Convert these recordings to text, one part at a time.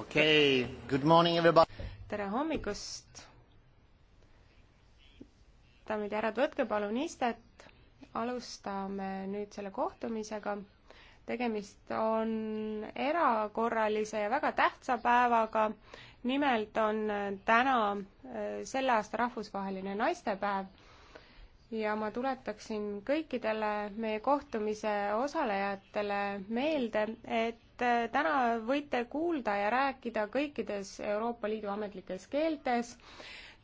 okei, good morning everybody. tere hommikust. daamid ja härrad, võtke palun istet. alustame nüüd selle kohtumisega. tegemist on erakorralise ja väga tähtsa päevaga. nimelt on täna eh, selle aasta rahvusvaheline naistepäev ja ma tuletaksin kõikidele meie kohtumise osalejatele meelde, et et äh, täna võite kuulda ja rääkida kõikides Euroopa Liidu ametlikes keeltes,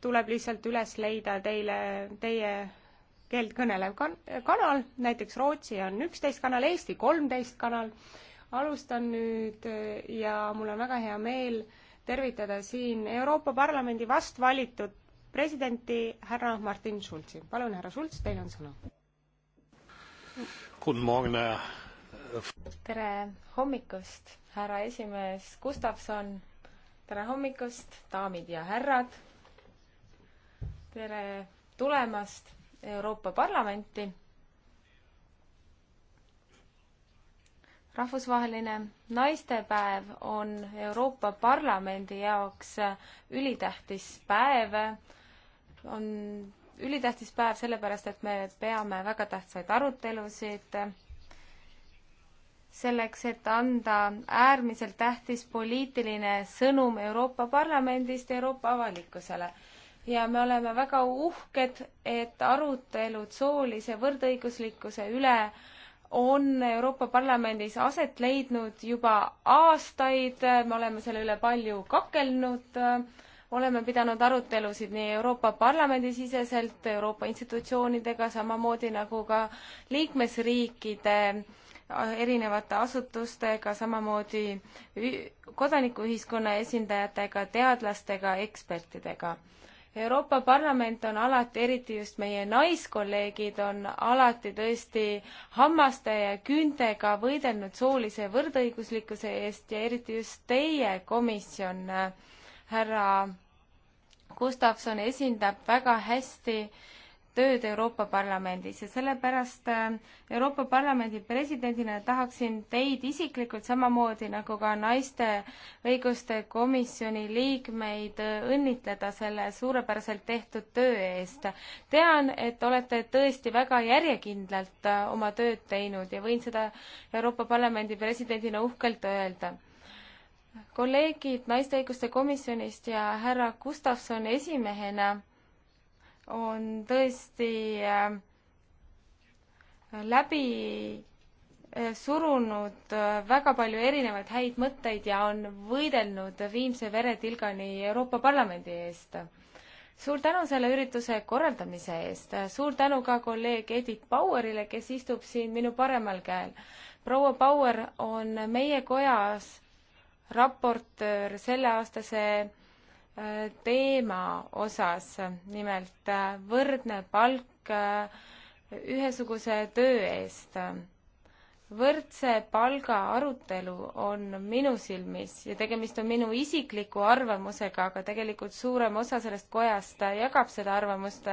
tuleb lihtsalt üles leida teile, teie keelt kõnelev kan-, kanal, näiteks Rootsi on üksteist kanal, Eesti kolmteist kanal, alustan nüüd äh, ja mul on väga hea meel tervitada siin Euroopa Parlamendi vastvalitud presidenti härra Martin Schulzi. palun, härra Schulz, teil on sõna tere hommikust, härra esimees Gustavson. tere hommikust, daamid ja härrad. tere tulemast Euroopa Parlamenti. rahvusvaheline naistepäev on Euroopa Parlamendi jaoks ülitähtis päev. on ülitähtis päev sellepärast, et me peame väga tähtsaid arutelusid selleks, et anda äärmiselt tähtis poliitiline sõnum Euroopa Parlamendist Euroopa avalikkusele. ja me oleme väga uhked, et arutelud soolise võrdõiguslikkuse üle on Euroopa Parlamendis aset leidnud juba aastaid, me oleme selle üle palju kakelnud, oleme pidanud arutelusid nii Euroopa Parlamendi siseselt, Euroopa institutsioonidega, samamoodi nagu ka liikmesriikide äh, erinevate asutustega, samamoodi kodanikuühiskonna esindajatega, teadlastega, ekspertidega. Euroopa Parlament on alati, eriti just meie naiskolleegid, on alati tõesti hammaste ja küüntega võidelnud soolise võrdõiguslikkuse eest ja eriti just teie komisjon, härra Gustavson, esindab väga hästi äh, tööd Euroopa Parlamendis ja sellepärast äh, Euroopa Parlamendi presidendina tahaksin teid isiklikult samamoodi nagu ka naiste õiguste komisjoni liikmeid äh, õnnitleda selle suurepäraselt tehtud töö eest. tean, et olete tõesti väga järjekindlalt äh, oma tööd teinud ja võin seda Euroopa Parlamendi presidendina uhkelt öelda kolleegid Naiste õiguste komisjonist ja härra Gustavson esimehena on tõesti äh, läbi äh, surunud äh, väga palju erinevaid häid mõtteid ja on võidelnud viimse veretilgani Euroopa Parlamendi eest. suur tänu selle ürituse korraldamise eest, suur tänu ka kolleeg Edith Bauerile, kes istub siin minu paremal käel. proua Bauer on meie kojas raportöör selleaastase teema osas, nimelt äh, võrdne palk äh, ühesuguse töö eest. võrdse palga arutelu on minu silmis ja tegemist on minu isikliku arvamusega, aga tegelikult suurem osa sellest kojast äh, jagab seda arvamust.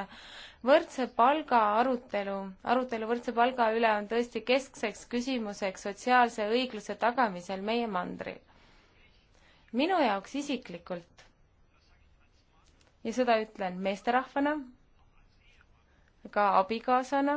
võrdse palga arutelu, arutelu võrdse palga üle on tõesti keskseks küsimuseks sotsiaalse õigluse tagamisel meie mandril. minu jaoks isiklikult ja seda ütlen meesterahvana, ka abikaasana.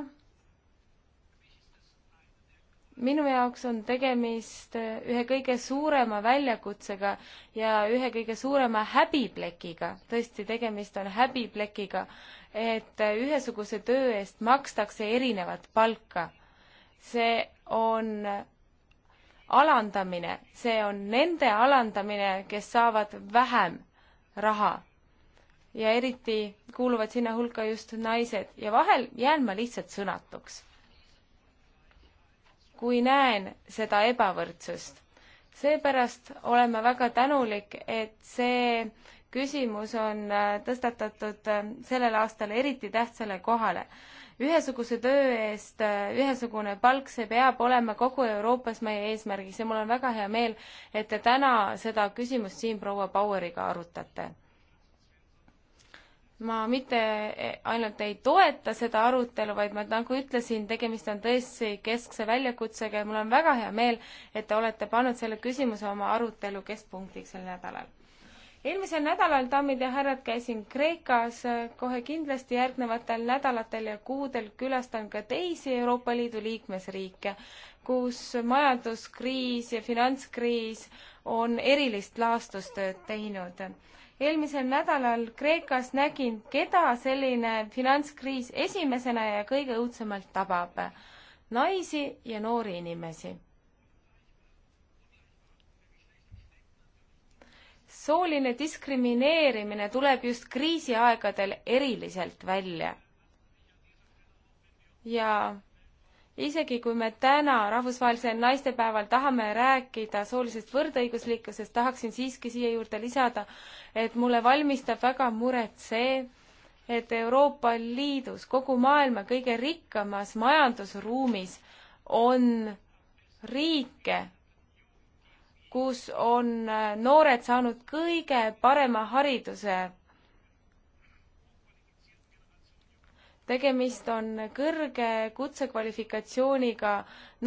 minu jaoks on tegemist ühe kõige suurema väljakutsega ja ühe kõige suurema häbiplekiga, tõesti, tegemist on häbiplekiga, et ühesuguse töö eest makstakse erinevat palka. see on alandamine, see on nende alandamine, kes saavad vähem raha ja eriti kuuluvad sinna hulka just naised ja vahel jään ma lihtsalt sõnatuks. kui näen seda ebavõrdsust, seepärast olen ma väga tänulik, et see küsimus on äh, tõstatatud äh, sellel aastal eriti tähtsale kohale. ühesuguse töö eest äh, ühesugune palk, see peab olema kogu Euroopas meie eesmärgiks ja mul on väga hea meel, et te täna seda küsimust siin proua Baueriga arutate ma mitte ainult ei toeta seda arutelu, vaid ma nagu ütlesin, tegemist on tõesti keskse väljakutsega ja mul on väga hea meel, et te olete pannud selle küsimuse oma arutelu keskpunktiks sel nädalal. eelmisel nädalal, daamid ja härrad, käisin Kreekas, kohe kindlasti järgnevatel nädalatel ja kuudel külastan ka teisi Euroopa Liidu liikmesriike, kus majanduskriis ja finantskriis on erilist laastustööd teinud eelmisel nädalal Kreekas nägin, keda selline finantskriis esimesena ja kõige õudsemalt tabab. naisi ja noori inimesi. sooline diskrimineerimine tuleb just kriisiaegadel eriliselt välja. ja isegi kui me täna rahvusvahelisel naistepäeval tahame rääkida soolisest võrdõiguslikkusest, tahaksin siiski siia juurde lisada, et mulle valmistab väga muret see, et Euroopa Liidus, kogu maailma kõige rikkamas majandusruumis on riike, kus on äh, noored saanud kõige parema hariduse tegemist on kõrge kutsekvalifikatsiooniga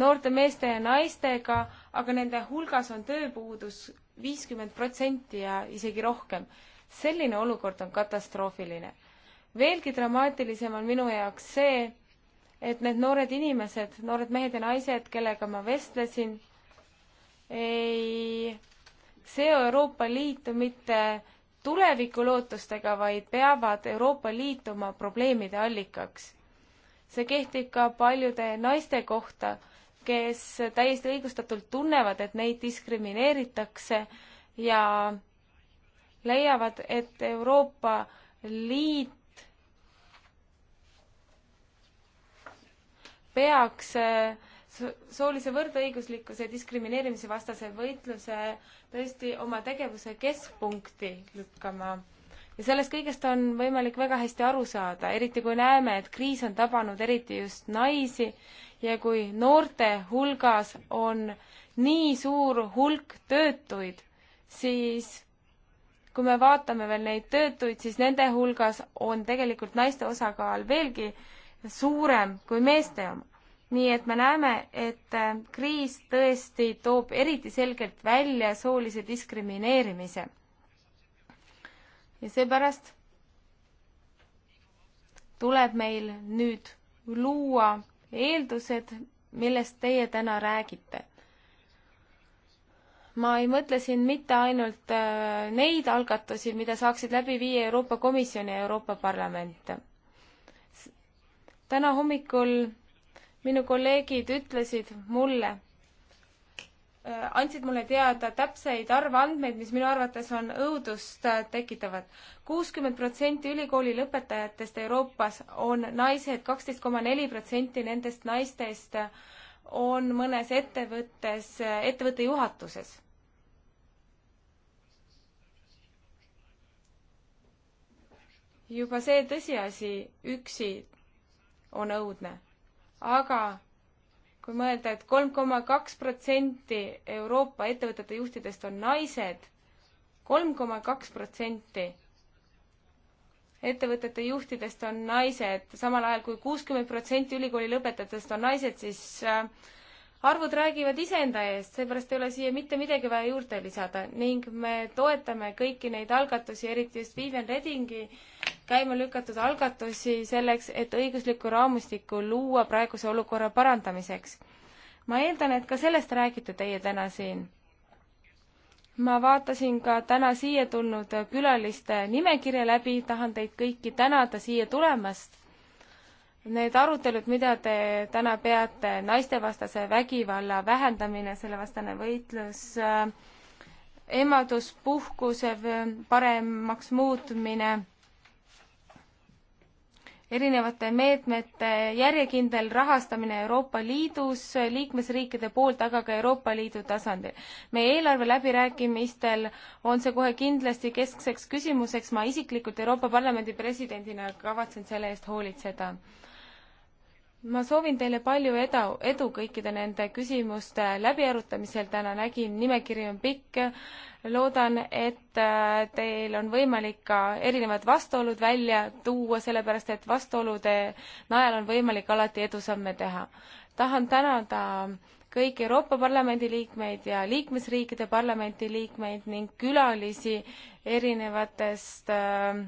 noorte meeste ja naistega, aga nende hulgas on tööpuudus viiskümmend protsenti ja isegi rohkem. selline olukord on katastroofiline. veelgi dramaatilisem on minu jaoks see, et need noored inimesed, noored mehed ja naised, kellega ma vestlesin, ei seo Euroopa Liitu mitte tulevikulootustega, vaid peavad Euroopa Liit oma probleemide allikaks. see kehtib ka paljude naiste kohta, kes täiesti õigustatult tunnevad, et neid diskrimineeritakse ja leiavad, et Euroopa Liit peaks äh, soolise võrdõiguslikkuse ja diskrimineerimise vastase võitluse tõesti oma tegevuse keskpunkti lükkama. ja sellest kõigest on võimalik väga hästi aru saada, eriti kui näeme, et kriis on tabanud eriti just naisi ja kui noorte hulgas on nii suur hulk töötuid, siis kui me vaatame veel neid töötuid, siis nende hulgas on tegelikult naiste osakaal veelgi suurem kui meeste oma nii et me näeme, et äh, kriis tõesti toob eriti selgelt välja soolise diskrimineerimise. ja seepärast tuleb meil nüüd luua eeldused, millest teie täna räägite. ma ei mõtle siin mitte ainult äh, neid algatusi, mida saaksid läbi viia Euroopa Komisjon ja Euroopa Parlament. täna hommikul minu kolleegid ütlesid mulle, äh, andsid mulle teada täpseid arvandmeid, mis minu arvates on õudust äh, tekitavad. kuuskümmend protsenti ülikooli lõpetajatest Euroopas on naised, kaksteist koma neli protsenti nendest naistest äh, on mõnes ettevõttes, ettevõtte juhatuses juba see tõsiasi üksi on õudne aga kui mõelda et, et kolm koma kaks protsenti Euroopa ettevõtete juhtidest on naised, kolm koma kaks protsenti ettevõtete juhtidest on naised, samal ajal kui kuuskümmend protsenti ülikooli lõpetajatest on naised, siis äh, arvud räägivad iseenda eest, seepärast ei ole siia mitte midagi vaja juurde lisada ning me toetame kõiki neid algatusi, eriti just Vivian Redingi äh, käima lükatud algatusi selleks, et õiguslikku raamistikku luua praeguse olukorra parandamiseks. ma eeldan, et ka sellest räägite teie täna siin. ma vaatasin ka täna siia tulnud külaliste nimekirja läbi, tahan teid kõiki tänada siia tulemast. Need arutelud, mida te täna peate, naistevastase vägivalla vähendamine, sellevastane võitlus äh,, emaduspuhkuse paremaks muutmine erinevate meetmete järjekindel rahastamine Euroopa Liidus, liikmesriikide poolt, aga ka Euroopa Liidu tasandil. meie eelarve läbirääkimistel on see kohe kindlasti keskseks küsimuseks, ma isiklikult Euroopa Parlamendi presidendina kavatsen selle eest hoolitseda ma soovin teile palju edu, edu kõikide nende küsimuste läbiarutamisel, täna nägin, nimekiri on pikk. loodan, et äh, teil on võimalik ka erinevad vastuolud välja tuua, sellepärast et vastuolude najal on võimalik alati edusamme teha. tahan tänada kõiki Euroopa Parlamendi liikmeid ja liikmesriikide parlamendi liikmeid ning külalisi erinevatest äh,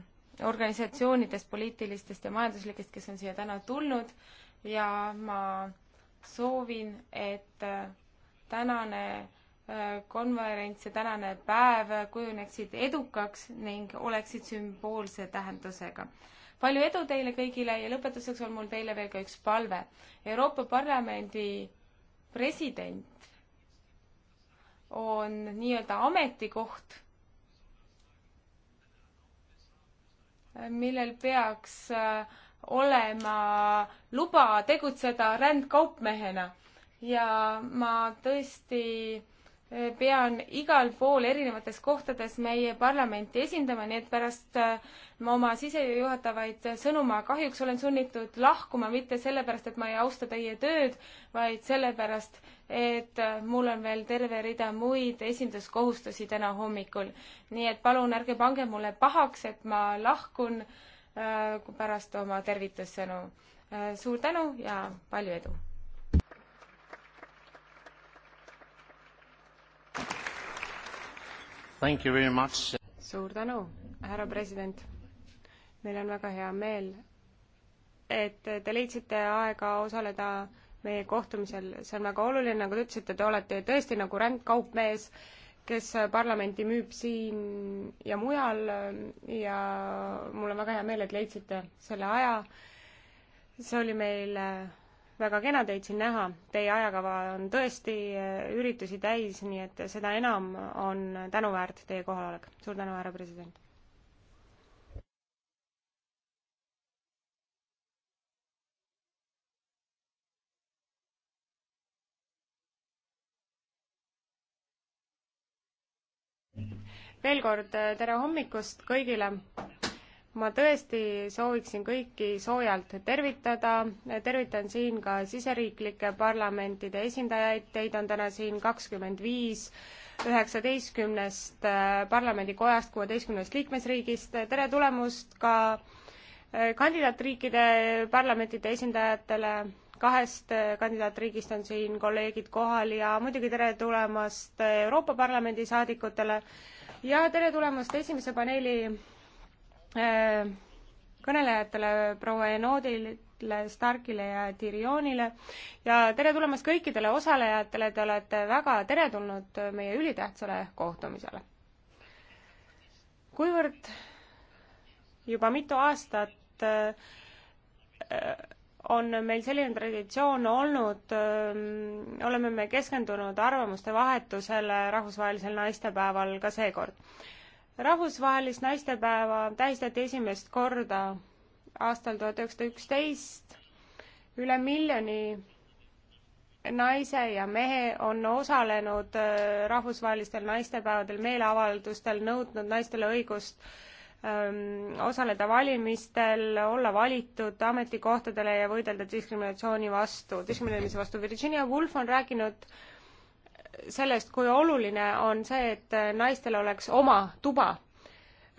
organisatsioonidest, poliitilistest ja majanduslikest, kes on siia täna tulnud ja ma soovin, et äh, tänane äh, konverents ja tänane päev kujuneksid edukaks ning oleksid sümboolse tähendusega. palju edu teile kõigile ja lõpetuseks on mul teile veel ka üks palve. Euroopa Parlamendi president on nii-öelda ametikoht, äh, millel peaks äh, olema luba tegutseda rändkaupmehena ja ma tõesti eh, pean igal pool erinevates kohtades meie parlamenti esindama, nii et pärast eh, ma oma sisejuhatavaid sõnu ma kahjuks olen sunnitud lahkuma, mitte sellepärast, et ma ei austa teie tööd, vaid sellepärast, et eh, mul on veel terve rida muid esinduskohustusi täna hommikul. nii et palun ärge pange mulle pahaks, et ma lahkun äh, Äh, pärast oma tervitussõnu. Äh, suur tänu ja palju edu! suur tänu, härra president. meil on väga hea meel, et te leidsite aega osaleda meie kohtumisel, see on väga oluline, nagu te ütlesite, te olete tõesti nagu ränk kaupmees kes parlamenti müüb siin ja mujal ja mul on väga hea meel, et leidsite selle aja. see oli meil äh, väga kena teid siin näha, teie ajakava on tõesti äh, üritusi täis, nii et seda enam on tänuväärt teie kohalolek. suur tänu, härra president! veel kord äh, tere hommikust kõigile! ma tõesti sooviksin kõiki soojalt tervitada, äh, tervitan siin ka siseriiklike parlamentide esindajaid, teid on täna siin kakskümmend viis üheksateistkümnest äh, parlamendikojast, kuueteistkümnest liikmesriigist, tere tulemast ka kandidaatriikide parlamentide esindajatele, kahest kandidaatriigist on siin kolleegid kohal ja muidugi tere tulemast Euroopa Parlamendi saadikutele ja tere tulemast esimese paneeli äh, kõnelejatele, proua Enoodile, Starkile ja Dirionile ja tere tulemast kõikidele osalejatele, te olete väga teretulnud meie ülitähtsale kohtumisele. kuivõrd juba mitu aastat äh, äh, on meil selline traditsioon olnud, ähm, oleme me keskendunud arvamuste vahetusele rahvusvahelisel naistepäeval ka seekord. rahvusvahelist naistepäeva tähistati esimest korda aastal tuhat üheksasada üksteist. üle miljoni naise ja mehe on osalenud äh, rahvusvahelistel naistepäevadel meeleavaldustel, nõudnud naistele õigust äh, Ähm, osaleda valimistel, olla valitud ametikohtadele ja võidelda diskriminatsiooni vastu, diskrimineerimise vastu. Virginia Woolf on rääkinud sellest, kui oluline on see, et naistel oleks oma tuba.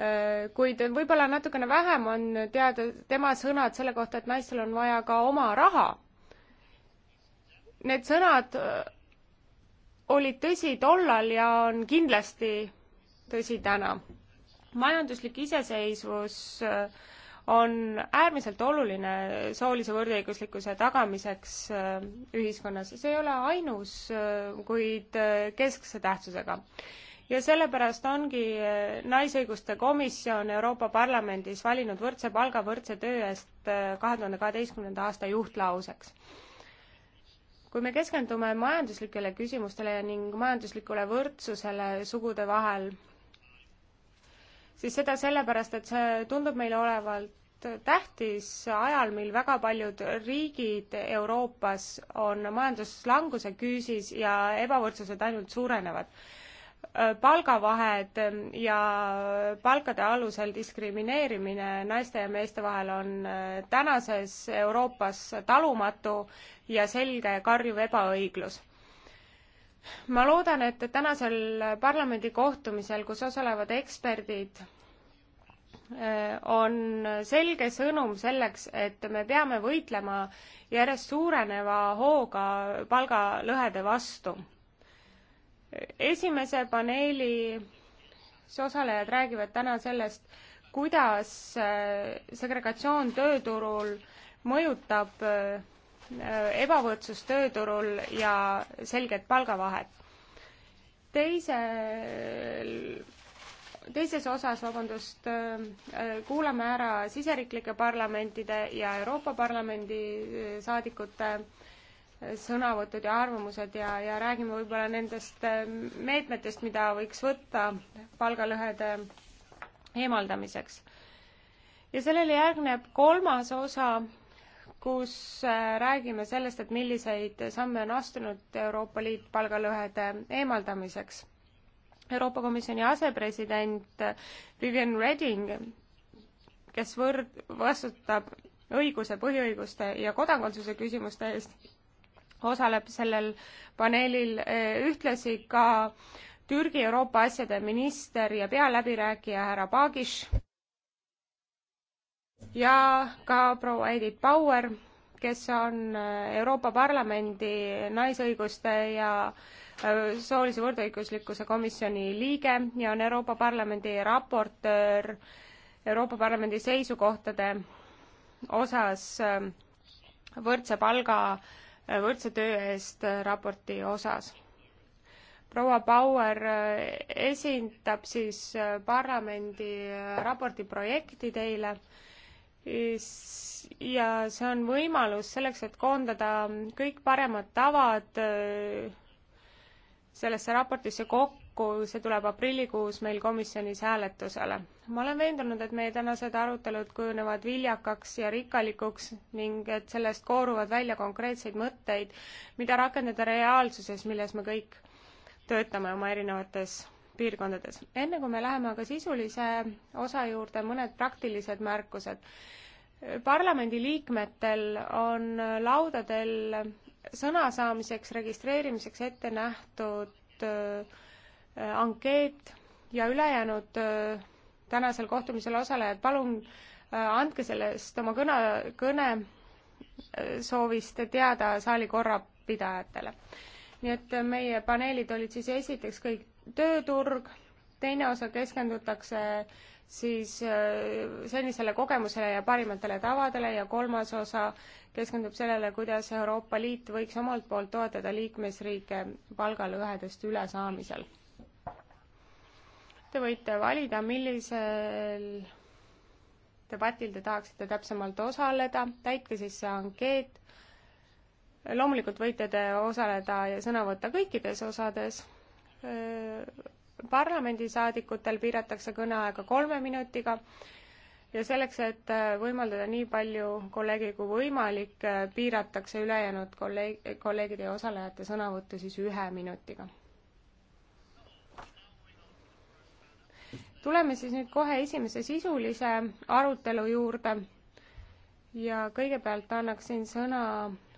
Äh, kuid võib-olla natukene vähem on teada tema sõnad selle kohta, et naistel on vaja ka oma raha. Need sõnad äh, olid tõsi tollal ja on kindlasti tõsi täna majanduslik iseseisvus äh, on äärmiselt oluline soolise võrdõiguslikkuse tagamiseks äh, ühiskonnas. see ei ole ainus, äh, kuid keskse tähtsusega. ja sellepärast ongi Naisõiguste Komisjon Euroopa Parlamendis valinud võrdse palga võrdse töö eest kahe tuhande kaheteistkümnenda aasta juhtlauseks kui me keskendume majanduslikele küsimustele ning majanduslikule võrdsusele sugude vahel, siis seda sellepärast, et see tundub meile olevat tähtis ajal, mil väga paljud riigid Euroopas on majanduslanguse küüsis ja ebavõrdsused ainult suurenevad palgavahed ja palkade alusel diskrimineerimine naiste ja meeste vahel on tänases Euroopas talumatu ja selge karjuv ebaõiglus ma loodan, et tänasel parlamendi kohtumisel, kus osalevad eksperdid, on selge sõnum selleks, et me peame võitlema järjest suureneva hooga palgalõhede vastu. esimese paneelis osalejad räägivad täna sellest, kuidas segregatsioon tööturul mõjutab ebavõrdsust tööturul ja selget palgavahet. teisel, teises osas, vabandust, äh, kuulame ära siseriiklike parlamentide ja Euroopa Parlamendi äh, saadikute äh, sõnavõtud ja arvamused ja, ja räägime võib-olla nendest meetmetest, mida võiks võtta palgalõhede eemaldamiseks. ja sellele järgneb kolmas osa, kus äh, räägime sellest, et milliseid samme on astunud Euroopa Liit palgalõhede eemaldamiseks. Euroopa Komisjoni asepresident äh, Vivian Redding, kes võrd-, vastutab õiguse, põhiõiguste ja kodakondsuse küsimuste eest, osaleb sellel paneelil äh, ühtlasi ka Türgi Euroopa asjade minister ja pealäbirääkija härra Paagish ja ka proua Edith Bauer, kes on äh, Euroopa Parlamendi naisõiguste ja äh, soolise võrdõiguslikkuse komisjoni liige ja on Euroopa Parlamendi raportöör Euroopa Parlamendi seisukohtade osas äh, võrdse palga võrdse töö eest raporti osas. proua Bauer esindab siis parlamendi raporti projekti teile ja see on võimalus selleks, et koondada kõik paremad tavad äh, sellesse raportisse kokku, see tuleb aprillikuus meil komisjonis hääletusele. ma olen veendunud, et meie tänased arutelud kujunevad viljakaks ja rikkalikuks ning et sellest kooruvad välja konkreetseid mõtteid, mida rakendada reaalsuses, milles me kõik töötame oma erinevates piirkondades. enne kui me läheme aga sisulise osa juurde, mõned praktilised märkused parlamendiliikmetel on laudadel sõna saamiseks registreerimiseks ette nähtud äh, ankeet ja ülejäänud äh, tänasel kohtumisel osalejad, palun äh, andke sellest oma kõne, kõne soovist teada saali korrapidajatele. nii et meie paneelid olid siis esiteks kõik tööturg, teine osa keskendutakse siis äh, senisele kogemusele ja parimatele tavadele ja kolmas osa keskendub sellele, kuidas Euroopa Liit võiks omalt poolt toetada liikmesriike palgalõhedest ülesaamisel. Te võite valida, millisel debatil te tahaksite täpsemalt osaleda, täitke siis see ankeet. loomulikult võite te osaleda ja sõna võtta kõikides osades äh, parlamendisaadikutel piiratakse kõneaega kolme minutiga ja selleks, et äh, võimaldada nii palju kolleege kui võimalik, äh, piiratakse ülejäänud kolleeg, kolleegide ja osalejate sõnavõttu siis ühe minutiga. tuleme siis nüüd kohe esimese sisulise arutelu juurde ja kõigepealt annaksin sõna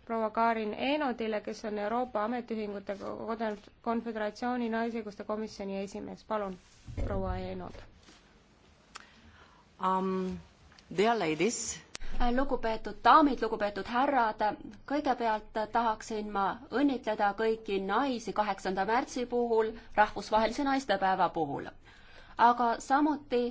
proua Kaarin Eenodile, kes on Euroopa Ametiühingute Konföderatsiooni Naisõiguste Komisjoni esimees. palun, proua Eenod um,. Dear ladies. lugupeetud daamid, lugupeetud härrad, kõigepealt tahaksin ma õnnitleda kõiki naisi kaheksanda märtsi puhul, rahvusvahelise naistepäeva puhul. aga samuti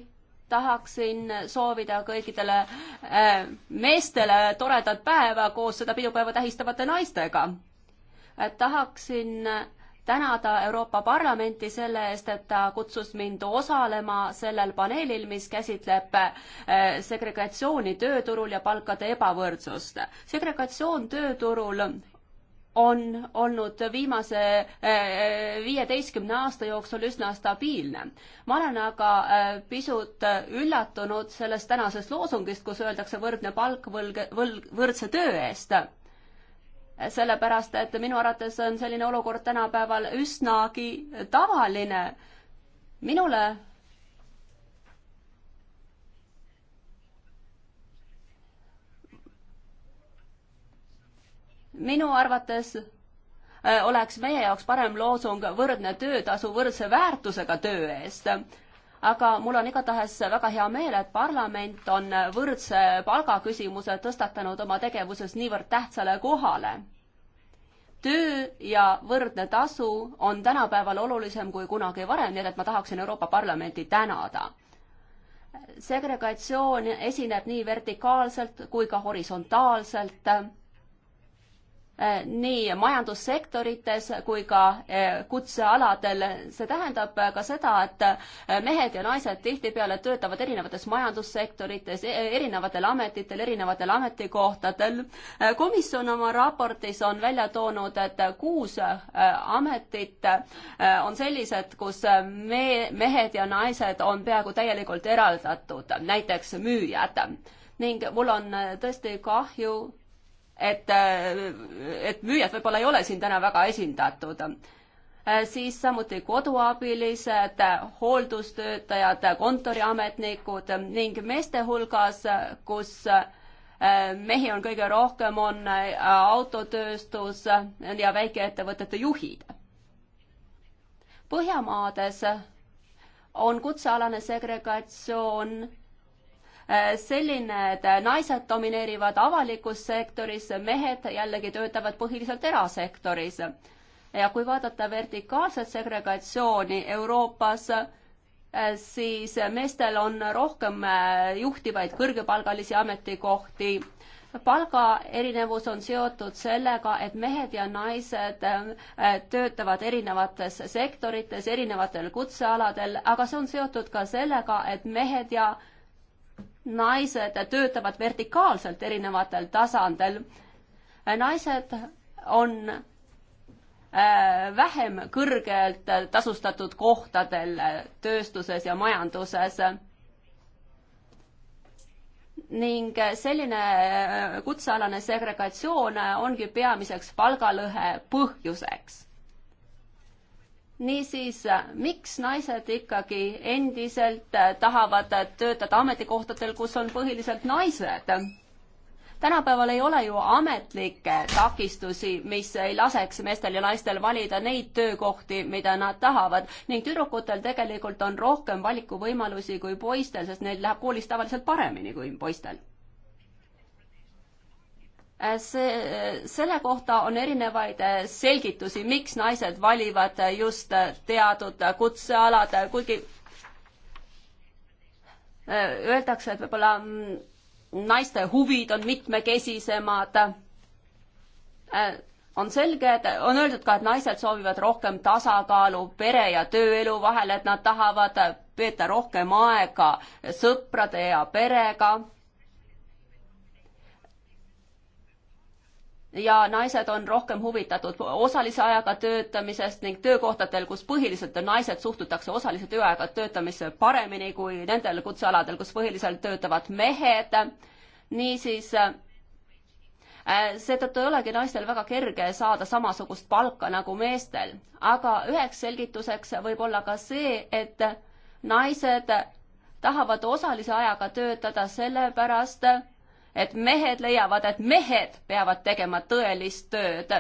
tahaksin soovida kõikidele äh, meestele toredat päeva koos seda pidupäeva tähistavate naistega. Äh, tahaksin tänada Euroopa Parlamenti selle eest, et ta kutsus mind osalema sellel paneelil, mis käsitleb äh, segregatsiooni tööturul ja palkade ebavõrdsust. segregatsioon tööturul on olnud viimase eh, viieteistkümne aasta jooksul üsna stabiilne. ma olen aga eh, pisut üllatunud sellest tänasest loosungist, kus öeldakse võrdne palk võlg, võlg, võrdse töö eest. sellepärast, et minu arvates on selline olukord tänapäeval üsnagi tavaline. minule minu arvates äh, oleks meie jaoks parem loosung võrdne töötasu võrdse väärtusega töö eest. aga mul on igatahes väga hea meel, et parlament on võrdse palga küsimuse tõstatanud oma tegevuses niivõrd tähtsale kohale. töö ja võrdne tasu on tänapäeval olulisem kui kunagi varem, nii et ma tahaksin Euroopa Parlamenti tänada. segregatsioon esineb nii vertikaalselt kui ka horisontaalselt Eh, nii majandussektorites kui ka eh, kutsealadel. see tähendab eh, ka seda, et mehed ja naised tihtipeale töötavad erinevates majandussektorites, e-, erinevatel ametitel, erinevatel ametikohtadel. komisjon oma raportis on välja toonud, et kuus ametit on sellised, kus me, mehed ja naised on peaaegu täielikult eraldatud, näiteks müüjad ning mul on tõesti kahju, et, et müüjad võib-olla ei ole siin täna väga esindatud. Äh, siis samuti koduabilised, hooldustöötajad, kontoriametnikud ning meeste hulgas, kus äh, mehi on kõige rohkem, on äh, autotööstus ja väikeettevõtete juhid. Põhjamaades on kutsealane segregatsioon Äh, selline, et naised domineerivad avalikus sektoris, mehed jällegi töötavad põhiliselt erasektoris. ja kui vaadata vertikaalset segregatsiooni Euroopas, äh, siis meestel on rohkem äh, juhtivaid kõrgepalgalisi ametikohti palgaerinevus on seotud sellega, et mehed ja naised töötavad erinevates sektorites, erinevatel kutsealadel, aga see on seotud ka sellega, et mehed ja naised töötavad vertikaalselt erinevatel tasandil. naised on äh, vähem kõrgelt tasustatud kohtadel tööstuses ja majanduses. ning selline äh, kutsealane segregatsioon ongi peamiseks palgalõhe põhjuseks niisiis, miks naised ikkagi endiselt äh, tahavad äh, töötada ametikohtadel, kus on põhiliselt naised? tänapäeval ei ole ju ametlikke takistusi, mis ei laseks meestel ja naistel valida neid töökohti, mida nad tahavad ning tüdrukutel tegelikult on rohkem valikuvõimalusi kui poistel, sest neil läheb koolis tavaliselt paremini kui poistel see, selle kohta on erinevaid eh, selgitusi, miks naised valivad eh, just eh, teatud kutsealad, kuigi öeldakse, et võib-olla mm, naiste huvid on mitmekesisemad. on selge, et on öeldud ka, et naised soovivad rohkem tasakaalu pere ja tööelu vahel, et nad tahavad veeta rohkem aega sõprade ja perega ja naised on rohkem huvitatud osalise ajaga töötamisest ning töökohtadel, kus põhiliselt naised suhtutakse osalise tööajaga töötamisse paremini kui nendel kutsealadel, kus põhiliselt töötavad mehed. niisiis äh, seetõttu ei olegi naistel väga kerge saada samasugust palka nagu meestel, aga üheks selgituseks võib olla ka see, et naised tahavad osalise ajaga töötada sellepärast, et mehed leiavad, et mehed peavad tegema tõelist tööd.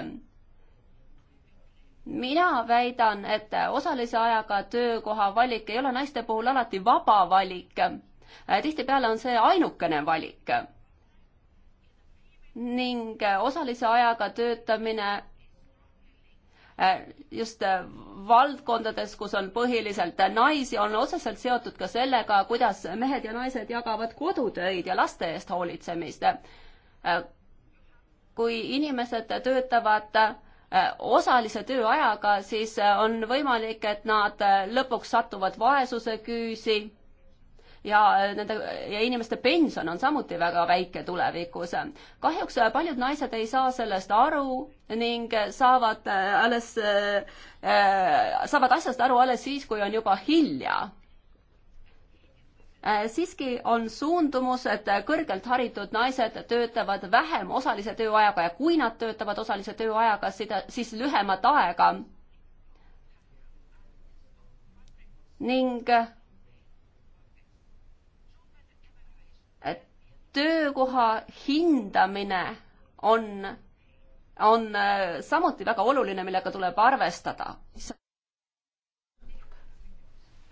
mina väidan, et osalise ajaga töökoha valik ei ole naiste puhul alati vaba valik. tihtipeale on see ainukene valik. ning osalise ajaga töötamine Äh, just äh, valdkondades, kus on põhiliselt naisi, on otseselt seotud ka sellega, kuidas mehed ja naised jagavad kodutöid ja laste eest hoolitsemist. Äh, kui inimesed töötavad osalise tööajaga, siis on võimalik, et nad lõpuks satuvad vaesuse küüsi ja äh, nende ja inimeste pension on samuti väga väike tulevikus. kahjuks äh, paljud naised ei saa sellest aru ning äh, saavad alles äh,, saavad asjast aru alles siis, kui on juba hilja siiski on suundumus, et kõrgelt haritud naised töötavad vähem osalise tööajaga ja kui nad töötavad osalise tööajaga, seda, siis lühemat aega. ning töökoha hindamine on, on äh, samuti väga oluline, millega tuleb arvestada.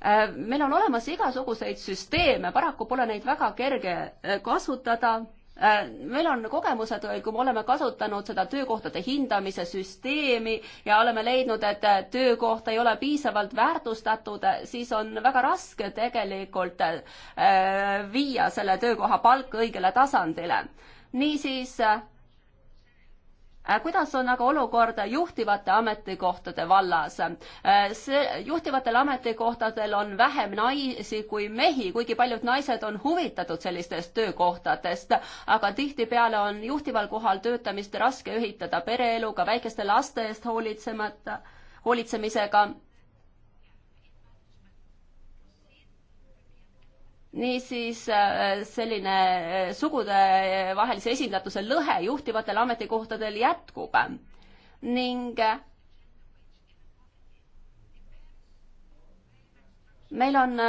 Äh, meil on olemas igasuguseid süsteeme, paraku pole neid väga kerge äh, kasutada Äh, meil on kogemused, kui me oleme kasutanud seda töökohtade hindamise süsteemi ja oleme leidnud, et äh, töökoht ei ole piisavalt väärtustatud, siis on väga raske tegelikult äh, viia selle töökoha palk õigele tasandile. niisiis Äh, kuidas on aga olukord juhtivate ametikohtade vallas? Äh, see, juhtivatel ametikohtadel on vähem naisi kui mehi, kuigi paljud naised on huvitatud sellistest töökohtadest, aga tihtipeale on juhtival kohal töötamist raske ühitada pereeluga, väikeste laste eest hoolitsemata, hoolitsemisega niisiis äh, selline äh, sugudevahelise äh, esindatuse lõhe juhtivatel ametikohtadel jätkub ning meil on,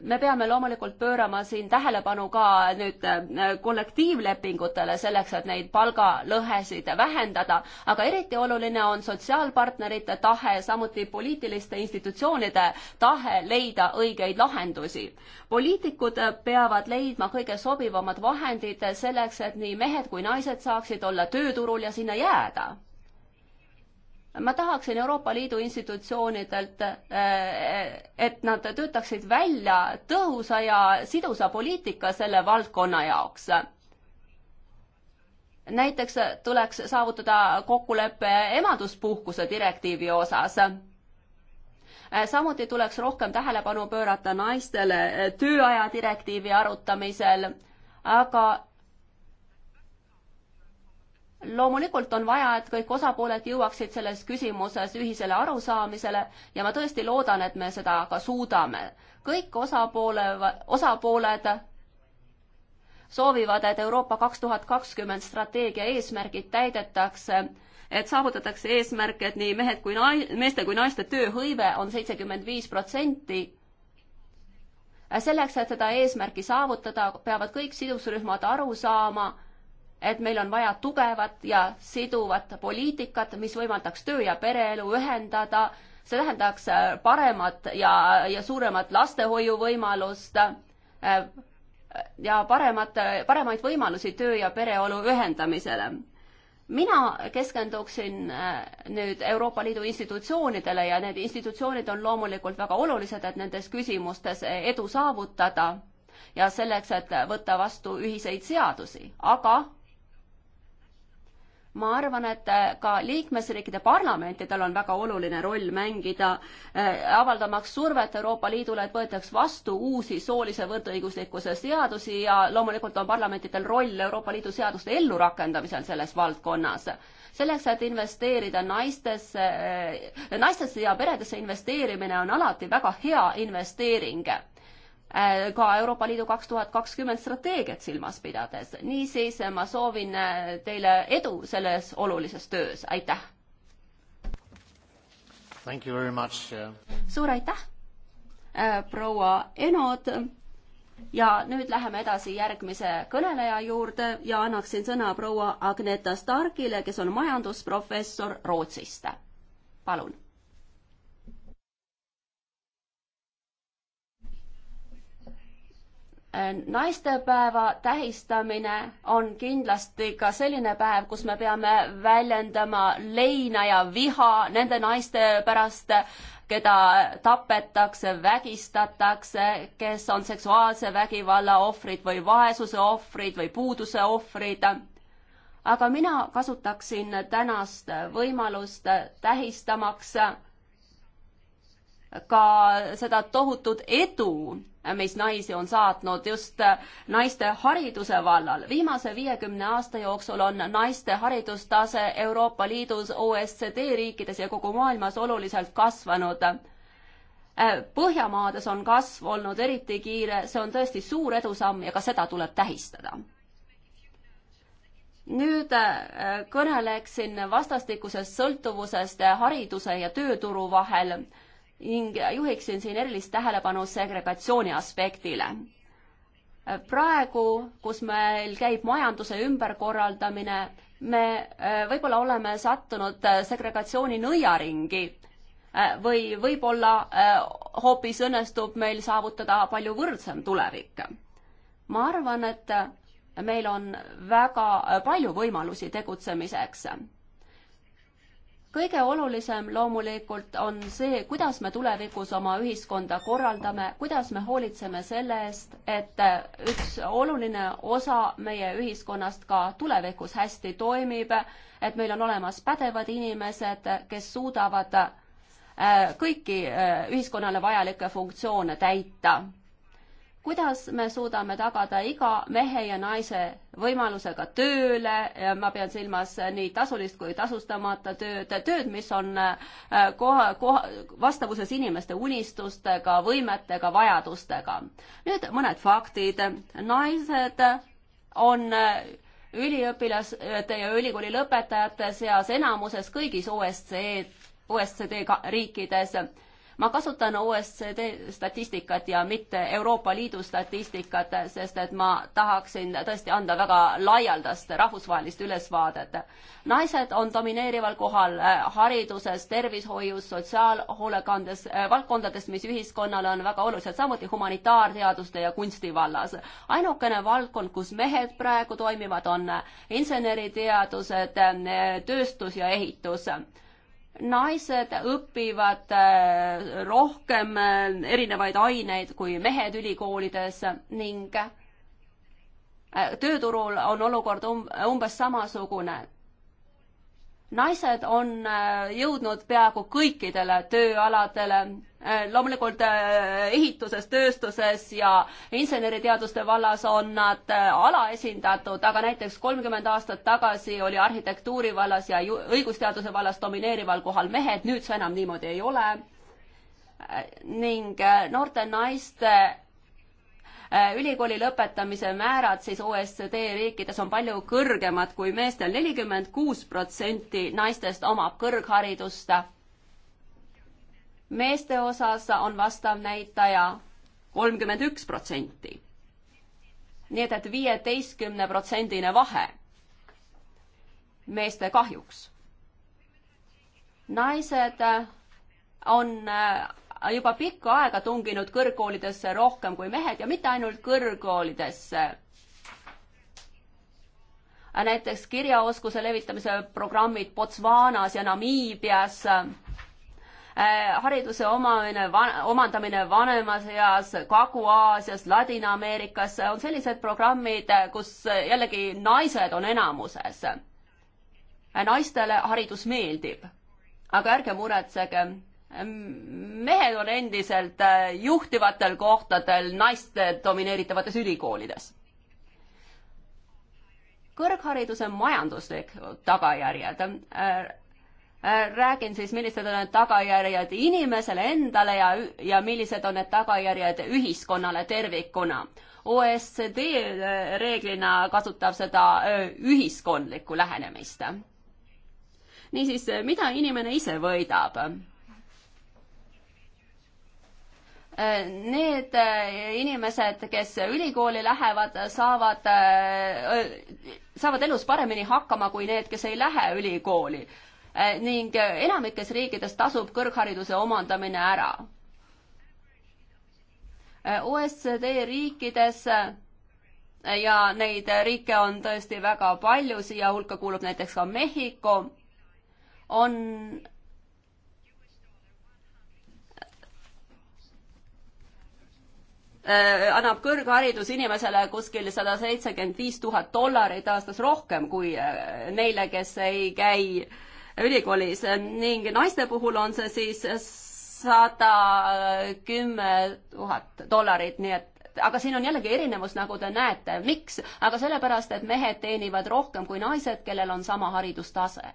me peame loomulikult pöörama siin tähelepanu ka nüüd äh, kollektiivlepingutele selleks, et neid palgalõhesid vähendada, aga eriti oluline on sotsiaalpartnerite tahe, samuti poliitiliste institutsioonide tahe leida õigeid lahendusi. poliitikud peavad leidma kõige sobivamad vahendid selleks, et nii mehed kui naised saaksid olla tööturul ja sinna jääda ma tahaksin Euroopa Liidu institutsioonidelt, eh, et nad töötaksid välja tõhusa ja sidusa poliitika selle valdkonna jaoks. näiteks tuleks saavutada kokkulepe emaduspuhkuse direktiivi osas. samuti tuleks rohkem tähelepanu pöörata naistele tööaja direktiivi arutamisel, aga loomulikult on vaja, et kõik osapooled jõuaksid selles küsimuses ühisele arusaamisele ja ma tõesti loodan, et me seda ka suudame. kõik osapoole, osapooled soovivad, et Euroopa kaks tuhat kakskümmend strateegia eesmärgid täidetakse, et saavutatakse eesmärk, et nii mehed kui nai-, meeste kui naiste tööhõive on seitsekümmend viis protsenti selleks, et seda eesmärki saavutada, peavad kõik sidusrühmad aru saama, et meil on vaja tugevat ja siduvat poliitikat, mis võimaldaks töö ja pereelu ühendada, see tähendaks äh, paremat ja, ja suuremat lastehoiuvõimalust äh, ja paremat, paremaid võimalusi töö ja pereolu ühendamisele mina keskenduksin äh, nüüd Euroopa Liidu institutsioonidele ja need institutsioonid on loomulikult väga olulised, et nendes küsimustes edu saavutada ja selleks, et võtta vastu ühiseid seadusi, aga ma arvan, et äh, ka liikmesriikide parlamentidel on väga oluline roll mängida, äh, avaldamaks survet Euroopa Liidule, et võetaks vastu uusi soolise võrdõiguslikkuse seadusi ja loomulikult on parlamentidel roll Euroopa Liidu seaduste ellurakendamisel selles valdkonnas. selleks, et investeerida naistesse, äh, naistesse ja peredesse investeerimine on alati väga hea investeering Äh, ka Euroopa Liidu kaks tuhat kakskümmend strateegiat silmas pidades. niisiis ma soovin äh, teile edu selles olulises töös, aitäh! Uh, suur aitäh, äh, proua Enod! ja nüüd läheme edasi järgmise kõneleja juurde ja annaksin sõna proua Agneta Starkile, kes on majandusprofessor Rootsist. palun naistepäeva tähistamine on kindlasti ka selline päev, kus me peame väljendama leina ja viha nende naiste pärast, keda tapetakse, vägistatakse, kes on seksuaalse vägivalla ohvrid või vaesuse ohvrid või puuduse ohvrid. aga mina kasutaksin tänast võimalust tähistamaks ka seda tohutut edu mis naisi on saatnud just äh, naiste hariduse vallal. viimase viiekümne aasta jooksul on naiste haridustase Euroopa Liidus, OSCD riikides ja kogu maailmas oluliselt kasvanud. Äh, Põhjamaades on kasv olnud eriti kiire, see on tõesti suur edusamm ja ka seda tuleb tähistada nüüd äh, kõneleksin vastastikusest sõltuvusest hariduse ja tööturu vahel ning juhiksin siin erilist tähelepanu segregatsiooni aspektile. praegu, kus meil käib majanduse ümberkorraldamine, me e, võib-olla oleme sattunud e, segregatsiooni nõiaringi e, või võib-olla hoopis õnnestub meil saavutada palju võrdsem tulevik. ma arvan, et meil on väga palju võimalusi tegutsemiseks kõige olulisem loomulikult on see, kuidas me tulevikus oma ühiskonda korraldame, kuidas me hoolitseme selle eest, et üks oluline osa meie ühiskonnast ka tulevikus hästi toimib, et meil on olemas pädevad inimesed, kes suudavad äh, kõiki äh, ühiskonnale vajalikke funktsioone täita kuidas me suudame tagada iga mehe ja naise võimalusega tööle, ma pean silmas nii tasulist kui tasustamata tööd, tööd, mis on äh, koha, koha, vastavuses inimeste unistustega, võimetega, vajadustega. nüüd mõned faktid. naised on äh, üliõpilaste ja ülikooli lõpetajate seas enamuses kõigis OSCE, OSCD riikides ma kasutan OSCD statistikat ja mitte Euroopa Liidu statistikat, sest et ma tahaksin tõesti anda väga laialdast rahvusvahelist ülesvaadet. naised on domineerival kohal eh, hariduses, tervishoius, sotsiaalhoolekandes, eh, valdkondades, mis ühiskonnale on väga olulised, samuti humanitaarteaduste ja kunsti vallas. ainukene valdkond, kus mehed praegu toimivad, on eh, inseneriteadused, tööstus ja ehitus naised õpivad äh, rohkem äh, erinevaid aineid kui mehed ülikoolides ning äh, tööturul on olukord um umbes samasugune naised on äh, jõudnud peaaegu kõikidele tööaladele, äh, loomulikult äh, ehituses, tööstuses ja inseneriteaduste vallas on nad alaesindatud, aga näiteks kolmkümmend aastat tagasi oli arhitektuuri vallas ja õigusteaduse vallas domineerival kohal mehed, nüüd see enam niimoodi ei ole. ning noorte naiste Äh, ülikooli lõpetamise määrad siis OSCD riikides on palju kõrgemad kui meestel, nelikümmend kuus protsenti naistest omab kõrgharidust. meeste osas on vastav näitaja kolmkümmend üks protsenti. nii et, et viieteistkümne protsendine vahe meeste kahjuks. naised äh, on äh, juba pikka aega tunginud kõrgkoolidesse rohkem kui mehed ja mitte ainult kõrgkoolidesse. näiteks kirjaoskuse levitamise programmid Botswanas ja Namiibias äh, hariduse omamine van,, omandamine vanemas eas Kagu-Aasias, Ladina-Ameerikas on sellised programmid, kus jällegi naised on enamuses. naistele haridus meeldib, aga ärge muretsege, mehed on endiselt äh, juhtivatel kohtadel naiste domineeritavates ülikoolides. kõrghariduse majanduslik tagajärjed. Äh, äh, räägin siis, millised on need tagajärjed inimesele endale ja, ja millised on need tagajärjed ühiskonnale tervikuna. OSCD reeglina kasutab seda ühiskondlikku lähenemist. niisiis, mida inimene ise võidab? need äh, inimesed, kes ülikooli lähevad, saavad, äh, saavad elus paremini hakkama kui need, kes ei lähe ülikooli. Äh, ning enamikes riikides tasub kõrghariduse omandamine ära. OSCD riikides ja neid riike on tõesti väga palju, siia hulka kuulub näiteks ka Mehhiko, on Äh, annab kõrgharidus inimesele kuskil sada seitsekümmend viis tuhat dollarit aastas rohkem kui äh, neile, kes ei käi ülikoolis ning naiste puhul on see siis sada kümme tuhat dollarit, nii et aga siin on jällegi erinevus, nagu te näete, miks, aga sellepärast, et mehed teenivad rohkem kui naised, kellel on sama haridustase.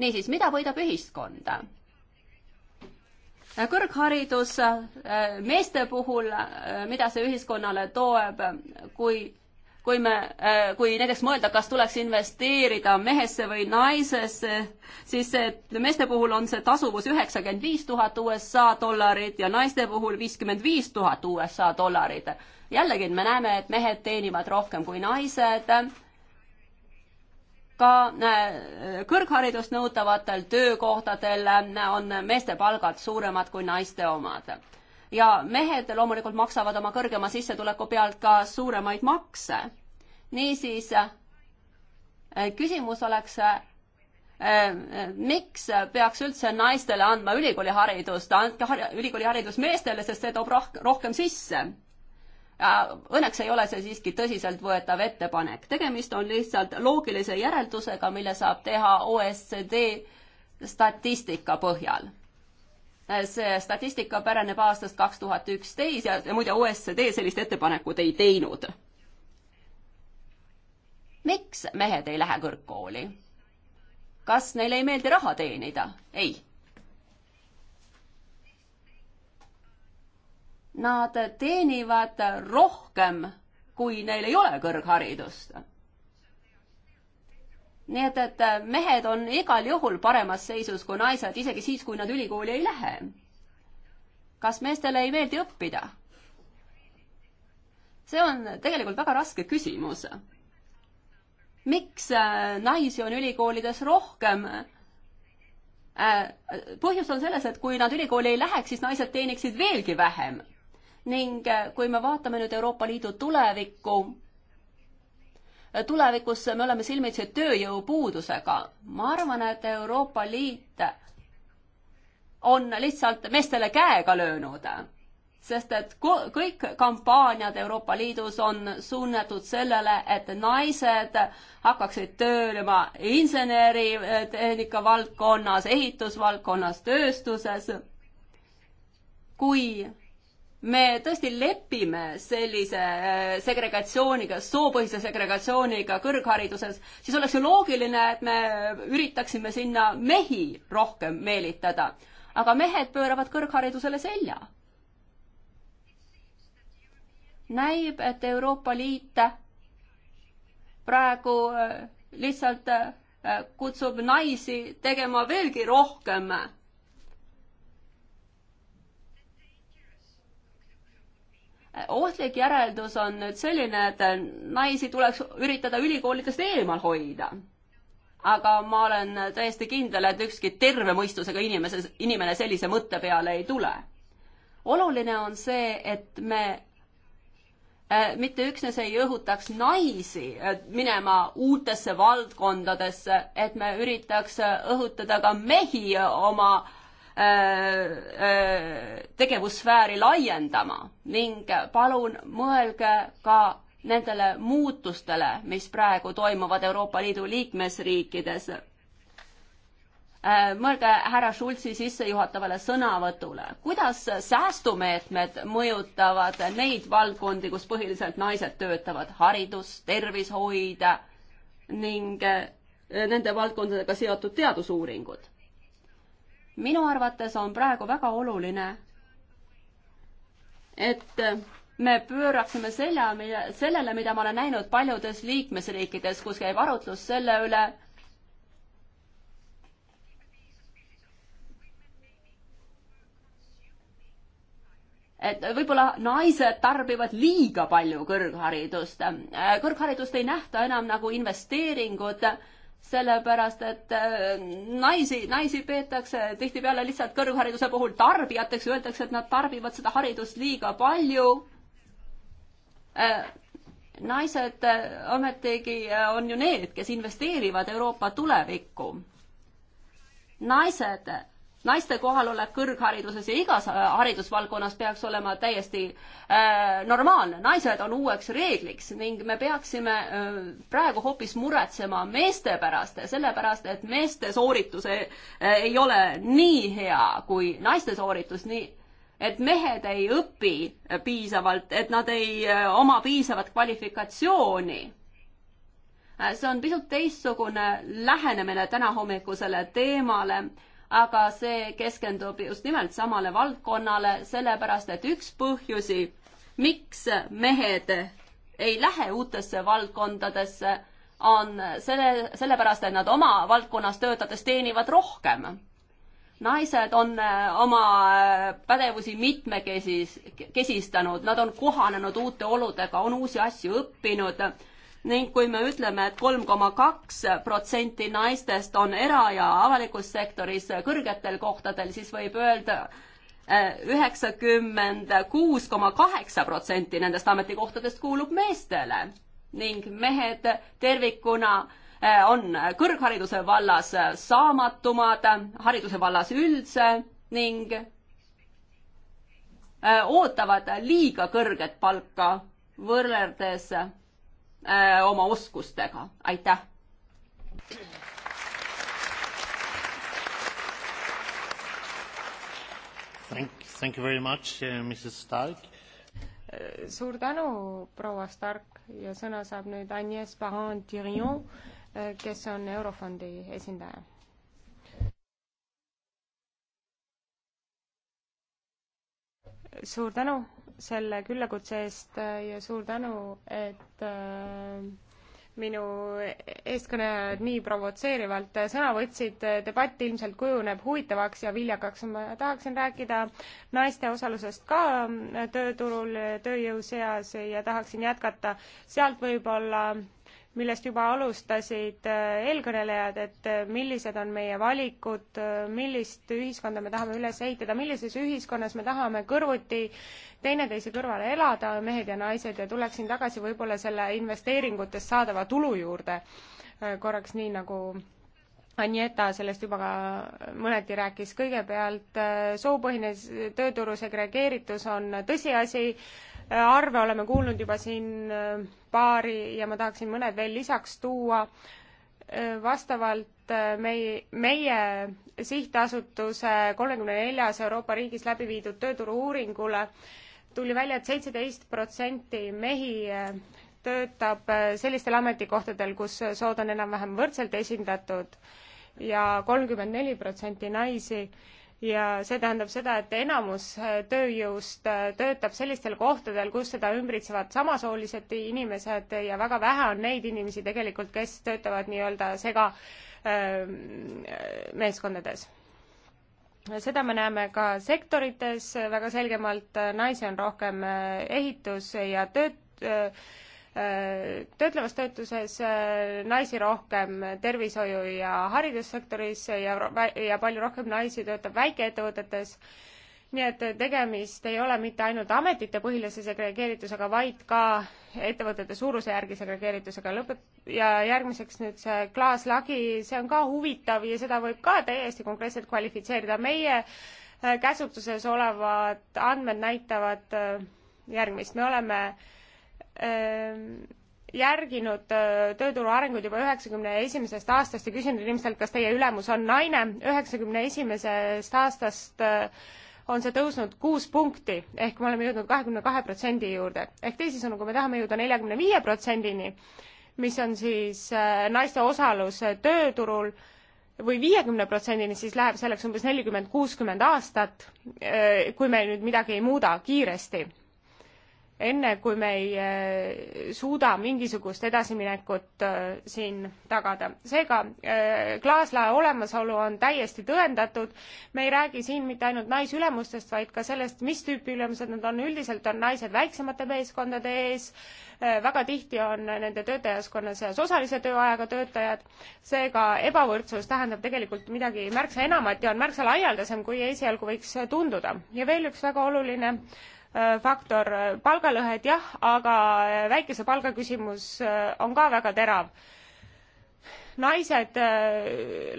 niisiis, mida võidab ühiskonda? Äh, kõrgharidus äh, meeste puhul, äh, mida see ühiskonnale toob, kui, kui me, kui näiteks mõelda, kas tuleks investeerida mehesse või naisesse, siis meeste puhul on see tasuvus üheksakümmend viis tuhat USA dollarit ja naiste puhul viiskümmend viis tuhat USA dollarit. jällegi me näeme, et mehed teenivad rohkem kui naised ka äh, kõrgharidust nõutavatel töökohtadel äh, on meeste palgad suuremad kui naiste omad. ja mehed loomulikult maksavad oma kõrgema sissetuleku pealt ka suuremaid makse. niisiis äh, küsimus oleks, miks peaks üldse naistele andma ülikooliharidust, andke ülikooliharidus meestele, sest see toob rohkem sisse Äh, õnneks ei ole see siiski tõsiseltvõetav ettepanek. tegemist on lihtsalt loogilise järeldusega, mille saab teha OSCD statistika põhjal. Äh, see statistika päreneb aastast kaks tuhat üksteist ja, ja muide, OSCD sellist ettepanekut ei teinud. miks mehed ei lähe kõrgkooli? kas neile ei meeldi raha teenida? ei nad teenivad rohkem, kui neil ei ole kõrgharidust. nii et, et mehed on igal juhul paremas seisus kui naised, isegi siis, kui nad ülikooli ei lähe. kas meestele ei meeldi õppida? see on tegelikult väga raske küsimus. miks naisi on ülikoolides rohkem? põhjus on selles, et kui nad ülikooli ei läheks, siis naised teeniksid veelgi vähem ning äh, kui me vaatame nüüd Euroopa Liidu tulevikku, äh, tulevikus me oleme silmitsi tööjõupuudusega. ma arvan, et Euroopa Liit on lihtsalt meestele käega löönud, sest et kõik kampaaniad Euroopa Liidus on suunatud sellele, et naised hakkaksid töölema inseneritehnika äh, valdkonnas, ehitusvaldkonnas, tööstuses. kui me tõesti lepime sellise äh, segregatsiooniga, soopõhise segregatsiooniga kõrghariduses, siis oleks ju loogiline, et me üritaksime sinna mehi rohkem meelitada. aga mehed pööravad kõrgharidusele selja. näib, et Euroopa Liit praegu äh, lihtsalt äh, kutsub naisi tegema veelgi rohkem ohtlik järeldus on nüüd selline, et naisi tuleks üritada ülikoolidest eemal hoida. aga ma olen täiesti kindel, et ükski terve mõistusega inimese, inimene sellise mõtte peale ei tule. oluline on see, et me äh, mitte üksnes ei õhutaks naisi äh, minema uutesse valdkondadesse, et me üritaks õhutada ka mehi oma äh, Äh, äh, tegevussfääri laiendama ning palun mõelge ka nendele muutustele, mis praegu toimuvad Euroopa Liidu liikmesriikides. Äh, mõelge härra Schulzi sissejuhatavale sõnavõtule, kuidas säästumeetmed mõjutavad neid valdkondi, kus põhiliselt naised töötavad, haridus, tervishoid ning nende valdkondadega seotud teadusuuringud minu arvates on praegu väga oluline, et me pööraksime selja, sellele, mida ma olen näinud paljudes liikmesriikides, kus käib arutlus selle üle, et võib-olla naised tarbivad liiga palju kõrgharidust. kõrgharidust ei nähta enam nagu investeeringut sellepärast et äh, naisi, naisi peetakse tihtipeale lihtsalt kõrghariduse puhul tarbijateks, öeldakse, et nad tarbivad seda haridust liiga palju. Äh, naised äh, ometigi on ju need, kes investeerivad Euroopa tulevikku. naised naiste kohalolek kõrghariduses ja igas äh, haridusvaldkonnas peaks olema täiesti äh, normaalne. naised on uueks reegliks ning me peaksime äh, praegu hoopis muretsema meeste pärast, sellepärast et meeste sooritus ei, äh, ei ole nii hea kui naiste sooritus, nii et mehed ei õpi piisavalt, et nad ei äh, oma piisavat kvalifikatsiooni äh, see on pisut teistsugune lähenemine tänahommikusele teemale aga see keskendub just nimelt samale valdkonnale, sellepärast et üks põhjusi, miks mehed ei lähe uutesse valdkondadesse, on selle, sellepärast, et nad oma valdkonnas töötades teenivad rohkem. naised on äh, oma äh, pädevusi mitmekesis, kesistanud, nad on kohanenud uute oludega, on uusi asju õppinud ning kui me ütleme et, et kolm koma kaks protsenti naistest on era- ja avalikus sektoris kõrgetel kohtadel, siis võib öelda, eh, üheksakümmend kuus koma kaheksa protsenti nendest ametikohtadest kuulub meestele ning mehed tervikuna eh, on kõrghariduse vallas saamatumad, hariduse vallas üldse ning eh, ootavad liiga kõrget palka võrreldes Äh, oma oskustega, aitäh. Thank you very much, uh, Mrs Stark. Äh, suur tänu, proua Stark ja sõna saab nüüd Agnes Parent-Dirion, äh, kes on Eurofondi esindaja. suur tänu selle küllakutse eest äh, ja suur tänu, et äh, minu eestkõnelejad nii provotseerivalt äh, sõna võtsid, debatt ilmselt kujuneb huvitavaks ja viljakaks. ma tahaksin rääkida naiste osalusest ka tööturul, tööjõu seas ja tahaksin jätkata sealt võib-olla millest juba alustasid äh, eelkõnelejad, et äh, millised on meie valikud, äh, millist ühiskonda me tahame üles ehitada, millises ühiskonnas me tahame kõrvuti teineteise kõrval elada, mehed ja naised, ja tuleksin tagasi võib-olla selle investeeringutest saadava tulu juurde korraks, nii nagu Anjeta sellest juba ka mõneti rääkis, kõigepealt soopõhine tööturu segregeeritus on tõsiasi, arve oleme kuulnud juba siin äh, paari ja ma tahaksin mõned veel lisaks tuua. Äh, vastavalt äh, meie, meie sihtasutuse kolmekümne neljas Euroopa riigis läbi viidud tööturu-uuringule tuli välja et, et seitseteist protsenti mehi töötab sellistel ametikohtadel, kus sood on enam-vähem võrdselt esindatud ja kolmkümmend neli protsenti naisi ja see tähendab seda, et enamus äh, tööjõust äh, töötab sellistel kohtadel, kus seda ümbritsevad samasoolised inimesed ja väga vähe on neid inimesi tegelikult, kes töötavad nii-öelda sega ähm, meeskondades. seda me näeme ka sektorites äh, väga selgemalt, naisi on rohkem ehitus ja tööd, töötlevas töötuses äh, naisi rohkem tervishoiu ja haridussektoris ja, ja palju rohkem naisi töötab väikeettevõtetes. nii et tegemist ei ole mitte ainult ametitepõhilise segregeeritusega, vaid ka ettevõtete suuruse järgi segregeeritusega. lõpet- ja järgmiseks nüüd see klaaslagi, see on ka huvitav ja seda võib ka täiesti konkreetselt kvalifitseerida. meie äh, käsutuses olevad andmed näitavad äh, järgmist. me oleme äh, Ähm, järginud äh, tööturu arenguid juba üheksakümne esimesest aastast ja küsinud inimestelt, kas teie ülemus on naine. üheksakümne esimesest aastast äh, on see tõusnud kuus punkti ehk me oleme jõudnud kahekümne kahe protsendi juurde. ehk teisisõnu, kui me tahame jõuda neljakümne viie protsendini, mis on siis äh, naiste osalus tööturul või viiekümne protsendini, siis läheb selleks umbes nelikümmend, kuuskümmend aastat, kui me nüüd midagi ei muuda kiiresti enne kui me ei eh, suuda mingisugust edasiminekut eh, siin tagada. seega eh, klaaslae olemasolu on täiesti tõendatud. me ei räägi siin mitte ainult naisülemustest, vaid ka sellest, mis tüüpi ülemused nad on. üldiselt on naised väiksemate meeskondade ees, väga tihti on nende töötajaskonna seas osalise tööajaga töötajad. seega ebavõrdsus tähendab tegelikult midagi märksa enamat ja on märksa laialdasem, kui esialgu võiks tunduda. ja veel üks väga oluline Äh, faktor. Äh, palgalõhed jah, aga äh, väikese palga küsimus on ka väga terav naised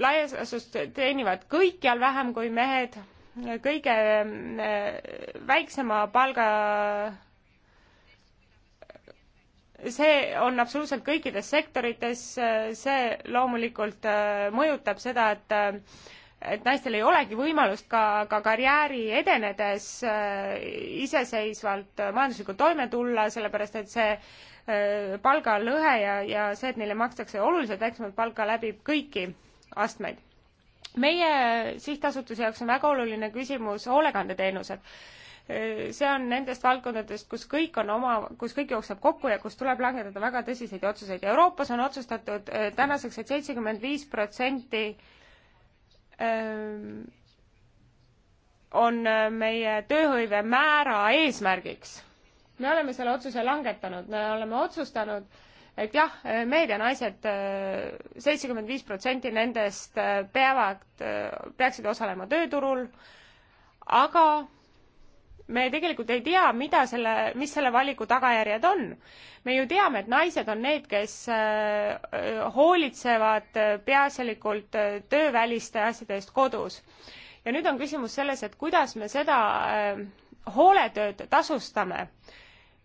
laias laastus teenivad kõikjal vähem kui mehed kõige väiksema palga see on absoluutselt kõikides sektorites see loomulikult mõjutab seda et et naistel ei olegi võimalust ka, ka karjääri edenedes äh, iseseisvalt äh, majanduslikult toime tulla, sellepärast et see äh, palgalõhe ja, ja see, et neile makstakse oluliselt väiksemat palka, läbib kõiki astmeid. meie sihtasutuse jaoks on väga oluline küsimus hoolekandeteenused äh, see on nendest valdkondadest, kus kõik on oma, kus kõik jookseb kokku ja kus tuleb langetada väga tõsiseid otsuseid. Euroopas on otsustatud äh, tänaseks et, et seitsekümmend viis protsenti on meie tööhõive määra eesmärgiks. me oleme selle otsuse langetanud, me oleme otsustanud, et jah, meedianaised, seitsekümmend viis protsenti nendest peavad, peaksid osalema tööturul, aga me tegelikult ei tea, mida selle, mis selle valiku tagajärjed on. me ju teame, et naised on need, kes äh, hoolitsevad peaasjalikult äh, tööväliste asjade eest kodus. ja nüüd on küsimus selles, et kuidas me seda äh, hooletööd tasustame,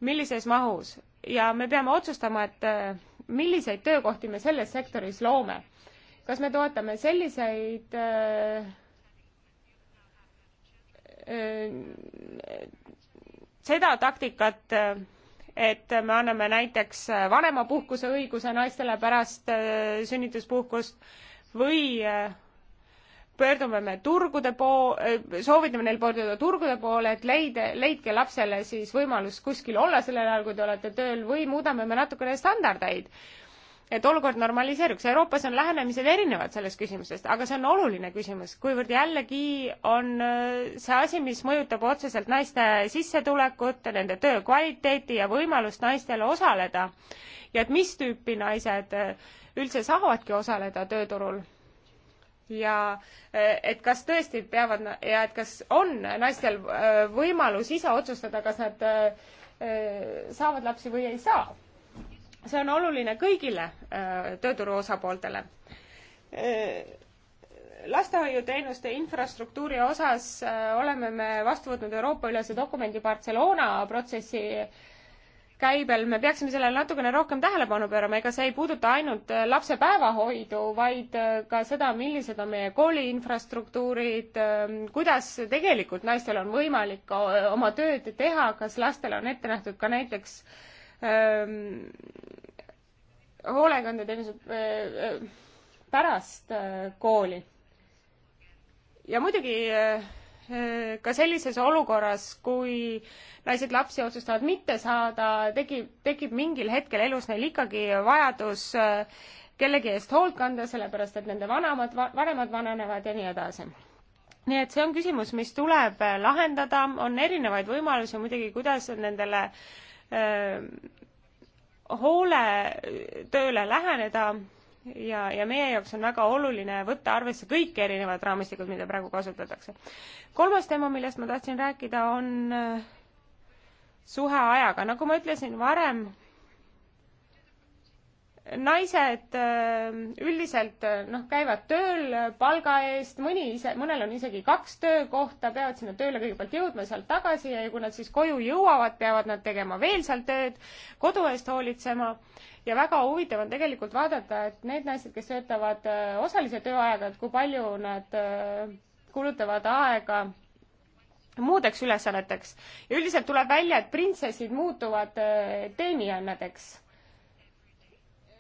millises mahus ja me peame otsustama, et milliseid töökohti me selles sektoris loome. kas me toetame selliseid äh, seda taktikat, et me anname näiteks vanemapuhkuse õiguse naistele pärast äh, sünnituspuhkust või äh, pöördume me turgude poo-, äh, soovitame neil pöörduda turgude poole, et leida, leidke lapsele siis võimalus kuskil olla sellel ajal, kui te olete tööl või muudame me natukene standardeid et olukord normaliseeruks. Euroopas on lähenemised erinevad sellest küsimusest, aga see on oluline küsimus, kuivõrd jällegi on äh, see asi, mis mõjutab otseselt naiste sissetulekut, nende töö kvaliteeti ja võimalust naistel osaleda ja et mis tüüpi naised äh, üldse saavadki osaleda tööturul ja äh, et kas tõesti peavad ja et kas on naistel võimalus ise otsustada, kas nad saavad lapsi või ei saa see on oluline kõigile äh, tööturu osapooltele. Äh, lastehoiuteenuste infrastruktuuri osas äh, oleme me vastu võtnud Euroopa-ülese dokumendi Barcelona protsessi käibel, me peaksime sellele natukene rohkem tähelepanu pöörama, ega see ei puuduta ainult lapse päevahoidu, vaid ka seda, millised on meie kooli infrastruktuurid, ähm, kuidas tegelikult naistel on võimalik oma tööd teha, kas lastele on ette nähtud ka näiteks äh, Ehm, hoolekandeteenuse eh, eh, pärast eh, kooli. ja muidugi ka sellises olukorras, kui naised lapsi otsustavad mitte saada, tekib, tekib mingil hetkel elus neil ikkagi vajadus kellegi eest hoolt kanda, sellepärast et nende vanemad, vanemad vananevad ja nii edasi. nii et see on küsimus, mis tuleb lahendada, on erinevaid võimalusi muidugi, kuidas nendele äh, Äh, hoole tööle läheneda ja, ja meie jaoks on väga oluline võtta arvesse kõik erinevad raamistikud, mida praegu kasutatakse. kolmas teema, millest ma tahtsin rääkida, on äh, suhe ajaga. nagu ma ütlesin varem, naised ähm, üldiselt äh, noh, käivad tööl äh, palga eest, mõni ise, mõnel on isegi kaks töökohta, peavad sinna tööle kõigepealt jõudma, sealt tagasi ja kui nad siis koju jõuavad, peavad nad tegema veel seal tööd, kodu eest hoolitsema. ja väga huvitav on tegelikult vaadata, et need naised, kes töötavad äh, osalise tööajaga, et kui palju nad kulutavad aega muudeks ülesanneteks. ja üldiselt tuleb välja, et printsessid muutuvad teenijannadeks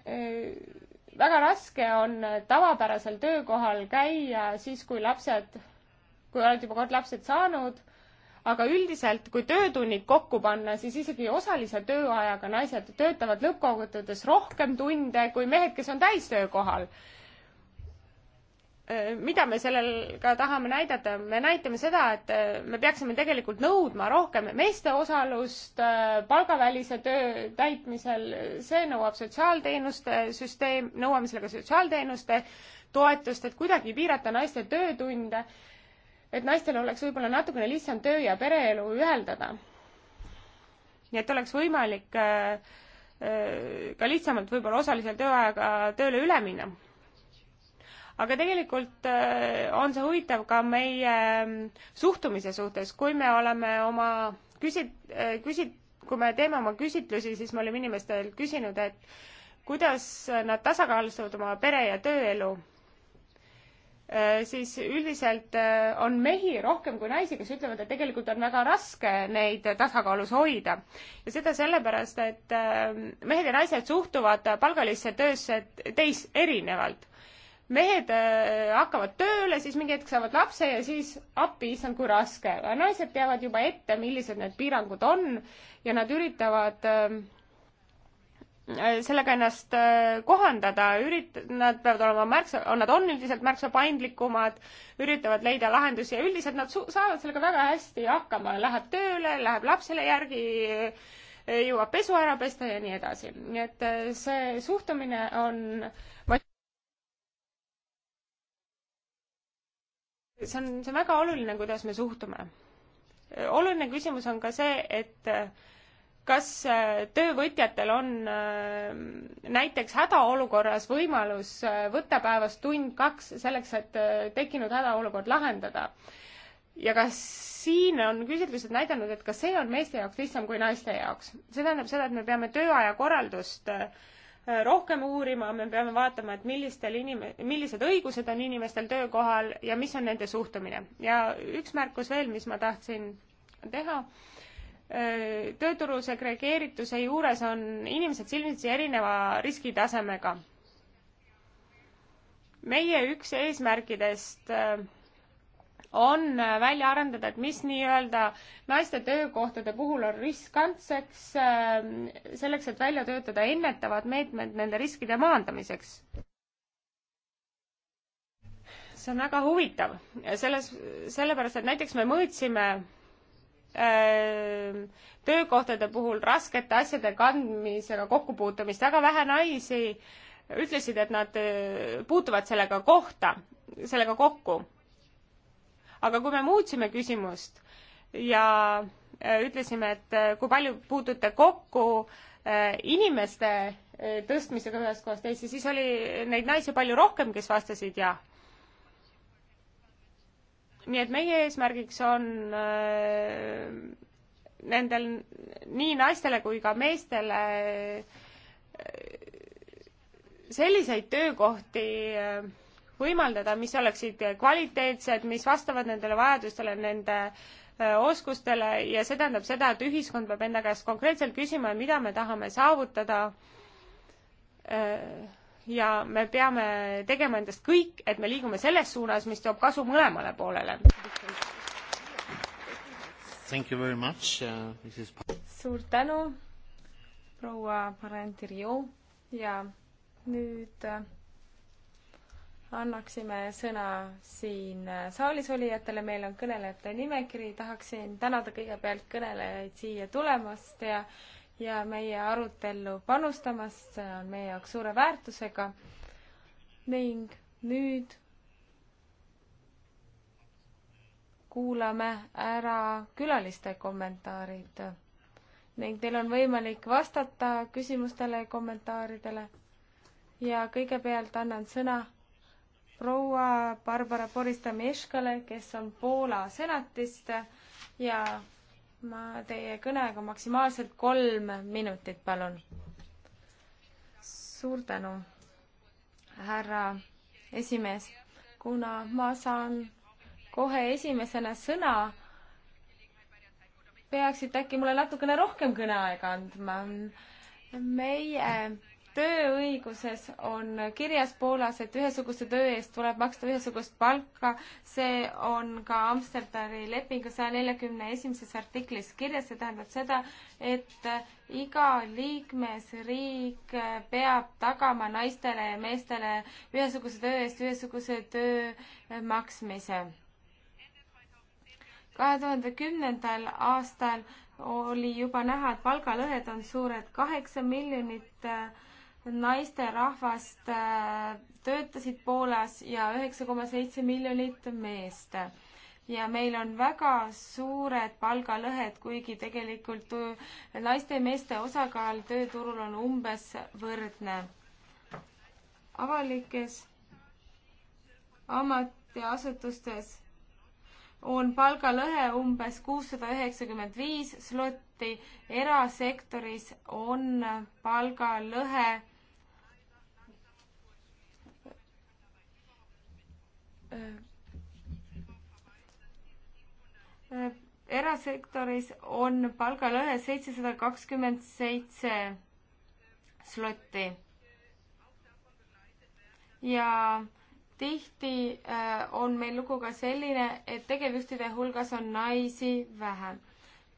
Äh, väga raske on tavapärasel töökohal käia siis, kui lapsed, kui oled juba kord lapsed saanud, aga üldiselt, kui töötunnid kokku panna, siis isegi osalise tööajaga naised töötavad lõppkokkuvõttes rohkem tunde kui mehed, kes on täistöökohal Äh, mida me sellega tahame näidata, me näitame seda, et äh, me peaksime tegelikult nõudma rohkem meeste osalust äh, palgavälise töö täitmisel, see nõuab sotsiaalteenuste süsteem, nõuame sellega sotsiaalteenuste toetust, et kuidagi piirata naiste töötunde, et naistel oleks võib-olla natukene lihtsam töö ja pereelu üheldada. nii et oleks võimalik ka lihtsamalt võib-olla osalisel tööajaga tööle üle minna aga tegelikult äh, on see huvitav ka meie ähm, suhtumise suhtes, kui me oleme oma küsi-, äh, küsi-, kui me teeme oma küsitlusi, siis me oleme inimestelt küsinud, et kuidas nad tasakaalustavad oma pere- ja tööelu, äh, siis üldiselt on mehi rohkem kui naisi, kes ütlevad, et tegelikult on väga raske neid tasakaalus hoida. ja seda sellepärast, et mehed ja naised suhtuvad palgalisse töösse teis erinevalt mehed äh, hakkavad tööle, siis mingi hetk saavad lapse ja siis appi, issand, kui raske. naised teavad juba ette, millised need piirangud on ja nad üritavad äh, sellega ennast äh, kohandada, ürit-, nad peavad olema märksa, nad on üldiselt märksa paindlikumad, üritavad leida lahendusi ja üldiselt nad su-, saavad sellega väga hästi hakkama, läheb tööle, läheb lapsele järgi, jõuab pesu ära pesta ja nii edasi. nii et see suhtumine on see on, see on väga oluline, kuidas me suhtume. oluline küsimus on ka see, et äh, kas äh, töövõtjatel on äh, näiteks hädaolukorras võimalus võtta päevas tund-kaks selleks, et tekkinud hädaolukord lahendada. ja ka siin on küsitlused näidanud, et ka see on meeste jaoks lihtsam kui naiste jaoks. see tähendab seda, et me peame tööaja korraldust äh, rohkem uurima, me peame vaatama, et millistel inim-, millised õigused on inimestel töökohal ja mis on nende suhtumine. ja üks märkus veel, mis ma tahtsin teha, tööturu segregeerituse juures on inimesed silmitsi erineva riskitasemega. meie üks eesmärkidest äh, on äh, välja arendada, et mis nii-öelda naiste töökohtade puhul on riskantseks, äh, selleks, et välja töötada ennetavad meetmed nende riskide maandamiseks. see on väga huvitav ja selles, sellepärast, et näiteks me mõõtsime äh, töökohtade puhul raskete asjade kandmisega kokkupuutumist, väga vähe naisi ütlesid, et nad puutuvad sellega kohta, sellega kokku aga kui me muutsime küsimust ja äh, ütlesime, et äh, kui palju puutute kokku äh, inimeste tõstmisega ühest kohast teise, siis oli neid naisi palju rohkem, kes vastasid jah. nii et meie eesmärgiks on nendel nii naistele kui ka meestele selliseid töökohti võimaldada, mis oleksid kvaliteetsed, mis vastavad nendele vajadustele, nende oskustele ja see tähendab seda, et ühiskond peab enda käest konkreetselt küsima, mida me tahame saavutada. ja me peame tegema endast kõik, et me liigume selles suunas, mis toob kasu mõlemale poolele. Uh, suur tänu, proua Marenti Riou ja nüüd annaksime sõna siin saalis olijatele, meil on kõnelejate nimekiri, tahaksin tänada kõigepealt kõnelejaid siia tulemast ja ja meie arutellu panustamast, see on meie jaoks suure väärtusega ning nüüd kuulame ära külaliste kommentaarid ning teil on võimalik vastata küsimustele ja kommentaaridele. ja kõigepealt annan sõna proua Barbara Boristameškale, kes on Poola senatist ja ma teie kõnega maksimaalselt kolm minutit, palun. suur tänu, härra esimees. kuna ma saan kohe esimesena sõna, peaksite äkki mulle natukene rohkem kõneaega andma. meie tööõiguses on kirjas Poolas, et ühesuguse töö eest tuleb maksta ühesugust palka. see on ka Amsterdami lepingu saja neljakümne esimeses artiklis kirjas, see tähendab seda, et iga liikmesriik peab tagama naistele ja meestele ühesuguse töö eest ühesuguse töö maksmise. kahe tuhande kümnendal aastal oli juba näha, et palgalõhed on suured, kaheksa miljonit äh, naisterahvast äh, töötasid Poolas ja üheksa koma seitse miljonit meest. ja meil on väga suured palgalõhed, kuigi tegelikult äh, naiste ja meeste osakaal tööturul on umbes võrdne. avalikes ametiasutustes on palgalõhe umbes kuussada üheksakümmend viis slotti, erasektoris on palgalõhe Äh, äh, erasektoris on palgalõhe seitsesada kakskümmend seitse slotti. ja tihti äh, on meil lugu ka selline, et tegevjuhtide hulgas on naisi vähem.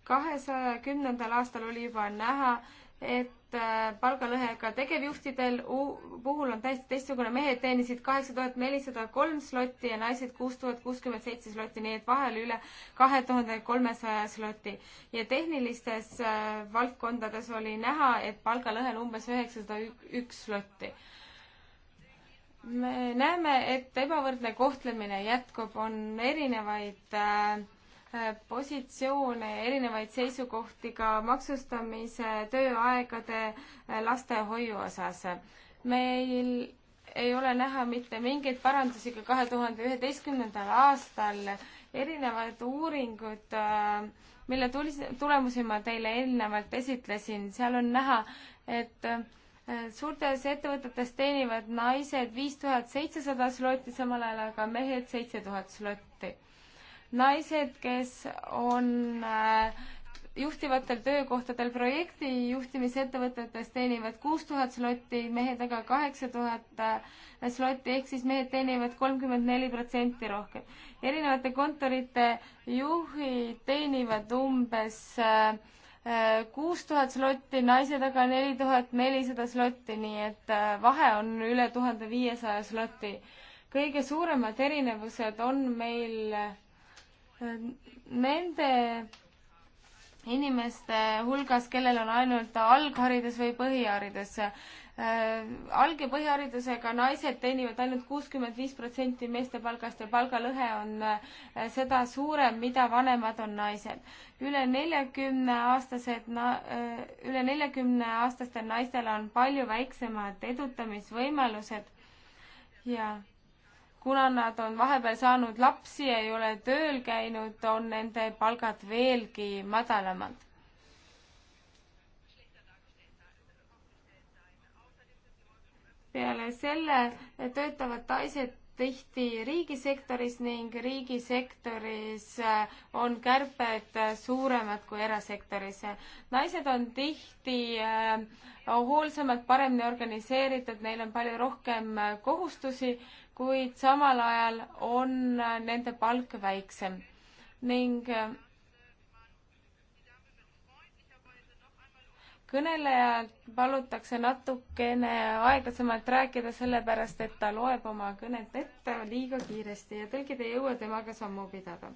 kahesaja kümnendal aastal oli juba näha, et Äh, palgalõhega tegevjuhtidel puhul on täiesti teistsugune, mehed teenisid kaheksa tuhat nelisada kolm slotti ja naised kuus tuhat kuuskümmend seitse slotti, nii et vahel üle kahe tuhande kolmesaja slotti. ja tehnilistes äh, valdkondades oli näha, et palgalõhe on umbes üheksasada üks slotti. me näeme, et ebavõrdne kohtlemine jätkub, on erinevaid äh, positsioone ja erinevaid seisukohti ka maksustamise, tööaegade, äh, lastehoiu osas. meil ei ole näha mitte mingeid parandusi ka kahe tuhande üheteistkümnendal aastal. erinevad uuringud, äh, mille tulis, tulemusi ma teile eelnevalt esitlesin, seal on näha, et äh, suurtes ettevõtetes teenivad naised viis tuhat seitsesada slotti, samal ajal aga mehed seitse tuhat slotti naised, kes on äh, juhtivatel töökohtadel projekti juhtimisettevõtetes teenivad kuus tuhat slotti, mehed aga kaheksa tuhat äh, slotti ehk siis mehed teenivad kolmkümmend neli protsenti rohkem. erinevate kontorite juhid teenivad umbes äh, kuus tuhat slotti, naised aga neli tuhat nelisada slotti, nii et vahe on üle tuhande viiesaja slotti. kõige suuremad erinevused on meil Nende inimeste hulgas, kellel on ainult algharidus või põhiharidus. Äh, alg- ja põhiharidusega naised teenivad ainult kuuskümmend viis protsenti meeste palgast ja palgalõhe on äh, seda suurem, mida vanemad on naised. üle neljakümne aastased na-, äh, üle neljakümne aastastel naistel on palju väiksemad edutamisvõimalused ja kuna nad on vahepeal saanud lapsi, ei ole tööl käinud, on nende palgad veelgi madalamad. peale selle töötavad naised tihti riigisektoris ning riigisektoris äh, on kärped äh, suuremad kui erasektoris. naised on tihti äh, hoolsamad, paremini organiseeritud, neil on palju rohkem kohustusi kuid samal ajal on nende palk väiksem ning äh, kõnelejal palutakse natukene aeglasemalt rääkida, sellepärast et ta loeb oma kõnet ette liiga kiiresti ja tõlgid ei jõua temaga sammu pidada.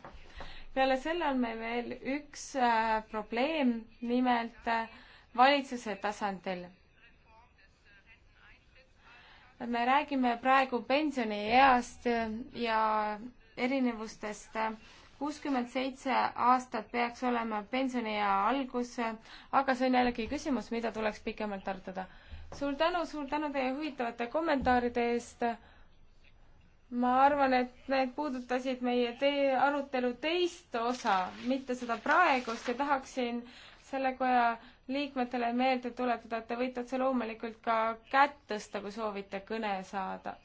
peale selle on meil veel üks äh, probleem, nimelt äh, valitsuse tasandil me räägime praegu pensionieast ja erinevustest. kuuskümmend seitse aastat peaks olema pensioniea algus, aga see on jällegi küsimus, mida tuleks pikemalt arutada. suur tänu, suur tänu teie huvitavate kommentaaride eest. ma arvan, et need puudutasid meie tee arutelu teist osa, mitte seda praegust ja tahaksin selle koja liikmetele meelde tuletada, et te võite otse loomulikult ka kätt tõsta, kui soovite kõne saada.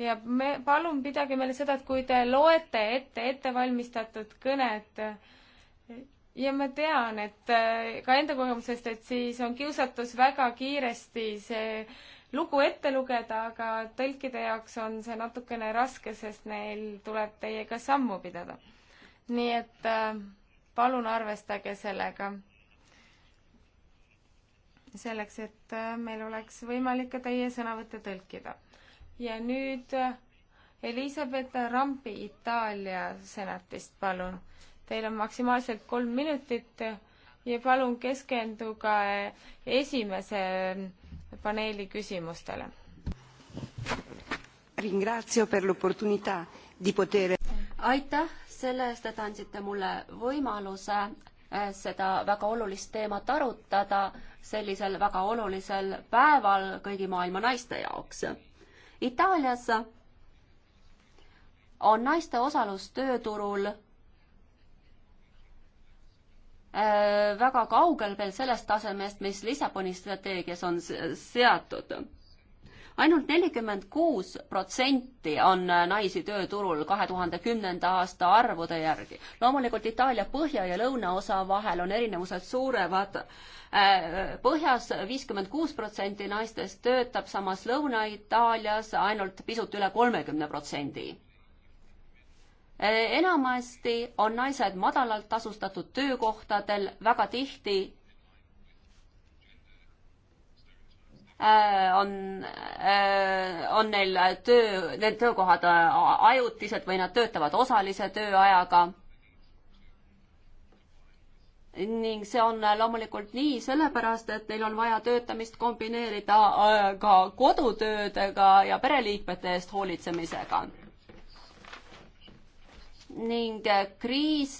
ja me, palun pidage meelde seda, et kui te loete ette ettevalmistatud kõnet, ja ma tean, et äh, ka enda kogemusest, et siis on kiusatus väga kiiresti see lugu ette lugeda, aga tõlkide jaoks on see natukene raske, sest neil tuleb teiega sammu pidada. nii et äh, palun arvestage sellega selleks, et äh, meil oleks võimalik ka teie sõnavõtte tõlkida. ja nüüd äh, Elisabetta Rampi Itaalia senatist, palun. Teil on maksimaalselt kolm minutit äh, ja palun keskenduge esimese paneeli küsimustele. aitäh selle eest, et andsite mulle võimaluse seda väga olulist teemat arutada sellisel väga olulisel päeval kõigi maailma naiste jaoks. Itaalias on naiste osalus tööturul äh, väga kaugel veel sellest tasemest, mis Lissaboni strateegias on seatud ainult nelikümmend kuus protsenti on äh, naisi tööturul kahe tuhande kümnenda aasta arvude järgi. loomulikult Itaalia põhja ja lõunaosa vahel on erinevused suuremad. Äh, põhjas viiskümmend kuus protsenti naistest töötab, samas Lõuna-Itaalias ainult pisut üle kolmekümne protsendi äh, enamasti on naised madalalt tasustatud töökohtadel, väga tihti Äh, on, äh, on neil töö, need töökohad äh, ajutised või nad töötavad osalise tööajaga. ning see on loomulikult nii sellepärast, et neil on vaja töötamist kombineerida ka kodutöödega ja pereliikmete eest hoolitsemisega ning kriis,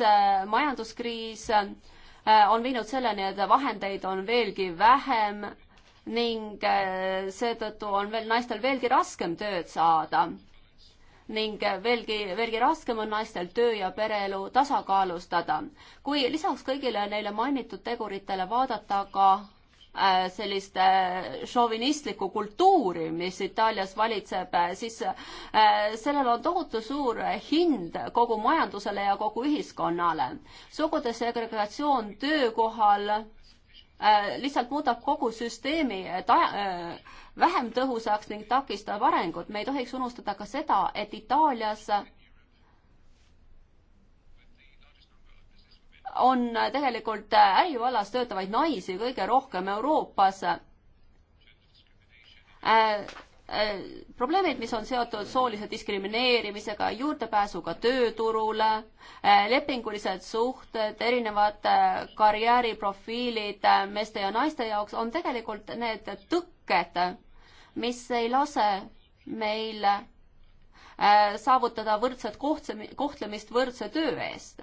majanduskriis on viinud selleni, et vahendeid on veelgi vähem ning äh, seetõttu on veel naistel veelgi raskem tööd saada. ning äh, veelgi, veelgi raskem on naistel töö ja pereelu tasakaalustada. kui lisaks kõigile neile mainitud teguritele vaadata ka äh, sellist šovinistlikku kultuuri, mis Itaalias valitseb, siis sellel on tohutu suur hind kogu majandusele ja kogu ühiskonnale. sugude segregatsioon töökohal Äh, lihtsalt muudab kogu süsteemi äh, ta-, äh, vähem tõhusaks ning takistab arengut. me ei tohiks unustada ka seda, et Itaalias on tegelikult ärivallas töötavaid naisi kõige rohkem Euroopas Äh, probleemid, mis on seotud soolise diskrimineerimisega, juurdepääsuga tööturule, äh, lepingulised suhted, erinevad äh, karjääriprofiilid meeste ja naiste jaoks on tegelikult need tõkked, mis ei lase meil saavutada võrdset kohtlemist võrdse töö eest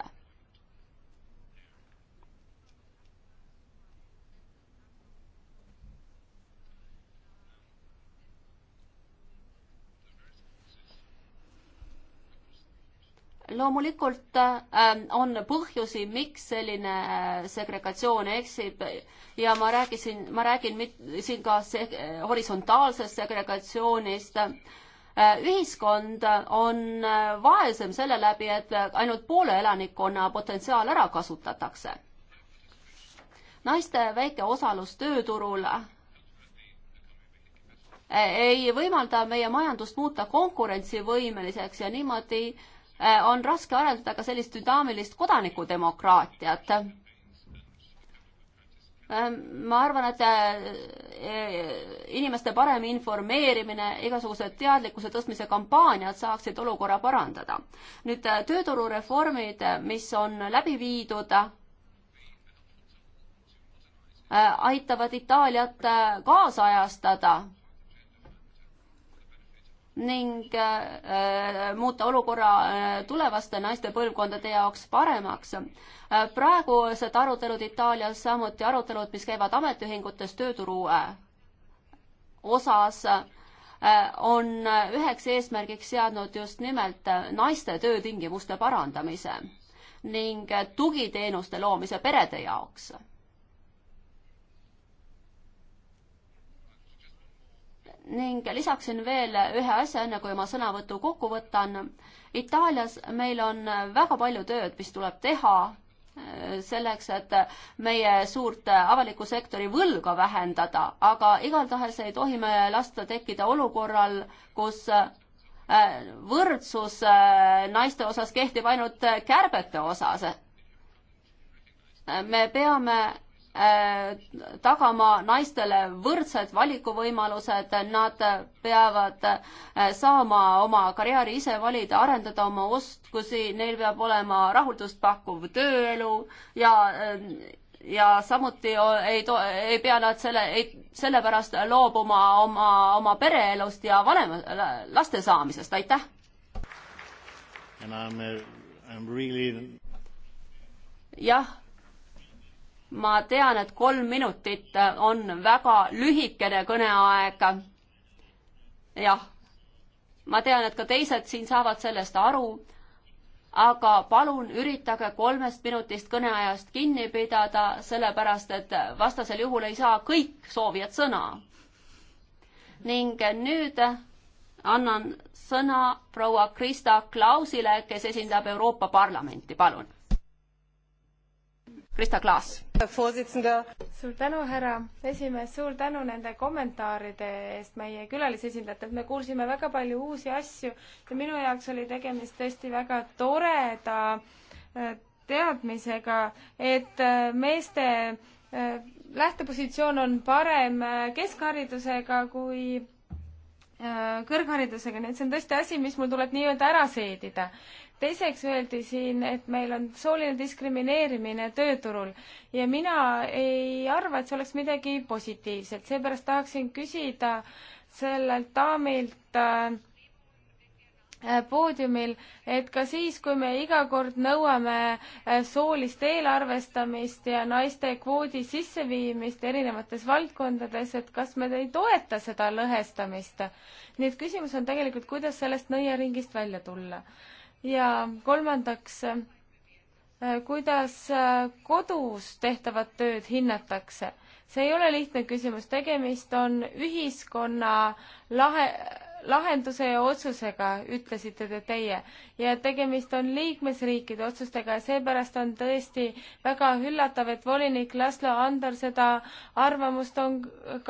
loomulikult ähm, on põhjusi, miks selline äh, segregatsioon eksib ja ma rääkisin, ma räägin siin ka se-, horisontaalsest segregatsioonist. Äh, ühiskond on äh, vaesem selle läbi, et ainult poole elanikkonna potentsiaal ära kasutatakse. naiste väike osalus tööturul ei võimalda meie majandust muuta konkurentsivõimeliseks ja niimoodi äh, Eh, on raske arendada ka sellist dünaamilist kodanikudemokraatiat. Eh, ma arvan, et eh, inimeste parem informeerimine, igasugused teadlikkuse tõstmise kampaaniad saaksid olukorra parandada. nüüd tööturureformid, mis on läbi viidud, aitavad Itaaliat kaasajastada ning äh, muuta olukorra äh, tulevaste naiste põlvkondade jaoks paremaks äh,. praegused arutelud Itaalias, samuti arutelud, mis käivad ametiühingutes tööturu äh, osas, äh, on üheks eesmärgiks seadnud just nimelt äh, naiste töötingimuste parandamise ning tugiteenuste loomise perede jaoks ning lisaksin veel ühe asja, enne kui ma sõnavõtu kokku võtan. Itaalias meil on väga palju tööd, mis tuleb teha äh, selleks, et meie suurt avaliku sektori võlga vähendada, aga igatahes ei tohi me lasta tekkida olukorral, kus äh, võrdsus äh, naiste osas kehtib ainult kärbete osas. me peame Äh, tagama naistele võrdsed valikuvõimalused, nad peavad äh, saama oma karjääri ise valida, arendada oma oskusi, neil peab olema rahuldust pakkuv tööelu ja äh, ja samuti ei to-, ei pea nad selle, ei, sellepärast loobuma oma, oma pereelust ja vanema, laste saamisest, aitäh! Uh, jah ma tean, et kolm minutit on väga lühikene kõneaeg. jah, ma tean, et ka teised siin saavad sellest aru, aga palun üritage kolmest minutist kõneajast kinni pidada, sellepärast et vastasel juhul ei saa kõik soovijad sõna. ning nüüd annan sõna proua Krista Klausile, kes esindab Euroopa Parlamenti, palun. Krista Klaas suur tänu, härra esimees, suur tänu nende kommentaaride eest meie külalisesindajatelt, me kuulsime väga palju uusi asju ja minu jaoks oli tegemist tõesti väga toreda äh, teadmisega, et äh, meeste äh, lähtepositsioon on parem keskharidusega kui kõrgharidusega, nii et see on tõesti asi, mis mul tuleb nii-öelda ära seedida teiseks öeldi siin, et meil on sooline diskrimineerimine tööturul ja mina ei arva, et see oleks midagi positiivset, seepärast tahaksin küsida sellelt daamilt äh, poodiumil, et ka siis, kui me iga kord nõuame äh, soolist eelarvestamist ja naiste kvoodi sisseviimist erinevates valdkondades, et kas me ei toeta seda lõhestamist. nii et küsimus on tegelikult, kuidas sellest nõiaringist välja tulla ja kolmandaks, äh, kuidas äh, kodus tehtavat tööd hinnatakse? see ei ole lihtne küsimus, tegemist on ühiskonna lahe, lahenduse ja otsusega, ütlesite te teie. ja tegemist on liikmesriikide otsustega ja seepärast on tõesti väga üllatav, et volinik Laslo Andor seda arvamust on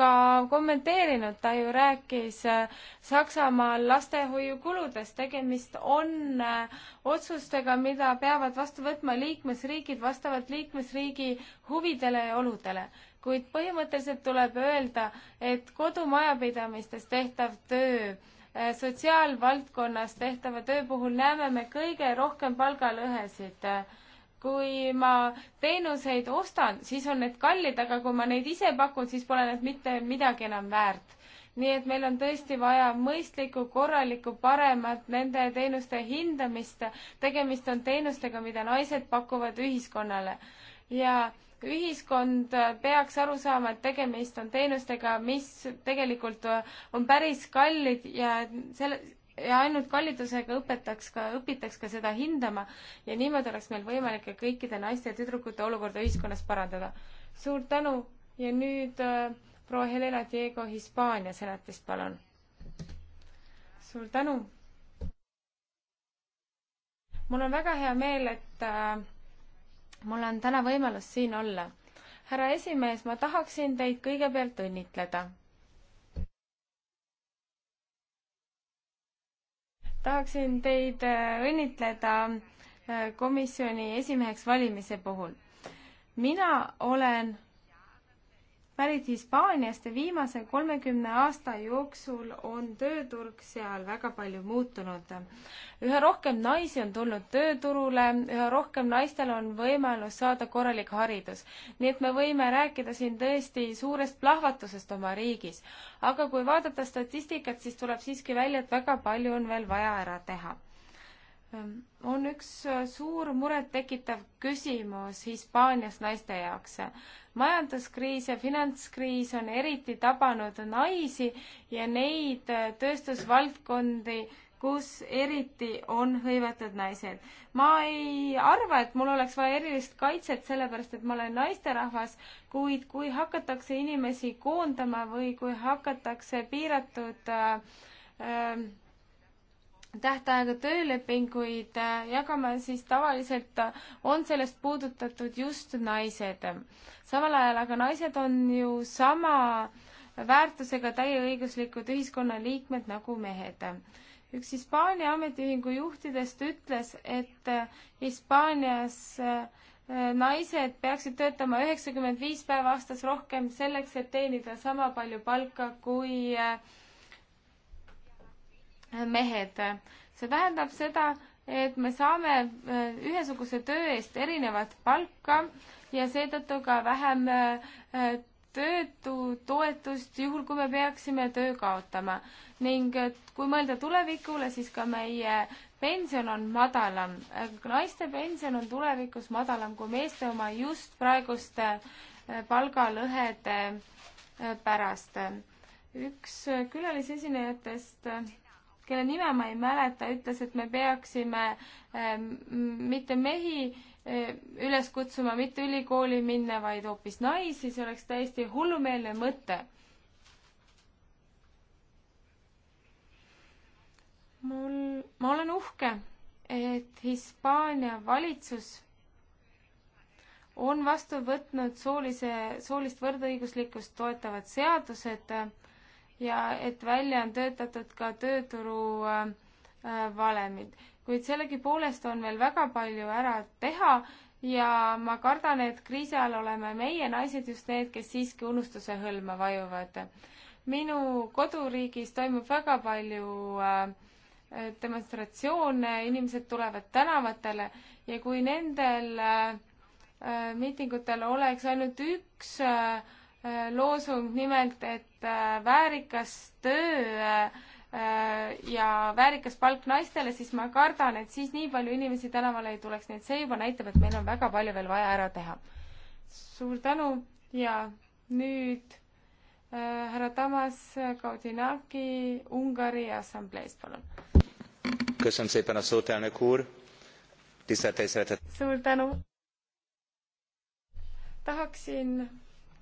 ka kommenteerinud. ta ju rääkis äh, Saksamaal lastehoiukuludest. tegemist on äh, otsustega, mida peavad vastu võtma liikmesriigid vastavalt liikmesriigi huvidele ja oludele kuid põhimõtteliselt tuleb öelda, et kodumajapidamistes tehtav töö äh, sotsiaalvaldkonnas tehtava töö puhul näeme me kõige rohkem palgalõhesid. kui ma teenuseid ostan, siis on need kallid, aga kui ma neid ise pakun, siis pole need mitte midagi enam väärt. nii et meil on tõesti vaja mõistlikku, korralikku, paremat nende teenuste hindamist. tegemist on teenustega, mida naised pakuvad ühiskonnale ja ühiskond peaks aru saama, et tegemist on teenustega, mis tegelikult on päris kallid ja selle, ja ainult kallidusega õpetaks ka, õpitaks ka seda hindama ja niimoodi oleks meil võimalik ka kõikide naiste ja tüdrukute olukorda ühiskonnas parandada. suur tänu ja nüüd äh, proua Helena Diego Hispaania senatist, palun. suur tänu. mul on väga hea meel, et äh, mul on täna võimalus siin olla. härra esimees, ma tahaksin teid kõigepealt õnnitleda. tahaksin teid äh, õnnitleda äh, komisjoni esimeheks valimise puhul. mina olen pärit Hispaaniast ja viimase kolmekümne aasta jooksul on tööturg seal väga palju muutunud. üha rohkem naisi on tulnud tööturule, üha rohkem naistel on võimalus saada korralik haridus. nii et me võime rääkida siin tõesti suurest plahvatusest oma riigis. aga kui vaadata statistikat, siis tuleb siiski välja, et väga palju on veel vaja ära teha Ehm, on üks äh, suur murettekitav küsimus Hispaanias naiste jaoks. majanduskriis ja finantskriis on eriti tabanud naisi ja neid äh, tööstusvaldkondi, kus eriti on hõivatud naised. ma ei arva, et mul oleks vaja erilist kaitset, sellepärast et ma olen naisterahvas, kuid kui hakatakse inimesi koondama või kui hakatakse piiratud äh, äh, tähtaega töölepinguid äh, jagama, siis tavaliselt äh, on sellest puudutatud just naised. samal ajal aga naised on ju sama väärtusega täieõiguslikud ühiskonnaliikmed nagu mehed. üks Hispaania ametiühingu juhtidest ütles, et äh, Hispaanias naised peaksid töötama üheksakümmend viis päeva aastas rohkem selleks, et teenida sama palju palka kui äh, mehed. see tähendab seda, et me saame äh, ühesuguse töö eest erinevat palka ja seetõttu ka vähem äh, töötutoetust, juhul kui me peaksime töö kaotama. ning kui mõelda tulevikule, siis ka meie pension on madalam. naiste pension on tulevikus madalam kui meeste oma just praeguste äh, palgalõhede pärast. üks külalisesinejatest kelle nime ma ei mäleta, ütles, et me peaksime ähm, mitte mehi äh, üles kutsuma mitte ülikooli minna, vaid hoopis naisi, see oleks täiesti hullumeelne mõte. mul, ma olen uhke, et Hispaania valitsus on vastu võtnud soolise, soolist võrdõiguslikkust toetavad seadused ja et välja on töötatud ka tööturu äh, äh, valemid. kuid sellegipoolest on veel väga palju ära teha ja ma kardan, et kriisi ajal oleme meie naised just need, kes siiski unustuse hõlma vajuvad. minu koduriigis toimub väga palju äh, demonstratsioone, inimesed tulevad tänavatele ja kui nendel miitingutel oleks ainult üks äh, Äh, loosung nimelt, et äh, väärikas töö äh, ja väärikas palk naistele, siis ma kardan, et siis nii palju inimesi tänavale ei tuleks, nii et see juba näitab, et meil on väga palju veel vaja ära teha. suur tänu ja nüüd härra Tamas Kaudinaki Ungari Assambleest, palun. suur tänu. tahaksin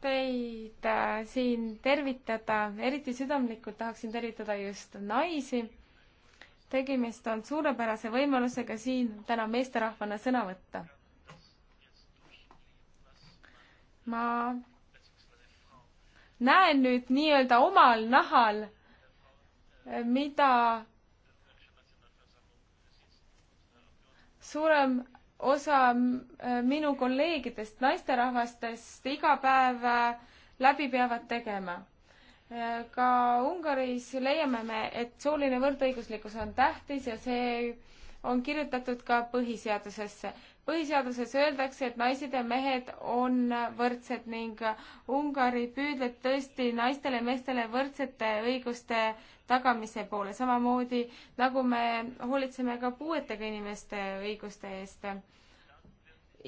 teid äh, siin tervitada, eriti südamlikult tahaksin tervitada just naisi. tegemist on suurepärase võimalusega siin täna meesterahvana sõna võtta. ma näen nüüd nii-öelda omal nahal, mida suurem osa äh, minu kolleegidest, naisterahvastest iga päev äh, läbi peavad tegema. Äh, ka Ungaris leiame me, et sooline võrdõiguslikkus on tähtis ja see on kirjutatud ka põhiseadusesse. põhiseaduses öeldakse, et naised ja mehed on võrdsed ning Ungari püüdleb tõesti naistele ja meestele võrdsete õiguste tagamise poole, samamoodi nagu me hoolitseme ka puuetega inimeste õiguste eest.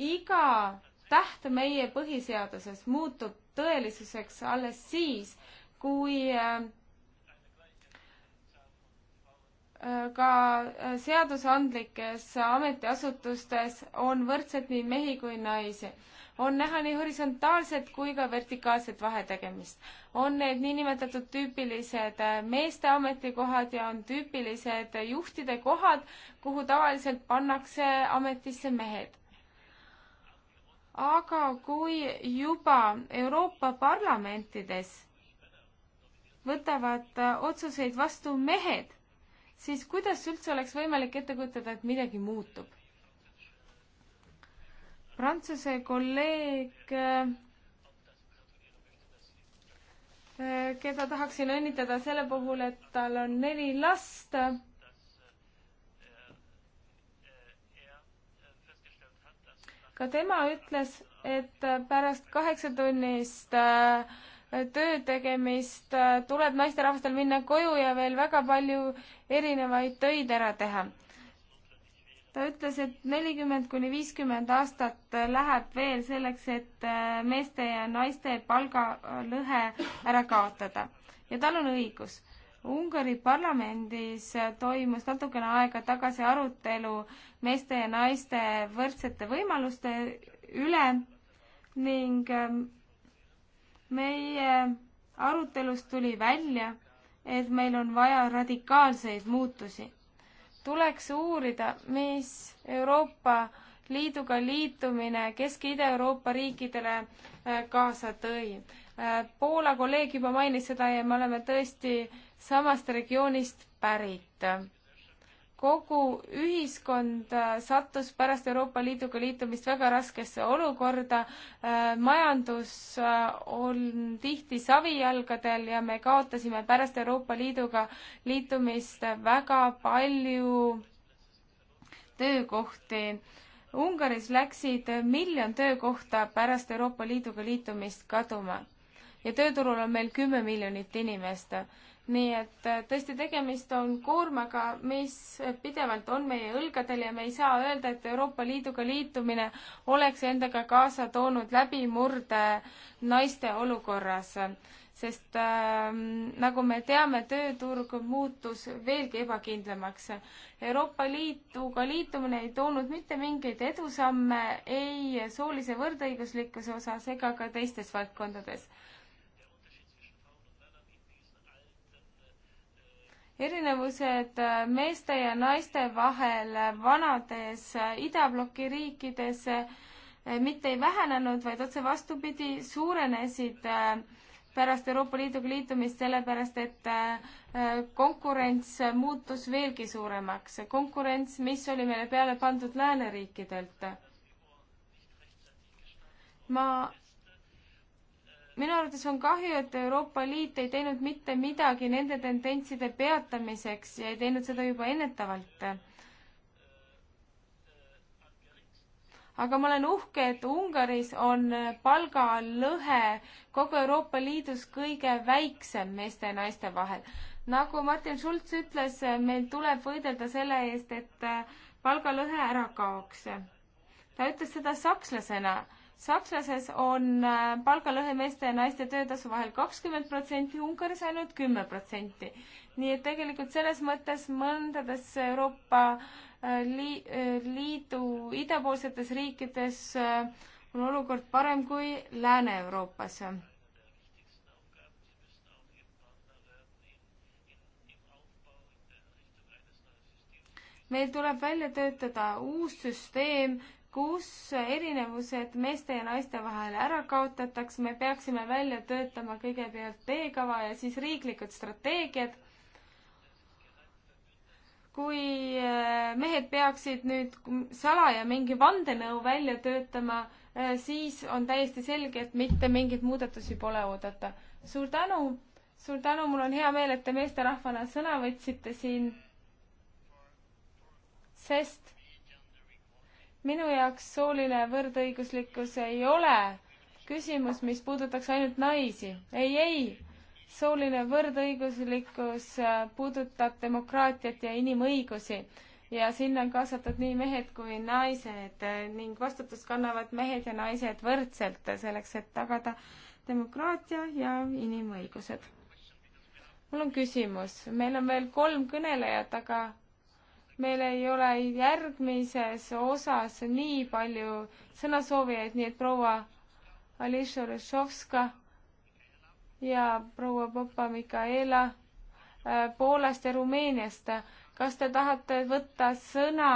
iga täht meie põhiseaduses muutub tõelisuseks alles siis, kui äh, ka seadusandlikes ametiasutustes on võrdsed nii mehi kui naisi on näha nii horisontaalset kui ka vertikaalset vahetegemist. on need niinimetatud tüüpilised äh, meeste ametikohad ja on tüüpilised juhtide kohad, kuhu tavaliselt pannakse ametisse mehed. aga kui juba Euroopa parlamentides võtavad äh, otsuseid vastu mehed, siis kuidas üldse oleks võimalik ette kujutada, et midagi muutub? Prantsuse kolleeg, eh, keda tahaksin õnnitleda selle puhul, et tal on neli last ka tema ütles, et pärast kaheksatunnist eh, töö tegemist eh, tuleb naisterahvastel minna koju ja veel väga palju erinevaid töid ära teha ta ütles, et nelikümmend kuni viiskümmend aastat läheb veel selleks, et äh, meeste ja naiste palgalõhe ära kaotada. ja tal on õigus. Ungari parlamendis toimus natukene aega tagasi arutelu meeste ja naiste võrdsete võimaluste üle ning ähm, meie arutelust tuli välja, et meil on vaja radikaalseid muutusi tuleks uurida, mis Euroopa Liiduga liitumine Kesk-Ida-Euroopa riikidele äh, kaasa tõi. Äh, Poola kolleeg juba mainis seda ja me oleme tõesti samast regioonist pärit kogu ühiskond äh, sattus pärast Euroopa Liiduga liitumist väga raskesse olukorda. Äh, majandus äh, on tihti savijalgadel ja me kaotasime pärast Euroopa Liiduga liitumist väga palju töökohti. Ungaris läksid miljon töökohta pärast Euroopa Liiduga liitumist kaduma ja tööturul on meil kümme miljonit inimest nii et äh, tõesti, tegemist on koormaga, mis pidevalt on meie õlgadel ja me ei saa öelda, et Euroopa Liiduga liitumine oleks endaga kaasa toonud läbimurde naiste olukorras. sest äh, nagu me teame, tööturg muutus veelgi ebakindlamaks. Euroopa Liiduga liitumine ei toonud mitte mingeid edusamme ei soolise võrdõiguslikkuse osas ega ka teistes valdkondades erinevused äh, meeste ja naiste vahel äh, vanades äh, idabloki riikides mitte ei vähenenud, vaid otse vastupidi, suurenesid pärast Euroopa Liiduga liitumist, sellepärast et konkurents muutus veelgi suuremaks. konkurents, mis oli meile peale pandud lääneriikidelt. ma minu arvates on kahju, et Euroopa Liit ei teinud mitte midagi nende tendentside peatamiseks ja ei teinud seda juba ennetavalt. aga ma olen uhke, et Ungaris on palgalõhe kogu Euroopa Liidus kõige väiksem meeste ja naiste vahel. nagu Martin Schulz ütles, meil tuleb võidelda selle eest, et palgalõhe ära kaoks. ta ütles seda sakslasena Saksases on äh, palgalõhe meeste ja naiste töötasu vahel kakskümmend protsenti, Ungaris ainult kümme protsenti. nii et tegelikult selles mõttes mõndades Euroopa äh, li-, äh, Liidu idapoolsetes riikides on olukord parem kui Lääne-Euroopas. meil tuleb välja töötada uus süsteem, kus erinevused meeste ja naiste vahel ära kaotataks, me peaksime välja töötama kõigepealt teekava ja siis riiklikud strateegiad. kui äh, mehed peaksid nüüd salaja mingi vandenõu välja töötama, äh, siis on täiesti selge, et mitte mingeid muudatusi pole oodata. suur tänu, suur tänu, mul on hea meel, et te meesterahvana sõna võtsite siin, sest minu jaoks sooline võrdõiguslikkus ei ole küsimus, mis puudutaks ainult naisi. ei, ei, sooline võrdõiguslikkus äh, puudutab demokraatiat ja inimõigusi ja sinna on kaasatud nii mehed kui naised äh, ning vastutust kannavad mehed ja naised võrdselt äh, selleks, et tagada demokraatia ja inimõigused. mul on küsimus, meil on veel kolm kõnelejat, aga meil ei ole järgmises osas nii palju sõnasoovijaid, nii et proua Alisha Rešovska ja proua Popa-Mikaela äh, Poolast ja Rumeeniast. kas te tahate võtta sõna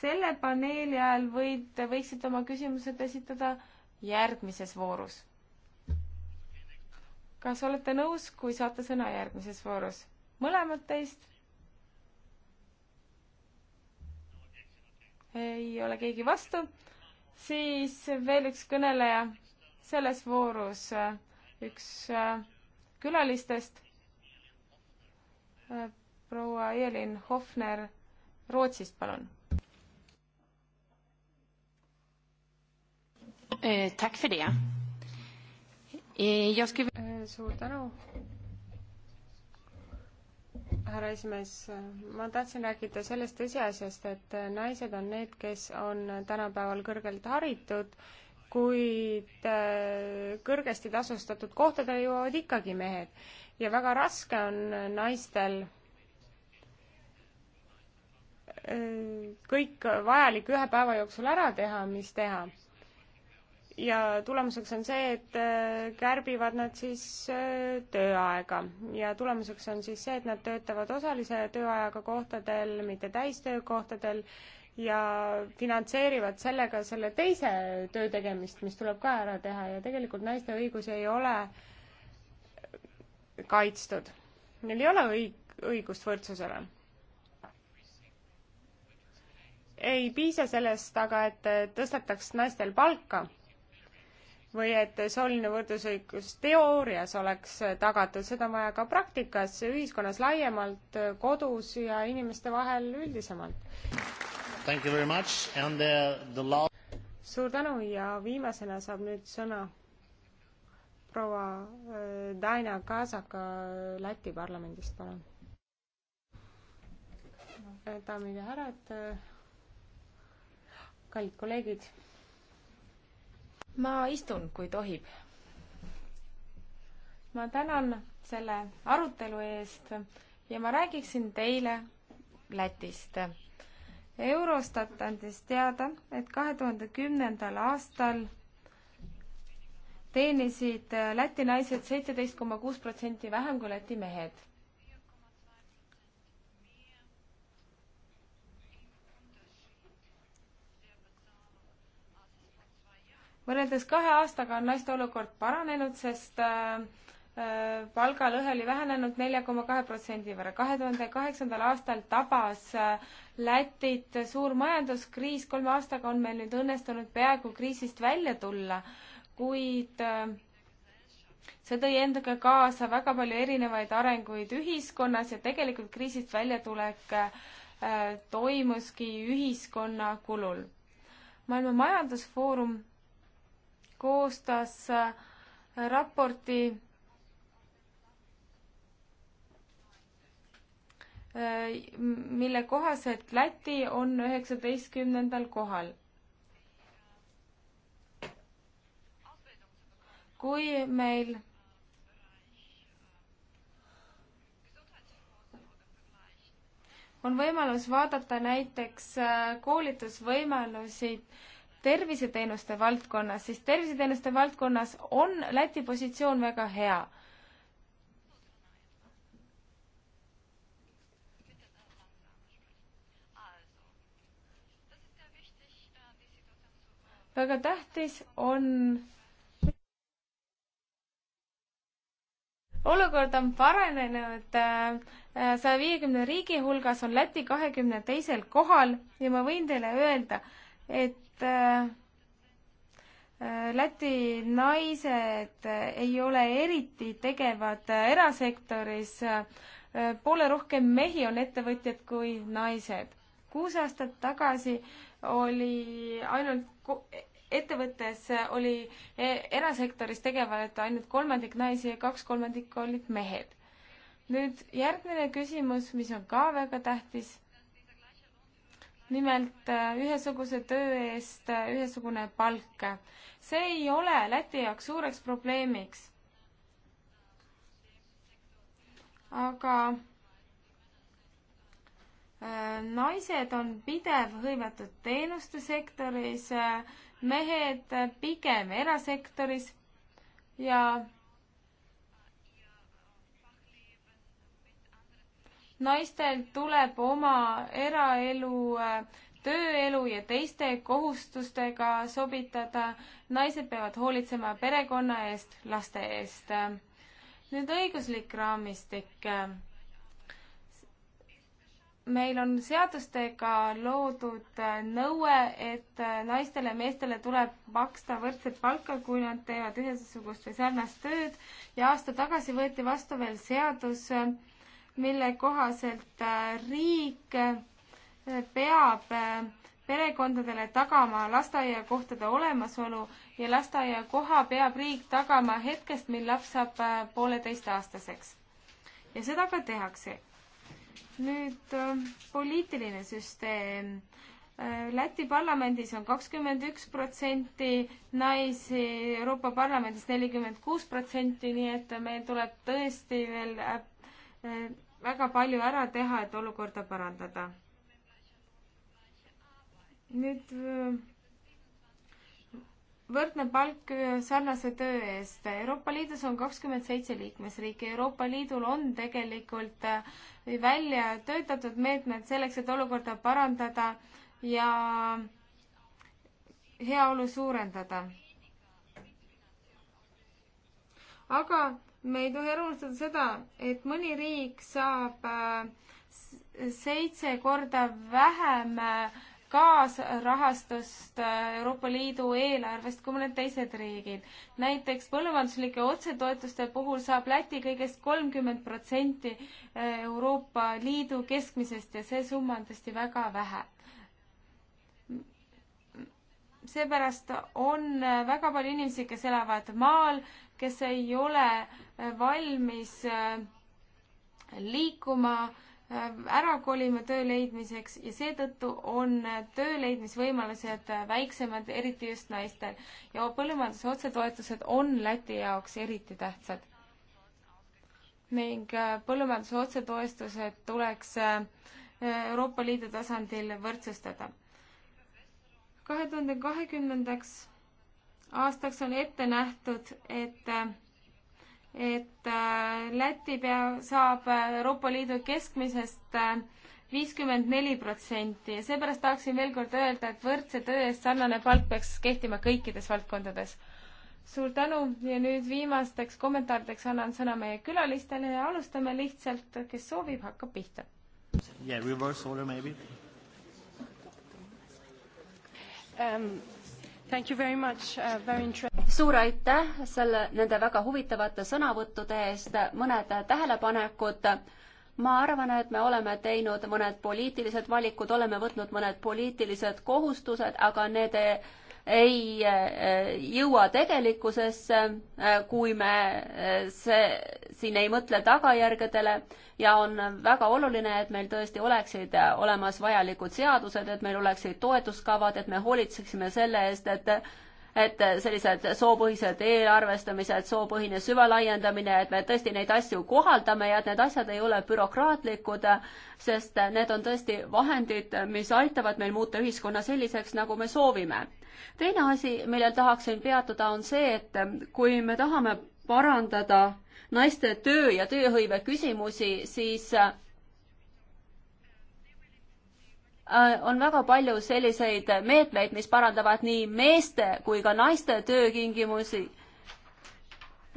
selle paneeli ajal või te võiksite oma küsimused esitada järgmises voorus? kas olete nõus, kui saate sõna järgmises voorus? mõlemad teist ei ole keegi vastu, siis veel üks kõneleja selles voorus, üks äh, külalistest, äh, proua Elin Hofner Rootsist, palun eh,. Tack för det eh,. Jag skulle... Äh, suur tänu härra esimees, ma tahtsin rääkida sellest tõsiasjast, et naised on need, kes on tänapäeval kõrgelt haritud, kuid äh, kõrgesti tasustatud kohtadele jõuavad ikkagi mehed. ja väga raske on naistel äh, kõik vajalik ühe päeva jooksul ära teha, mis teha ja tulemuseks on see, et äh, kärbivad nad siis äh, tööaega ja tulemuseks on siis see, et nad töötavad osalise tööajaga kohtadel, mitte täistöökohtadel ja finantseerivad sellega selle teise töö tegemist, mis tuleb ka ära teha ja tegelikult naiste õigusi ei ole kaitstud. Neil ei ole õig-, õigust võrdsusele ei piisa sellest aga, et äh, tõstetaks naistel palka või et sooline võrdusõigus teoorias oleks tagatud, seda on vaja ka praktikas, ühiskonnas laiemalt, kodus ja inimeste vahel üldisemalt. suur tänu ja viimasena saab nüüd sõna proua äh, Daina Kaasaka äh, Läti parlamendist, palun. Äh, daamid ja härrad, kallid kolleegid ma istun, kui tohib. ma tänan selle arutelu eest ja ma räägiksin teile Lätist. Eurostat andis teada, et kahe tuhande kümnendal aastal teenisid Läti naised seitseteist koma kuus protsenti vähem kui Läti mehed võrreldes kahe aastaga on naiste olukord paranenud, sest äh, äh, palgalõhe oli vähenenud nelja koma kahe protsendi võrra. kahe tuhande kaheksandal aastal tabas äh, Lätit suur majanduskriis, kolme aastaga on meil nüüd õnnestunud peaaegu kriisist välja tulla, kuid see tõi endaga kaasa väga palju erinevaid arenguid ühiskonnas ja tegelikult kriisist väljatulek toimuski ühiskonna kulul. maailma Majandusfoorum koostas äh, raporti äh, mille kohaselt Läti on üheksateistkümnendal kohal. kui meil on võimalus vaadata näiteks äh, koolitusvõimalusi terviseteenuste valdkonnas, siis terviseteenuste valdkonnas on Läti positsioon väga hea. väga tähtis on olukord on paranenud äh, saja viiekümne riigi hulgas on Läti kahekümne teisel kohal ja ma võin teile öelda, et Äh, äh, Läti naised ei ole eriti tegevad erasektoris, äh, poole rohkem mehi on ettevõtjad kui naised. kuus aastat tagasi oli ainult ettevõttes oli e, erasektoris tegevad ainult kolmandik naisi ja kaks kolmandikku olid mehed. nüüd järgmine küsimus, mis on ka väga tähtis nimelt äh, ühesuguse töö eest äh, ühesugune palk. see ei ole Läti jaoks suureks probleemiks. aga äh, naised on pidev hõivatud teenuste sektoris, mehed pigem erasektoris ja naistel tuleb oma eraelu äh, tööelu ja teiste kohustustega sobitada. naised peavad hoolitsema perekonna eest, laste eest. nüüd õiguslik raamistik. meil on seadustega loodud äh, nõue, et äh, naistele ja meestele tuleb maksta võrdset palka, kui nad teevad ühesugust või sarnast tööd ja aasta tagasi võeti vastu veel seadus, mille kohaselt äh, riik äh, peab äh, perekondadele tagama lasteaiakohtade olemasolu ja lasteaiakoha peab riik tagama hetkest, mil laps saab pooleteistaastaseks. ja seda ka tehakse. nüüd poliitiline süsteem. Läti parlamendis on kakskümmend üks protsenti naisi, Euroopa Parlamendis nelikümmend kuus protsenti, nii et meil tuleb tõesti veel väga palju ära teha, et olukorda parandada. nüüd äh, võrdne palk äh, sarnase töö eest. Euroopa Liidus on kakskümmend seitse liikmesriiki. Euroopa Liidul on tegelikult äh, välja töötatud meetmed selleks, et olukorda parandada ja heaolu suurendada. aga me ei tohi ära unustada seda, et mõni riik saab äh, seitse korda vähem äh, kaasrahastust äh, Euroopa Liidu eelarvest kui mõned teised riigid. näiteks põllumajanduslike otsetoetuste puhul saab Läti kõigest kolmkümmend protsenti Euroopa Liidu keskmisest ja see summa on tõesti väga vähe seepärast on väga palju inimesi, kes elavad maal, kes ei ole valmis äh, liikuma, äh, ära kolima töö leidmiseks ja seetõttu on töö leidmisvõimalused äh, väiksemad, eriti just naistel. ja põllumajanduse otsetoetused on Läti jaoks eriti tähtsad. ning põllumajanduse otsetoetused tuleks Euroopa Liidu tasandil võrdsustada. kahe tuhande kahekümnendaks aastaks on ette nähtud, et et äh, Läti pea-, saab äh, Euroopa Liidu keskmisest äh, viiskümmend neli protsenti ja seepärast tahaksin veel kord öelda, et võrdse töö eest sarnane palk peaks kehtima kõikides valdkondades. suur tänu ja nüüd viimasteks kommentaarideks annan sõna meie külalistele ja alustame lihtsalt, kes soovib, hakkab pihta. Yeah, reverse order maybe um,. Uh, suur aitäh selle, nende väga huvitavate sõnavõttude eest, mõned tähelepanekud. ma arvan, et me oleme teinud mõned poliitilised valikud, oleme võtnud mõned poliitilised kohustused, aga need ei eh, jõua tegelikkusesse, eh, kui me eh, see, siin ei mõtle tagajärgedele ja on väga oluline, et meil tõesti oleksid olemas vajalikud seadused, et meil oleksid toetuskavad, et me hoolitseksime selle eest, et et sellised soopõhised eelarvestamised, soopõhine süvalaiendamine, et me tõesti neid asju kohaldame ja et need asjad ei ole bürokraatlikud, sest need on tõesti vahendid, mis aitavad meil muuta ühiskonna selliseks, nagu me soovime teine asi, millel tahaksin peatuda, on see, et kui me tahame parandada naiste töö ja tööhõive küsimusi, siis äh, on väga palju selliseid meetmeid, mis parandavad nii meeste kui ka naiste töötingimusi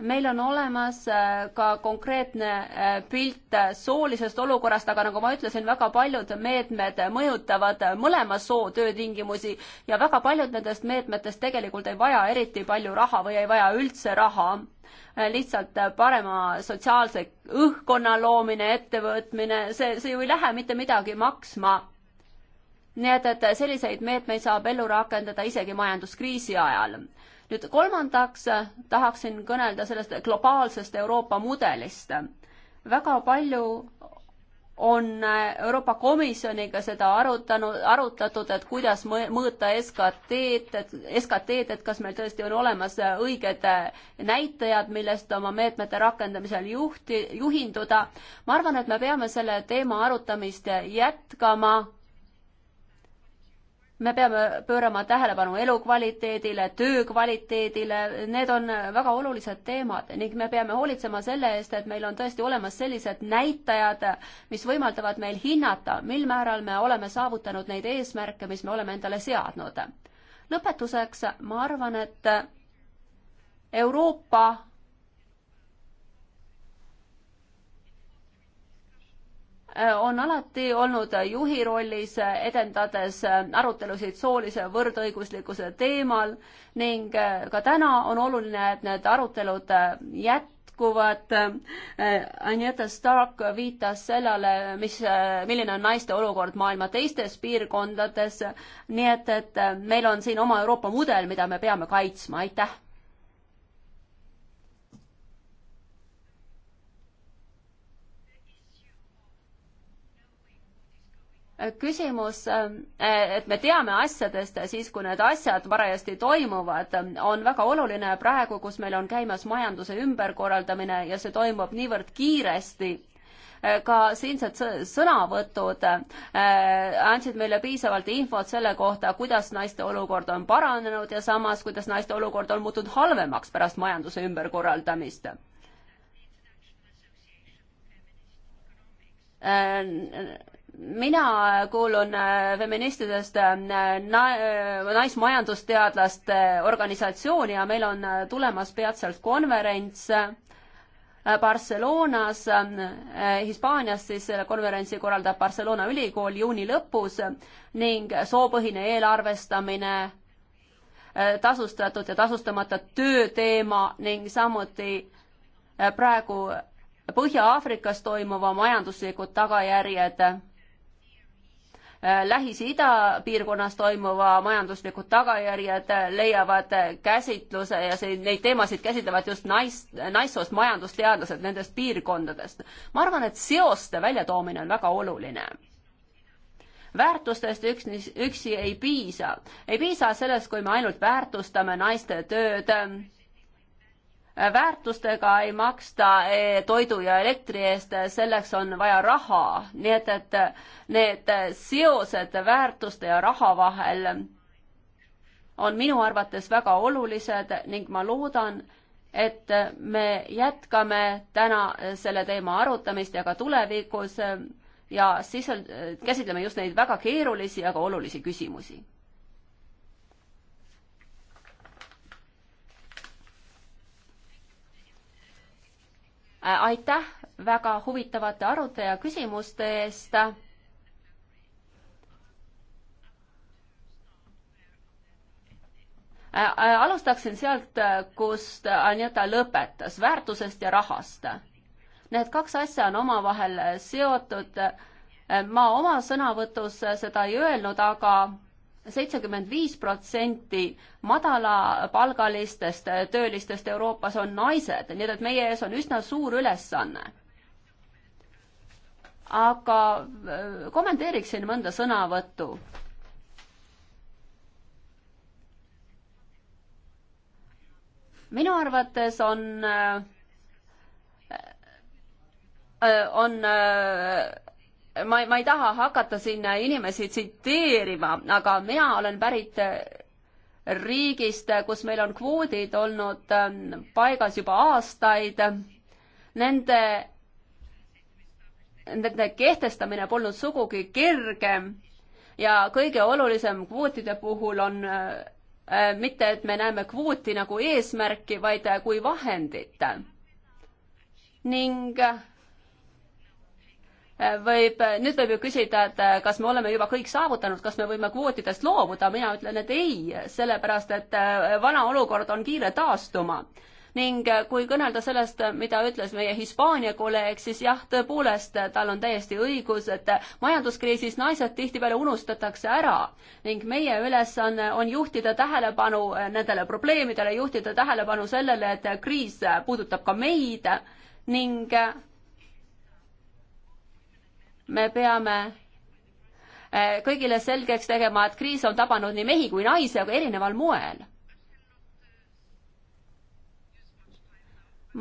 meil on olemas äh, ka konkreetne äh, pilt äh, soolisest olukorrast, aga nagu ma ütlesin, väga paljud meetmed mõjutavad mõlema soo töötingimusi ja väga paljud nendest meetmetest tegelikult ei vaja eriti palju raha või ei vaja üldse raha. lihtsalt parema sotsiaalse õhkkonna loomine, ettevõtmine, see, see ju ei lähe mitte midagi maksma nii et, et selliseid meetmeid saab ellu rakendada isegi majanduskriisi ajal. nüüd kolmandaks tahaksin kõnelda sellest globaalsest Euroopa mudelist. väga palju on Euroopa Komisjoniga seda arutanud, arutatud, et kuidas mõõta SKT-d, et SKT-d, et kas meil tõesti on olemas õiged näitajad, millest oma meetmete rakendamisel juhti, juhinduda. ma arvan, et me peame selle teema arutamist jätkama me peame pöörama tähelepanu elukvaliteedile, töö kvaliteedile, need on väga olulised teemad ning me peame hoolitsema selle eest, et meil on tõesti olemas sellised näitajad, mis võimaldavad meil hinnata, mil määral me oleme saavutanud neid eesmärke, mis me oleme endale seadnud. lõpetuseks ma arvan, et Euroopa on alati olnud juhi rollis, edendades arutelusid soolise võrdõiguslikkuse teemal ning ka täna on oluline, et need arutelud jätkuvad. Aneta Stark viitas sellele, mis, milline on naiste olukord maailma teistes piirkondades, nii et, et meil on siin oma Euroopa mudel, mida me peame kaitsma, aitäh! küsimus, eh, et me teame asjadest siis, kui need asjad parajasti toimuvad, on väga oluline praegu, kus meil on käimas majanduse ümberkorraldamine ja see toimub niivõrd kiiresti eh, ka siinsed sõnavõtud eh, andsid meile piisavalt infot selle kohta, kuidas naiste olukord on paranenud ja samas, kuidas naiste olukord on muutunud halvemaks pärast majanduse ümberkorraldamist mina kuulun äh, feministidest äh, na-, äh, naismajandusteadlaste organisatsiooni ja meil on tulemas peatselt konverents Barcelonas, Hispaanias siis selle konverentsi korraldab Barcelona ülikool juuni lõpus ning soopõhine eelarvestamine, tasustatud ja tasustamata töö teema ning samuti praegu Põhja-Aafrikas toimuva majanduslikud tagajärjed Äh, Lähis-Ida piirkonnas toimuva majanduslikud tagajärjed äh, leiavad äh, käsitluse ja see, neid teemasid käsitlevad just nais, naissoost majandusteadlased nendest piirkondadest. ma arvan, et seoste väljatoomine on väga oluline väärtustest üksi, üksi ei piisa. ei piisa sellest, kui me ainult väärtustame naiste tööd ähm, Äh, väärtustega ei maksta eh, toidu ja elektri eest, äh, selleks on vaja raha, nii et, et äh, need seosed väärtuste ja raha vahel on minu arvates väga olulised ning ma loodan, et me jätkame täna selle teema arutamist ja ka tulevikus ja siis käsitleme just neid väga keerulisi, aga olulisi küsimusi. Äh, aitäh väga huvitavate arute ja küsimuste eest. Äh, äh, alustaksin sealt, kust Aneta lõpetas, väärtusest ja rahast. Need kaks asja on omavahel seotud. ma oma sõnavõtus seda ei öelnud, aga seitsekümmend viis protsenti madalapalgalistest töölistest Euroopas on naised, nii et meie ees on üsna suur ülesanne. aga äh, kommenteeriksin mõnda sõnavõttu. minu arvates on, äh, äh, on ma ei, ma ei taha hakata siin inimesi tsiteerima, aga mina olen pärit äh, riigist, kus meil on kvoodid olnud ähm, paigas juba aastaid. Nende, nende kehtestamine polnud sugugi kerge ja kõige olulisem kvootide puhul on äh, mitte, et me näeme kvooti nagu eesmärki, vaid kui vahendit. ning äh, võib, nüüd võib ju küsida, et äh, kas me oleme juba kõik saavutanud, kas me võime kvootidest loobuda, mina ütlen, et ei, sellepärast et äh, vana olukord on kiire taastuma. ning äh, kui kõnelda sellest, mida ütles meie Hispaania kolleeg, siis jah, tõepoolest, tal on täiesti õigus, et majanduskriisis naised tihtipeale unustatakse ära ning meie ülesanne on, on juhtida tähelepanu nendele probleemidele, juhtida tähelepanu sellele, et kriis puudutab ka meid ning me peame eh, kõigile selgeks tegema, et kriis on tabanud nii mehi kui naisi, aga erineval moel.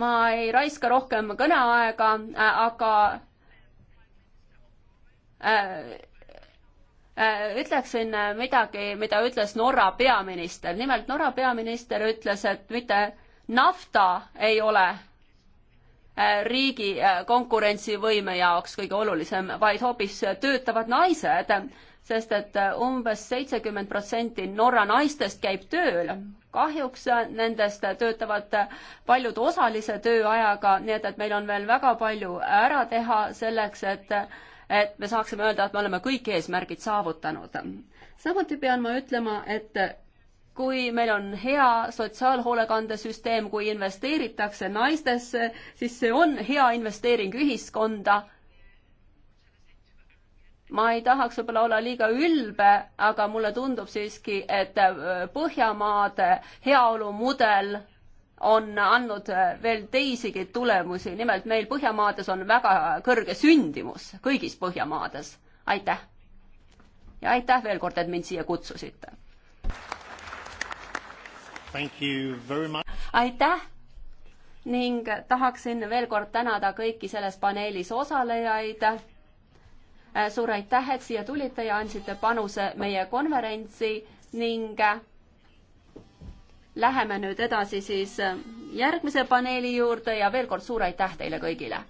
ma ei raiska rohkem kõneaega, eh, aga eh, ütleksin midagi, mida ütles Norra peaminister. nimelt Norra peaminister ütles, et mitte nafta ei ole Äh, riigi äh, konkurentsivõime jaoks kõige olulisem, vaid hoopis töötavad naised, sest et äh, umbes seitsekümmend protsenti Norra naistest käib tööl. kahjuks nendest töötavad paljud osalise tööajaga, nii et, et meil on veel väga palju ära teha selleks, et et me saaksime öelda, et me oleme kõik eesmärgid saavutanud. samuti pean ma ütlema, et kui meil on hea sotsiaalhoolekandesüsteem, kui investeeritakse naistesse, siis see on hea investeering ühiskonda. ma ei tahaks võib-olla olla liiga ülbe, aga mulle tundub siiski, et äh, Põhjamaade heaolumudel on andnud äh, veel teisigi tulemusi, nimelt meil Põhjamaades on väga kõrge sündimus, kõigis Põhjamaades. aitäh! ja aitäh veel kord, et mind siia kutsusite! aitäh ning tahaksin veel kord tänada kõiki selles paneelis osalejaid. Äh, suur aitäh, et siia tulite ja andsite panuse meie konverentsi ning äh, läheme nüüd edasi siis äh, järgmise paneeli juurde ja veel kord suur aitäh teile kõigile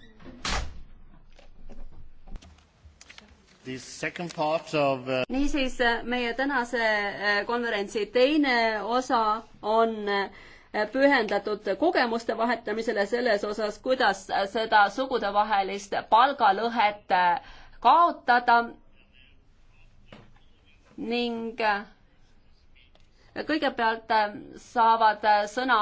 Uh, niisiis, äh, meie tänase äh, konverentsi teine osa on äh, pühendatud kogemuste vahetamisele selles osas, kuidas seda sugudevahelist palgalõhet kaotada ning kõigepealt saavad sõna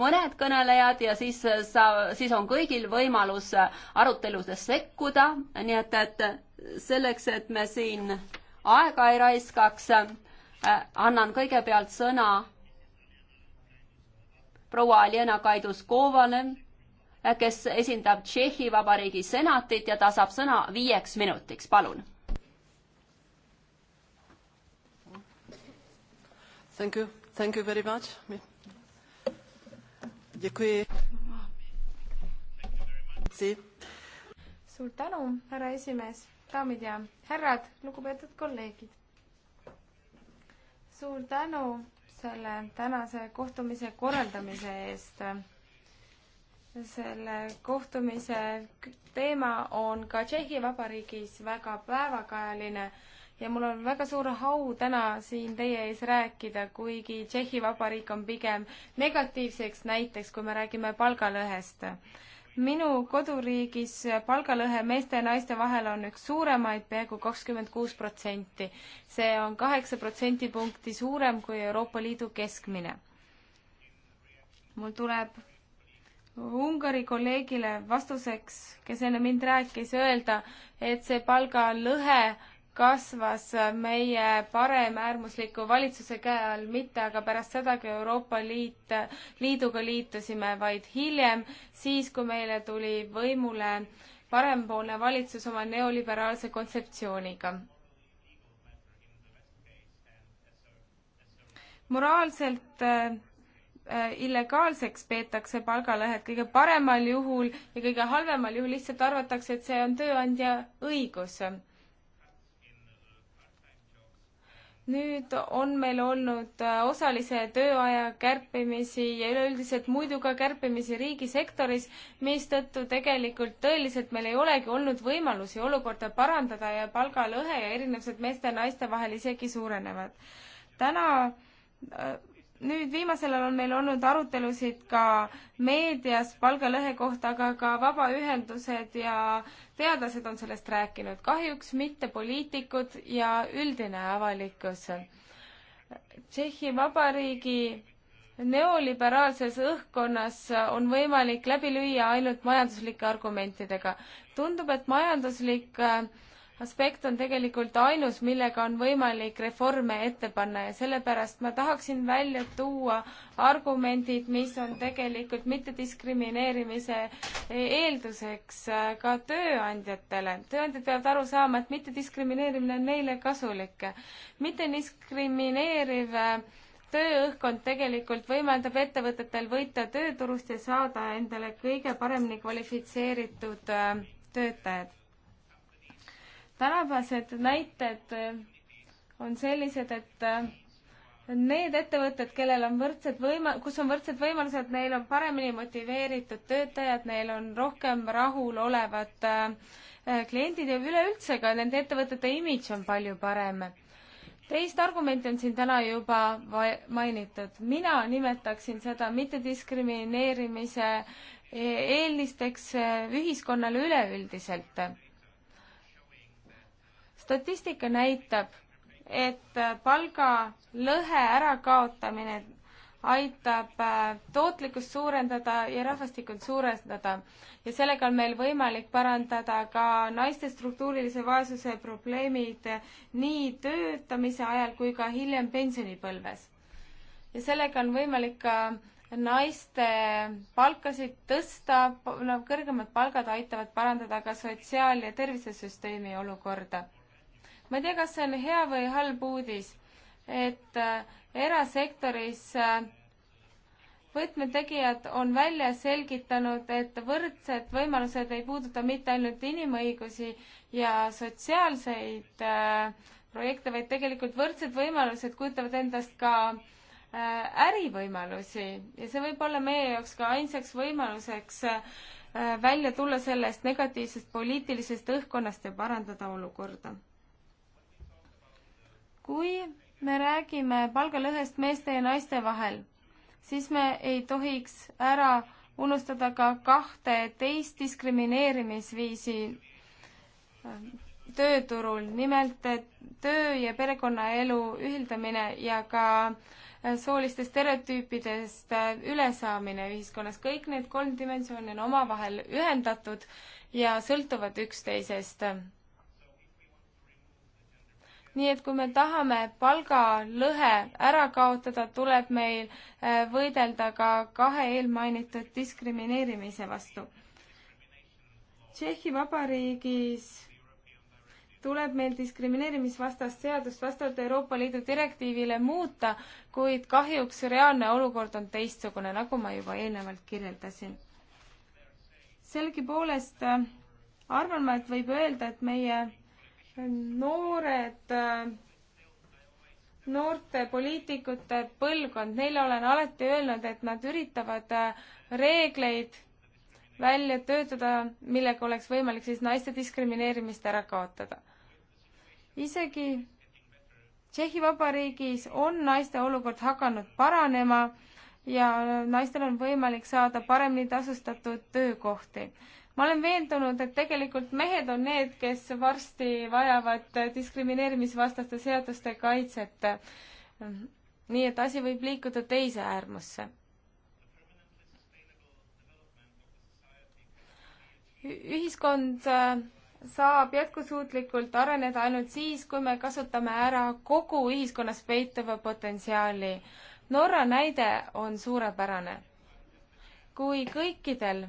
mõned kõnelejad ja siis äh, sa, siis on kõigil võimalus äh, aruteludes sekkuda, nii et, et selleks, et me siin aega ei raiskaks, äh, annan kõigepealt sõna proua Aljena Kaiduskovale, kes esindab Tšehhi Vabariigi senatit ja ta saab sõna viieks minutiks, palun. Thank you, thank you very much. Děkuji. suur tänu, härra esimees, daamid ja härrad, lugupeetud kolleegid. suur tänu selle tänase kohtumise korraldamise eest. selle kohtumise teema on ka Tšehhi Vabariigis väga päevakajaline ja mul on väga suur au täna siin teie ees rääkida, kuigi Tšehhi Vabariik on pigem negatiivseks näiteks, kui me räägime palgalõhest. minu koduriigis palgalõhe meeste ja naiste vahel on üks suuremaid, peaaegu kakskümmend kuus protsenti. see on kaheksa protsendipunkti suurem kui Euroopa Liidu keskmine. mul tuleb Ungari kolleegile vastuseks, kes enne mind rääkis, öelda, et see palgalõhe kasvas meie paremäärmusliku valitsuse käe all, mitte aga pärast seda, kui Euroopa Liit, liiduga liitusime, vaid hiljem, siis kui meile tuli võimule parempoolne valitsus oma neoliberaalse kontseptsiooniga moraalselt äh, illegaalseks peetakse palgalõhed kõige paremal juhul ja kõige halvemal juhul lihtsalt arvatakse, et see on tööandja õigus. nüüd on meil olnud äh, osalise tööaja kärpimisi ja üleüldiselt muidu ka kärpimisi riigisektoris, mistõttu tegelikult tõeliselt meil ei olegi olnud võimalusi olukorda parandada ja palgalõhe ja erinevused meeste ja naiste vahel isegi suurenevad. täna äh, nüüd viimasel ajal on meil olnud arutelusid ka meedias palgalõhe kohta, aga ka vabaühendused ja teadlased on sellest rääkinud, kahjuks mitte poliitikud ja üldine avalikkus. Tšehhi Vabariigi neoliberaalses õhkkonnas on võimalik läbi lüüa ainult majanduslike argumentidega. tundub, et majanduslik äh, aspekt on tegelikult ainus, millega on võimalik reforme ette panna ja sellepärast ma tahaksin välja tuua argumendid, mis on tegelikult mittediskrimineerimise eelduseks äh, ka tööandjatele. tööandjad peavad aru saama, et mittediskrimineerimine on neile kasulik. mittediskrimineeriv äh, tööõhkkond tegelikult võimaldab ettevõtetel võita tööturust ja saada endale kõige paremini kvalifitseeritud äh, töötajad tänased näited äh, on sellised, et äh, need ettevõtted, kellel on võrdsed võima-, kus on võrdsed võimalused, neil on paremini motiveeritud töötajad, neil on rohkem rahulolevad äh, kliendid ja üleüldse ka nende ettevõtete imidž on palju parem teist argumenti on siin täna juba mainitud. mina nimetaksin seda mittediskrimineerimise e-, eelisteks ühiskonnale üleüldiselt statistika näitab, et äh, palgalõhe ärakaotamine aitab äh, tootlikkust suurendada ja rahvastikult suurendada. ja sellega on meil võimalik parandada ka naiste struktuurilise vaesuse probleemid äh, nii töötamise ajal kui ka hiljem pensionipõlves. ja sellega on võimalik ka naiste palkasid tõsta, no kõrgemad palgad aitavad parandada ka sotsiaal- ja tervisesüsteemi olukorda ma ei tea, kas see on hea või halb uudis, et äh, erasektoris äh, võtmetegijad on välja selgitanud, et võrdsed võimalused ei puuduta mitte ainult inimõigusi ja sotsiaalseid äh, projekte, vaid tegelikult võrdsed võimalused kujutavad endast ka ärivõimalusi ja see võib olla meie jaoks ka ainsaks võimaluseks välja tulla sellest negatiivsest poliitilisest õhkkonnast ja parandada olukorda kui me räägime palgalõhest meeste ja naiste vahel, siis me ei tohiks ära unustada ka kahte teist diskrimineerimisviisi ähm, tööturul, nimelt töö ja perekonnaelu ühildamine ja ka äh, soolistest stereotüüpidest äh, ülesaamine ühiskonnas. kõik need kolm dimensiooni on omavahel ühendatud ja sõltuvad üksteisest nii et kui me tahame palgalõhe ära kaotada, tuleb meil äh, võidelda ka kahe eelmainitud diskrimineerimise vastu. Tšehhi Vabariigis tuleb meil diskrimineerimisvastast seadust vastavalt Euroopa Liidu direktiivile muuta, kuid kahjuks reaalne olukord on teistsugune, nagu ma juba eelnevalt kirjeldasin. sellegipoolest äh, arvan ma, et võib öelda, et meie noored, noorte poliitikute põlvkond, neile olen alati öelnud, et nad üritavad äh, reegleid välja töötada, millega oleks võimalik siis naiste diskrimineerimist ära kaotada. isegi Tšehhi Vabariigis on naiste olukord hakanud paranema ja naistel on võimalik saada paremini tasustatud töökohti ma olen veendunud, et tegelikult mehed on need, kes varsti vajavad diskrimineerimisvastaste seaduste kaitset. nii et asi võib liikuda teise äärmusse. ühiskond äh, saab jätkusuutlikult areneda ainult siis, kui me kasutame ära kogu ühiskonnas peituva potentsiaali. Norra näide on suurepärane. kui kõikidel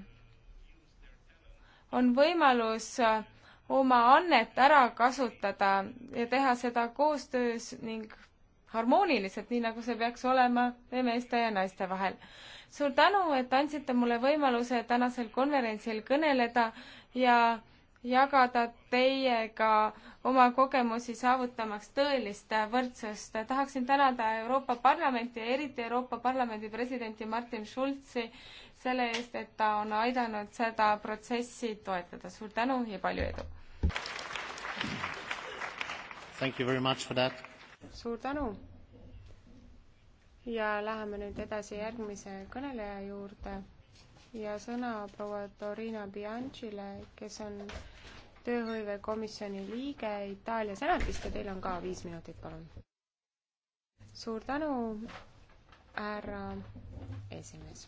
on võimalus äh, oma annet ära kasutada ja teha seda koostöös ning harmooniliselt, nii nagu see peaks olema meeste ja naiste vahel. suur tänu, et andsite mulle võimaluse tänasel konverentsil kõneleda ja jagada teiega oma kogemusi saavutamaks tõelist võrdsust. tahaksin tänada Euroopa Parlamenti ja eriti Euroopa Parlamendi presidenti Martin Schulzi selle eest, et ta on aidanud seda protsessi toetada. suur tänu ja palju edu! suur tänu! ja läheme nüüd edasi järgmise kõneleja juurde ja sõna proua Torina Bianchile, kes on tööhõivekomisjoni liige Itaalia senatist ja teil on ka viis minutit, palun. suur tänu, härra esimees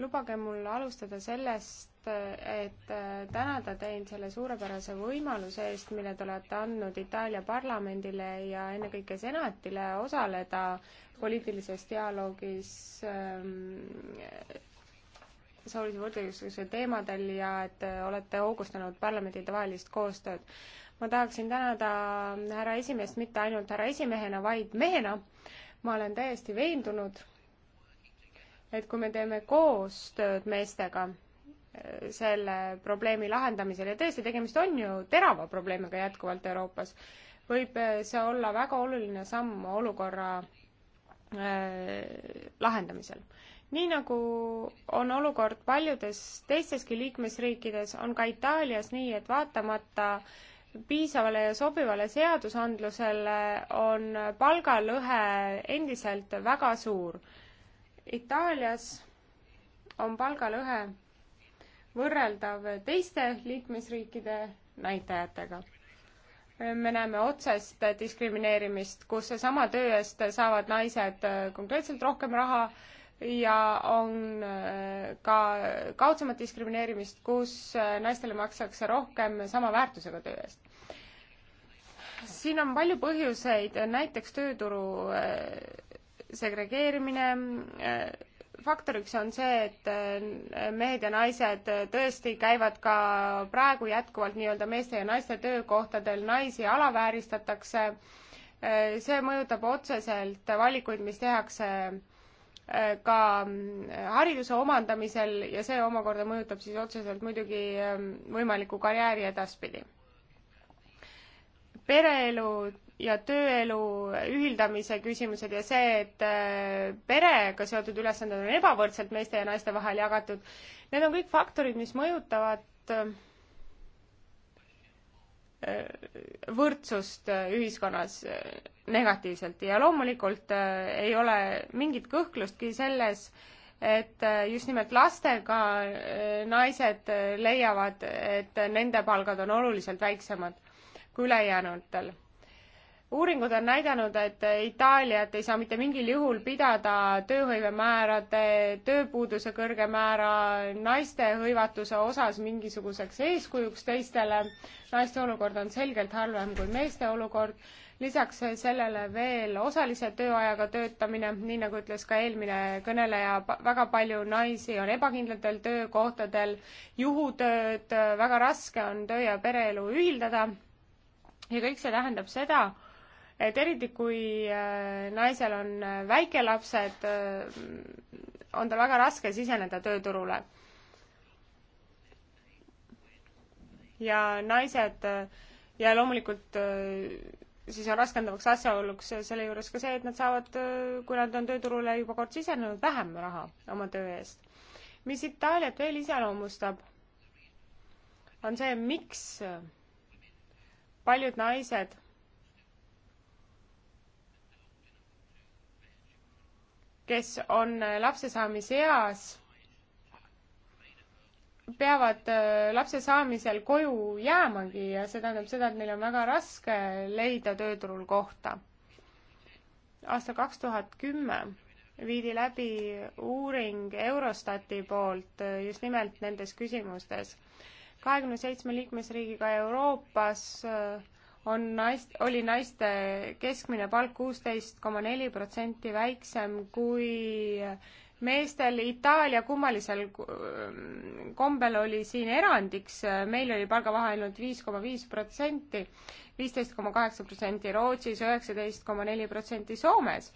lubage mul alustada sellest, et äh, tänada teid selle suurepärase võimaluse eest, mille te olete andnud Itaalia parlamendile ja ennekõike senatile osaleda poliitilises dialoogis ähm, soolise võrdõiguslikkuse teemadel ja et äh, olete hoogustanud parlamendide vahelist koostööd. ma tahaksin tänada härra esimeest mitte ainult härra esimehena, vaid mehena. ma olen täiesti veendunud, et kui me teeme koostööd meestega äh, selle probleemi lahendamisel ja tõesti, tegemist on ju terava probleemiga jätkuvalt Euroopas, võib äh, see olla väga oluline samm olukorra äh, lahendamisel. nii nagu on olukord paljudes teisteski liikmesriikides, on ka Itaalias nii, et vaatamata piisavale ja sobivale seadusandlusele on palgalõhe endiselt väga suur Itaalias on palgalõhe võrreldav teiste liikmesriikide näitajatega. me näeme otsest diskrimineerimist, kus sama töö eest saavad naised konkreetselt rohkem raha ja on äh, ka kaudsemat diskrimineerimist, kus äh, naistele makstakse rohkem sama väärtusega töö eest. siin on palju põhjuseid, näiteks tööturu äh, segregeerimine. Äh, faktor üks on see, et äh, mehed ja naised äh, tõesti käivad ka praegu jätkuvalt nii-öelda meeste ja naiste töökohtadel, naisi alavääristatakse. see mõjutab otseselt valikuid, mis tehakse ka hariduse omandamisel ja see omakorda mõjutab siis otseselt muidugi võimalikku karjääri edaspidi. pereelu ja tööelu ühildamise küsimused ja see, et äh, perega seotud ülesanded on ebavõrdselt meeste ja naiste vahel jagatud, need on kõik faktorid, mis mõjutavad äh, võrdsust äh, ühiskonnas negatiivselt ja loomulikult ei ole mingit kõhklustki selles, et just nimelt lastega naised leiavad, et nende palgad on oluliselt väiksemad kui ülejäänutel uuringud on näidanud, et Itaaliat ei saa mitte mingil juhul pidada tööhõivemäärade, tööpuuduse kõrge määra, naiste hõivatuse osas mingisuguseks eeskujuks teistele. naiste olukord on selgelt halvem kui meeste olukord. lisaks sellele veel osalise tööajaga töötamine, nii nagu ütles ka eelmine kõneleja, väga palju naisi on ebakindlatel töökohtadel, juhutööd, väga raske on töö ja pereelu ühildada ja kõik see tähendab seda, et eriti, kui äh, naisel on äh, väikelapsed, äh, on tal väga raske siseneda tööturule. ja naised ja loomulikult siis on raskendavaks asjaoluks selle juures ka see, et nad saavad, kui nad on tööturule juba kord sisenenud, vähem raha oma töö eest. mis Itaaliat veel iseloomustab, on see, miks paljud naised kes on lapse saamise eas, peavad äh, lapse saamisel koju jäämagi ja see tähendab seda, et neil on väga raske leida tööturul kohta. aastal kaks tuhat kümme viidi läbi uuring Eurostati poolt äh, just nimelt nendes küsimustes. kahekümne seitsme liikmesriigiga Euroopas äh, on naist, oli naiste keskmine palk kuusteist koma neli protsenti väiksem kui meestel. Itaalia kummalisel kombel oli siin erandiks, meil oli palgavahe ainult viis koma viis protsenti, viisteist koma kaheksa protsenti Rootsis, üheksateist koma neli protsenti Soomes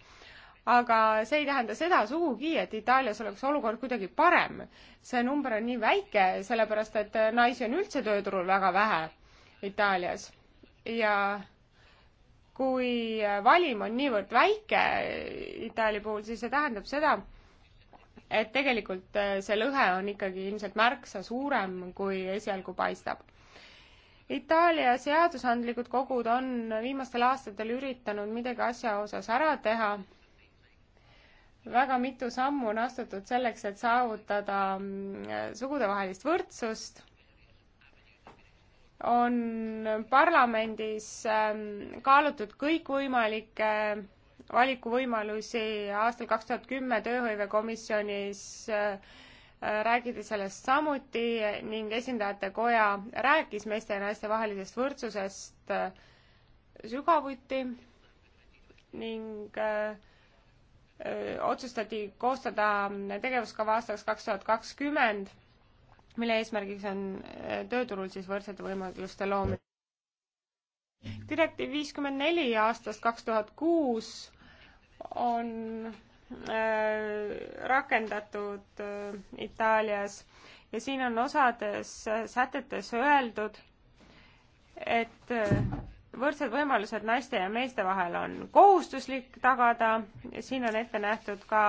aga see ei tähenda seda sugugi, et Itaalias oleks olukord kuidagi parem. see number on nii väike, sellepärast et naisi on üldse tööturul väga vähe Itaalias ja kui valim on niivõrd väike Itaalia puhul, siis see tähendab seda, et tegelikult äh, see lõhe on ikkagi ilmselt märksa suurem, kui esialgu paistab. Itaalia seadusandlikud kogud on viimastel aastatel üritanud midagi asja osas ära teha. väga mitu sammu on astutud selleks, et saavutada mm, äh, sugudevahelist võrdsust on parlamendis ähm, kaalutud kõikvõimalikke äh, valikuvõimalusi aastal kaks tuhat kümme tööhõivekomisjonis äh, äh, räägiti sellest samuti ning esindajate koja rääkis meeste ja naiste vahelisest võrdsusest sügavuti ning öö, otsustati koostada tegevuskava aastaks kaks tuhat kakskümmend mille eesmärgiks on äh, tööturul siis võrdsete võimaluste loomine. direktiiv viiskümmend neli aastast kaks tuhat kuus on äh, rakendatud äh, Itaalias ja siin on osades sätetes öeldud, et võrdsed võimalused naiste ja meeste vahel on kohustuslik tagada, siin on ette nähtud ka,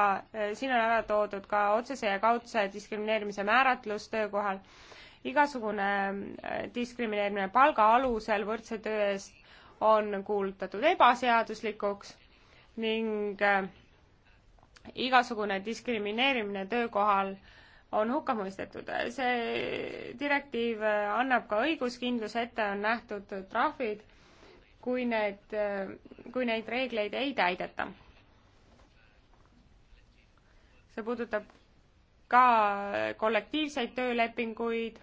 siin on ära toodud ka otsese ja kaudse diskrimineerimise määratlus töökohal, igasugune äh, diskrimineerimine palga alusel võrdse töö eest on kuulutatud ebaseaduslikuks ning äh, igasugune diskrimineerimine töökohal on hukka mõistetud. see direktiiv äh, annab ka õiguskindluse, ette on nähtud trahvid kui need, kui neid reegleid ei täideta. see puudutab ka kollektiivseid töölepinguid.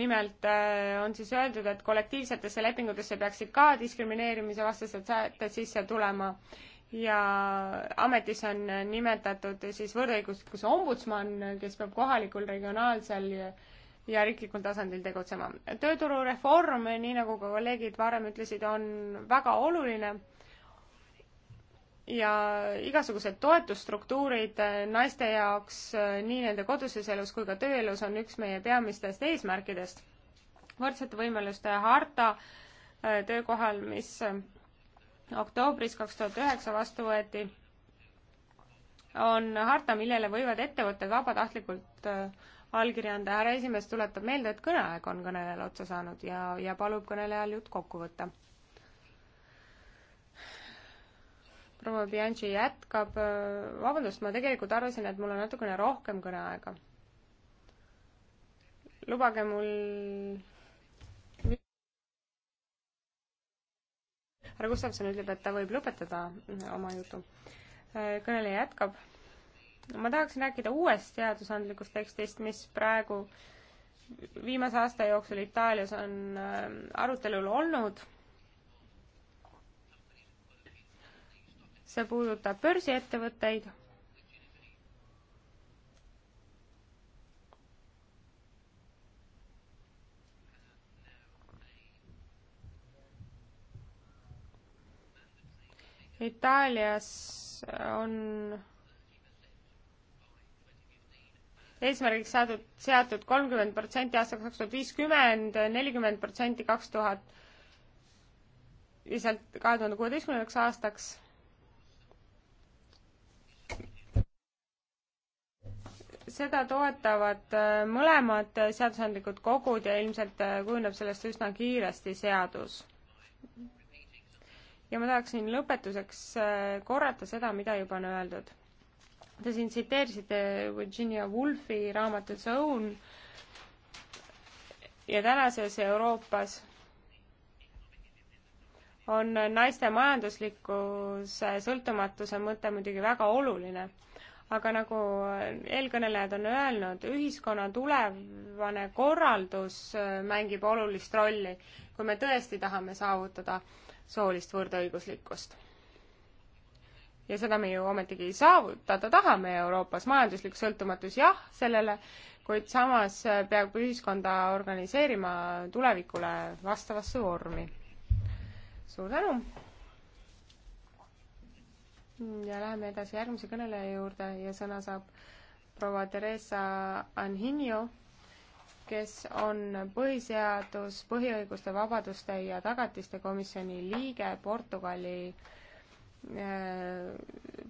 nimelt äh, on siis öeldud, et kollektiivsetesse lepingutesse peaksid ka diskrimineerimise vastased sätted sisse tulema ja ametis on nimetatud siis võrdõiguslikkuse ombudsman, kes peab kohalikul, regionaalsel ja riiklikul tasandil tegutsema. tööturureform, nii nagu ka kolleegid varem ütlesid, on väga oluline ja igasugused toetusstruktuurid naiste jaoks nii nende koduses elus kui ka tööelus on üks meie peamistest eesmärkidest. võrdsete võimaluste harta äh, töökohal, mis äh, oktoobris kaks tuhat üheksa vastu võeti, on harta, millele võivad ettevõtted vabatahtlikult äh, allkirja anda. härra esimees tuletab meelde, et kõneaeg on kõnelejal otsa saanud ja, ja palub kõnelejal jutt kokku võtta. proua Bianchi jätkab, vabandust, ma tegelikult arvasin, et mul on natukene rohkem kõneaega. lubage mul härra Gustavson ütleb, et ta võib lõpetada oma jutu. kõneleja jätkab ma tahaksin rääkida uuest seadusandlikust tekstist, mis praegu viimase aasta jooksul Itaalias on ähm, arutelul olnud. see puudutab börsiettevõtteid. Itaalias on eesmärgiks saadud, seatud kolmkümmend protsenti aastaks kaks tuhat viiskümmend, nelikümmend protsenti kaks tuhat ja sealt kahe tuhande kuueteistkümnendaks aastaks. seda toetavad äh, mõlemad seadusandlikud kogud ja ilmselt äh, kujuneb sellest üsna kiiresti seadus. ja ma tahaksin lõpetuseks äh, korrata seda, mida juba on öeldud Te siin tsiteerisite Virginia Woolfi raamatut Zone ja tänases Euroopas on naiste majanduslikkuse sõltumatuse mõte muidugi väga oluline. aga nagu eelkõnelejad on öelnud, ühiskonna tulevane korraldus mängib olulist rolli, kui me tõesti tahame saavutada soolist võrdõiguslikkust ja seda me ju ometigi saavutada tahame Euroopas, majanduslik sõltumatus jah, sellele, kuid samas peab ühiskonda organiseerima tulevikule vastavasse vormi. suur tänu! ja läheme edasi järgmise kõneleja juurde ja sõna saab proua Theresa Anhinio, kes on põhiseadus, põhiõiguste, vabaduste ja tagatiste komisjoni liige Portugali äh, Äh,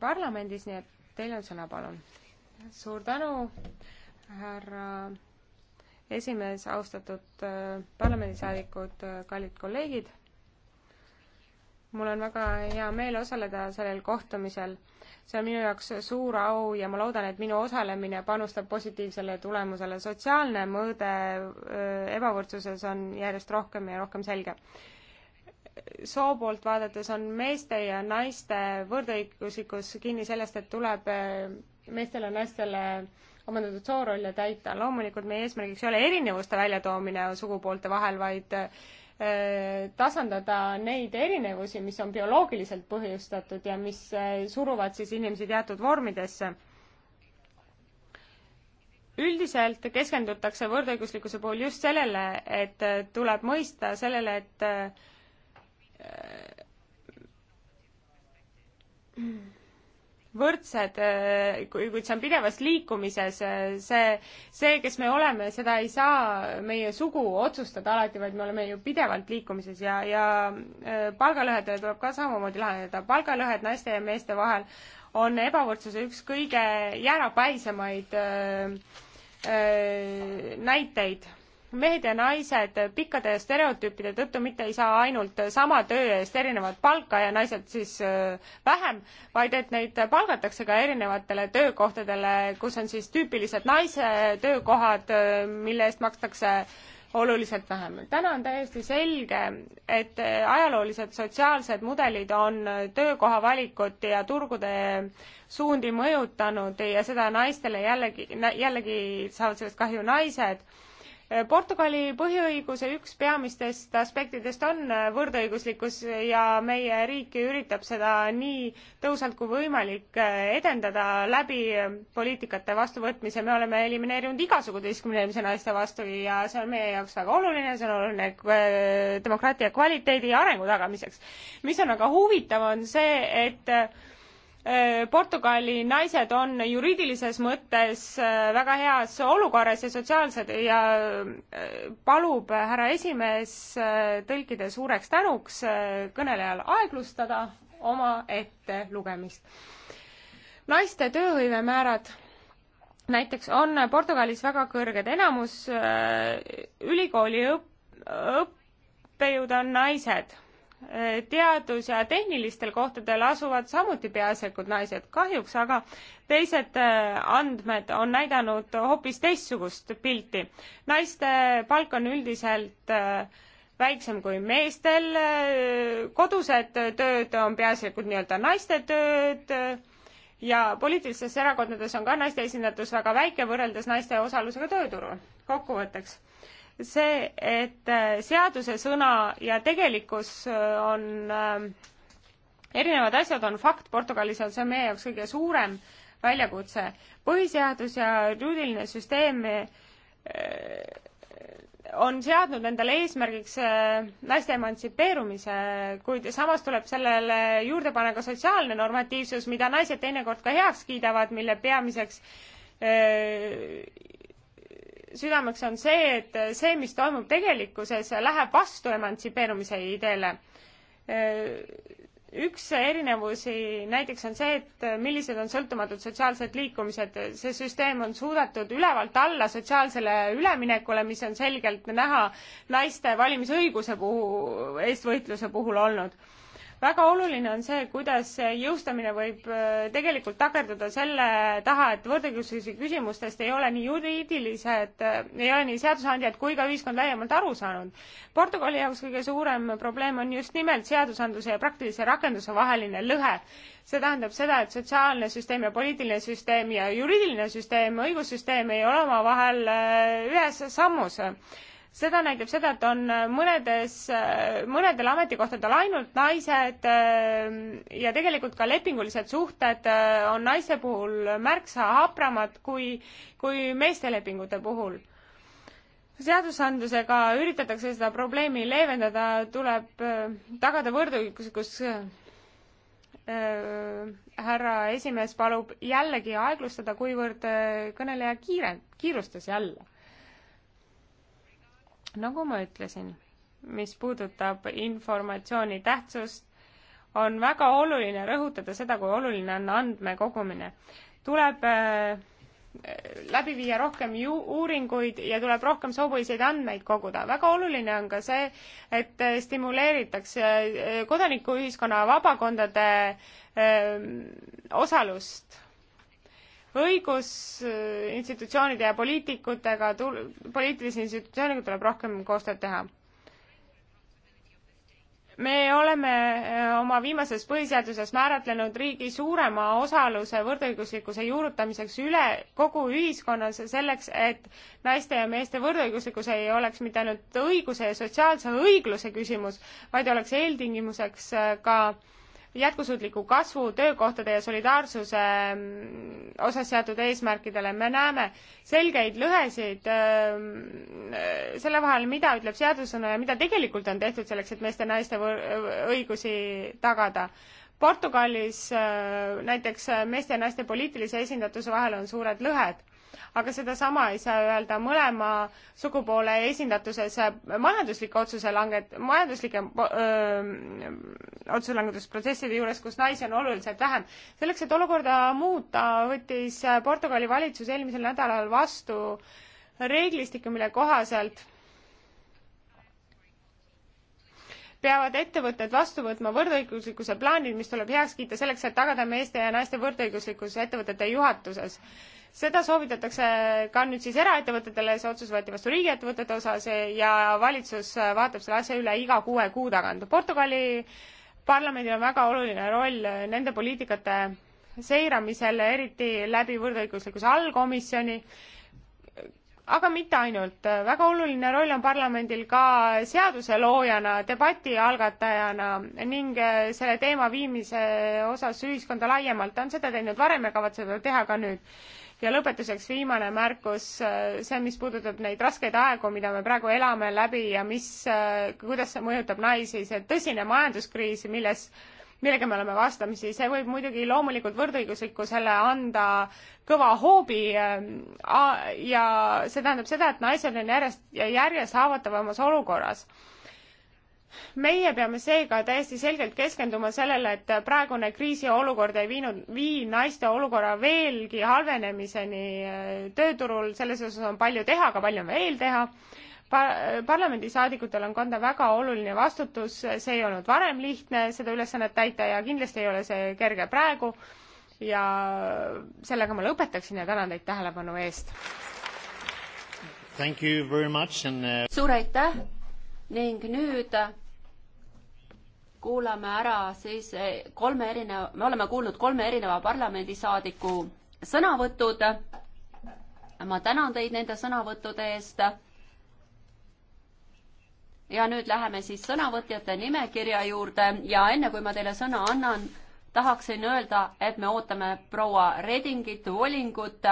parlamendis, nii et teil on sõna, palun. suur tänu, härra esimees, austatud äh, parlamendisaadikud, äh, kallid kolleegid. mul on väga hea meel osaleda sellel kohtumisel. see on minu jaoks suur au ja ma loodan, et minu osalemine panustab positiivsele tulemusele. sotsiaalne mõõde ebavõrdsuses on järjest rohkem ja rohkem selge soo poolt vaadates on meeste ja naiste võrdõiguslikkus kinni sellest, et tuleb eh, meestele ja naistele omandatud soorolle täita. loomulikult meie eesmärgiks ei ole erinevuste väljatoomine sugupoolte vahel, vaid eh, tasandada neid erinevusi, mis on bioloogiliselt põhjustatud ja mis eh, suruvad siis inimesi teatud vormidesse üldiselt keskendutakse võrdõiguslikkuse puhul just sellele, et tuleb mõista sellele, et võrdsed, kuid see on pidevas liikumises, see, see, kes me oleme, seda ei saa meie sugu otsustada alati, vaid me oleme ju pidevalt liikumises ja, ja äh, palgalõhedele tuleb ka samamoodi lahendada. palgalõhed naiste ja meeste vahel on ebavõrdsuse üks kõige jäärapäisemaid äh, äh, näiteid mehed ja naised pikkade stereotüüpide tõttu mitte ei saa ainult sama töö eest erinevat palka ja naised siis äh, vähem, vaid et neid palgatakse ka erinevatele töökohtadele, kus on siis tüüpilised naise töökohad, äh, mille eest makstakse oluliselt vähem. täna on täiesti selge, et äh, ajaloolised sotsiaalsed mudelid on töökoha valikut ja turgude suundi mõjutanud ja seda naistele jällegi, jällegi saavad sellest kahju naised Portugali põhiõiguse üks peamistest aspektidest on võrdõiguslikkus ja meie riik üritab seda nii tõhusalt kui võimalik edendada läbi poliitikate vastuvõtmise. me oleme elimineerinud igasugu diskrimineerimise naiste vastu ja see on meie jaoks väga oluline, see on oluline äh, demokraatia kvaliteedi ja arengu tagamiseks. mis on aga huvitav, on see, et Äh, Portugali naised on juriidilises mõttes äh, väga heas olukorras ja sotsiaalsed ja äh, palub härra esimees tõlkida suureks tänuks kõnelejal aeglustada oma ette lugemist. naiste tööhõivemäärad näiteks on Portugalis väga kõrged, enamus ülikooli õpp-, õppejõud on naised teadus- ja tehnilistel kohtadel asuvad samuti peaasjalikult naised. kahjuks aga teised äh, andmed on näidanud hoopis teistsugust pilti. naiste palk on üldiselt äh, väiksem kui meestel, äh, kodused tööd on peaasjalikult nii-öelda naiste tööd ja poliitilistes erakondades on ka naiste esindatus väga väike võrreldes naiste osalusega tööturul. kokkuvõtteks see, et äh, seaduse sõna ja tegelikkus äh, on äh, erinevad asjad, on fakt, Portugalis on see meie jaoks kõige suurem väljakutse. põhiseadus ja juriidiline süsteem on seadnud endale eesmärgiks naiste emantsipeerumise, kuid samas tuleb sellele juurde panna ka sotsiaalne normatiivsus, mida naised teinekord ka heaks kiidavad, mille peamiseks südameks on see, et see, mis toimub tegelikkuses, läheb vastu emantsipeerumise ideele. üks erinevusi näiteks on see, et millised on sõltumatud sotsiaalsed liikumised. see süsteem on suudetud ülevalt alla sotsiaalsele üleminekule, mis on selgelt näha naiste valimisõiguse puhul, eestvõitluse puhul olnud väga oluline on see, kuidas jõustamine võib äh, tegelikult takerduda selle taha, et võrdõiguslikkuse küsimustest ei ole nii juriidilised, äh, ei ole nii seadusandjad kui ka ühiskond laiemalt aru saanud. Portugali jaoks kõige suurem probleem on just nimelt seadusandluse ja praktilise rakenduse vaheline lõhe. see tähendab seda, et sotsiaalne süsteem ja poliitiline süsteem ja juriidiline süsteem, õigussüsteem ei ole omavahel äh, ühes sammus seda näitab seda, et on äh, mõnedes, äh, mõnedel ametikohtadel ainult naised äh, ja tegelikult ka lepingulised suhted on naiste puhul märksa hapramad kui, kui meeste lepingute puhul. seadusandlusega üritatakse seda probleemi leevendada, tuleb tagada võrdõiguslikkus härra esimees palub jällegi aeglustada, kuivõrd kõneleja kiire, kiirustas jälle nagu ma ütlesin, mis puudutab informatsiooni tähtsust, on väga oluline rõhutada seda, kui oluline on andmekogumine. tuleb äh, läbi viia rohkem ju-, uuringuid ja tuleb rohkem sobivaid andmeid koguda. väga oluline on ka see, et äh, stimuleeritakse äh, kodanikuühiskonna vabakondade öö, osalust õigusinstitutsioonide äh, ja poliitikutega, poliitilise institutsiooniga tuleb rohkem koostööd teha. me oleme äh, oma viimases põhiseaduses määratlenud riigi suurema osaluse võrdõiguslikkuse juurutamiseks üle kogu ühiskonnas selleks, et naiste ja meeste võrdõiguslikkus ei oleks mitte ainult õiguse ja sotsiaalse õigluse küsimus, vaid oleks eeltingimuseks äh, ka äh, jätkusuutliku kasvu, töökohtade ja solidaarsuse mm, osas seatud eesmärkidele, me näeme selgeid lõhesid mm, selle vahel, mida ütleb seadusena ja mida tegelikult on tehtud selleks, et meeste-naiste õigusi tagada. Portugalis mm, näiteks meeste ja naiste poliitilise esindatuse vahel on suured lõhed aga sedasama ei saa öelda mõlema sugupoole esindatuses majanduslike otsuse langet-, majanduslike öö, otsulangetusprotsesside juures, kus naisi on oluliselt vähem. selleks, et olukorda muuta, võttis Portugali valitsus eelmisel nädalal vastu reeglistiku, mille kohaselt peavad ettevõtted vastu võtma võrdõiguslikkuse plaanid, mis tuleb heaks kiita selleks, et tagada meeste ja naiste võrdõiguslikkus ettevõtete juhatuses seda soovitatakse ka nüüd siis eraettevõtetele, see otsus võeti vastu riigiettevõtete osas ja valitsus vaatab selle asja üle iga kuue kuu tagant. Portugali parlamendil on väga oluline roll nende poliitikate seiramisel, eriti läbi võrdõiguslikkuse allkomisjoni, aga mitte ainult. väga oluline roll on parlamendil ka seaduseloojana, debati algatajana ning selle teema viimise osas ühiskonda laiemalt. ta on seda teinud varem ja kavatseb seda teha ka nüüd ja lõpetuseks viimane märkus, äh, see, mis puudutab neid raskeid aegu, mida me praegu elame läbi ja mis, äh, kuidas see mõjutab naisi, see tõsine majanduskriis, milles millega me oleme vastamisi, see võib muidugi loomulikult võrdõiguslikkusele anda kõva hoobi ähm, ja see tähendab seda, et naised on järjest ja järjest haavatavamas olukorras meie peame seega täiesti selgelt keskenduma sellele, et praegune kriisiolukord ei viinud, vii naiste olukorra veelgi halvenemiseni äh, tööturul, selles osas on palju teha, aga palju on veel teha par-, parlamendisaadikutel on kanda väga oluline vastutus, see ei olnud varem lihtne, seda ülesannet täita ja kindlasti ei ole see kerge praegu ja sellega ma lõpetaksin ja tänan teid tähelepanu eest. And... Äh, suur aitäh ning nüüd kuulame ära siis eh, kolme erineva, me oleme kuulnud kolme erineva parlamendisaadiku sõnavõtud. ma tänan teid nende sõnavõttude eest. ja nüüd läheme siis sõnavõtjate nimekirja juurde ja enne kui ma teile sõna annan, tahaksin öelda, et me ootame proua Redingit, volingut,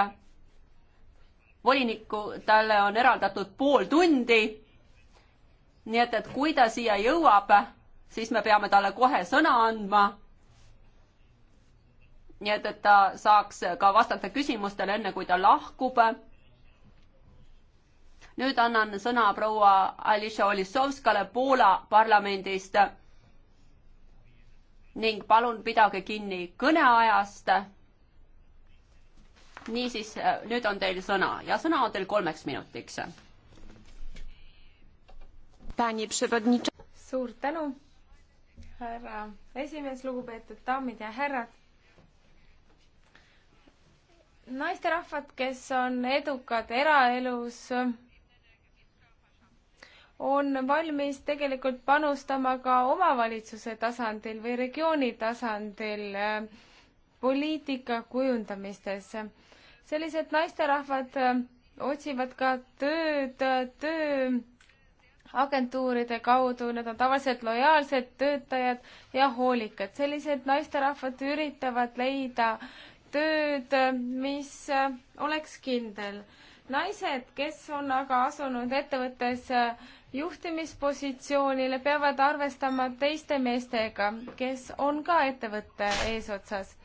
volinikku, talle on eraldatud pool tundi. nii et, et kui ta siia jõuab siis me peame talle kohe sõna andma. nii et, et ta saaks ka vastata küsimustele, enne kui ta lahkub. nüüd annan sõna proua Ališa Olissovskale Poola parlamendist. ning palun pidage kinni kõneajast. niisiis, nüüd on teil sõna ja sõna on teil kolmeks minutiks. suur tänu härra esimees, lugupeetud daamid ja härrad. naisterahvad, kes on edukad eraelus, on valmis tegelikult panustama ka omavalitsuse tasandil või regiooni tasandil eh, poliitika kujundamistesse. sellised naisterahvad eh, otsivad ka tööd, töö agentuuride kaudu, nad on tavaliselt lojaalsed töötajad ja hoolikad. sellised naisterahvad üritavad leida tööd, mis oleks kindel. naised, kes on aga asunud ettevõttes juhtimispositsioonile, peavad arvestama teiste meestega, kes on ka ettevõtte eesotsas.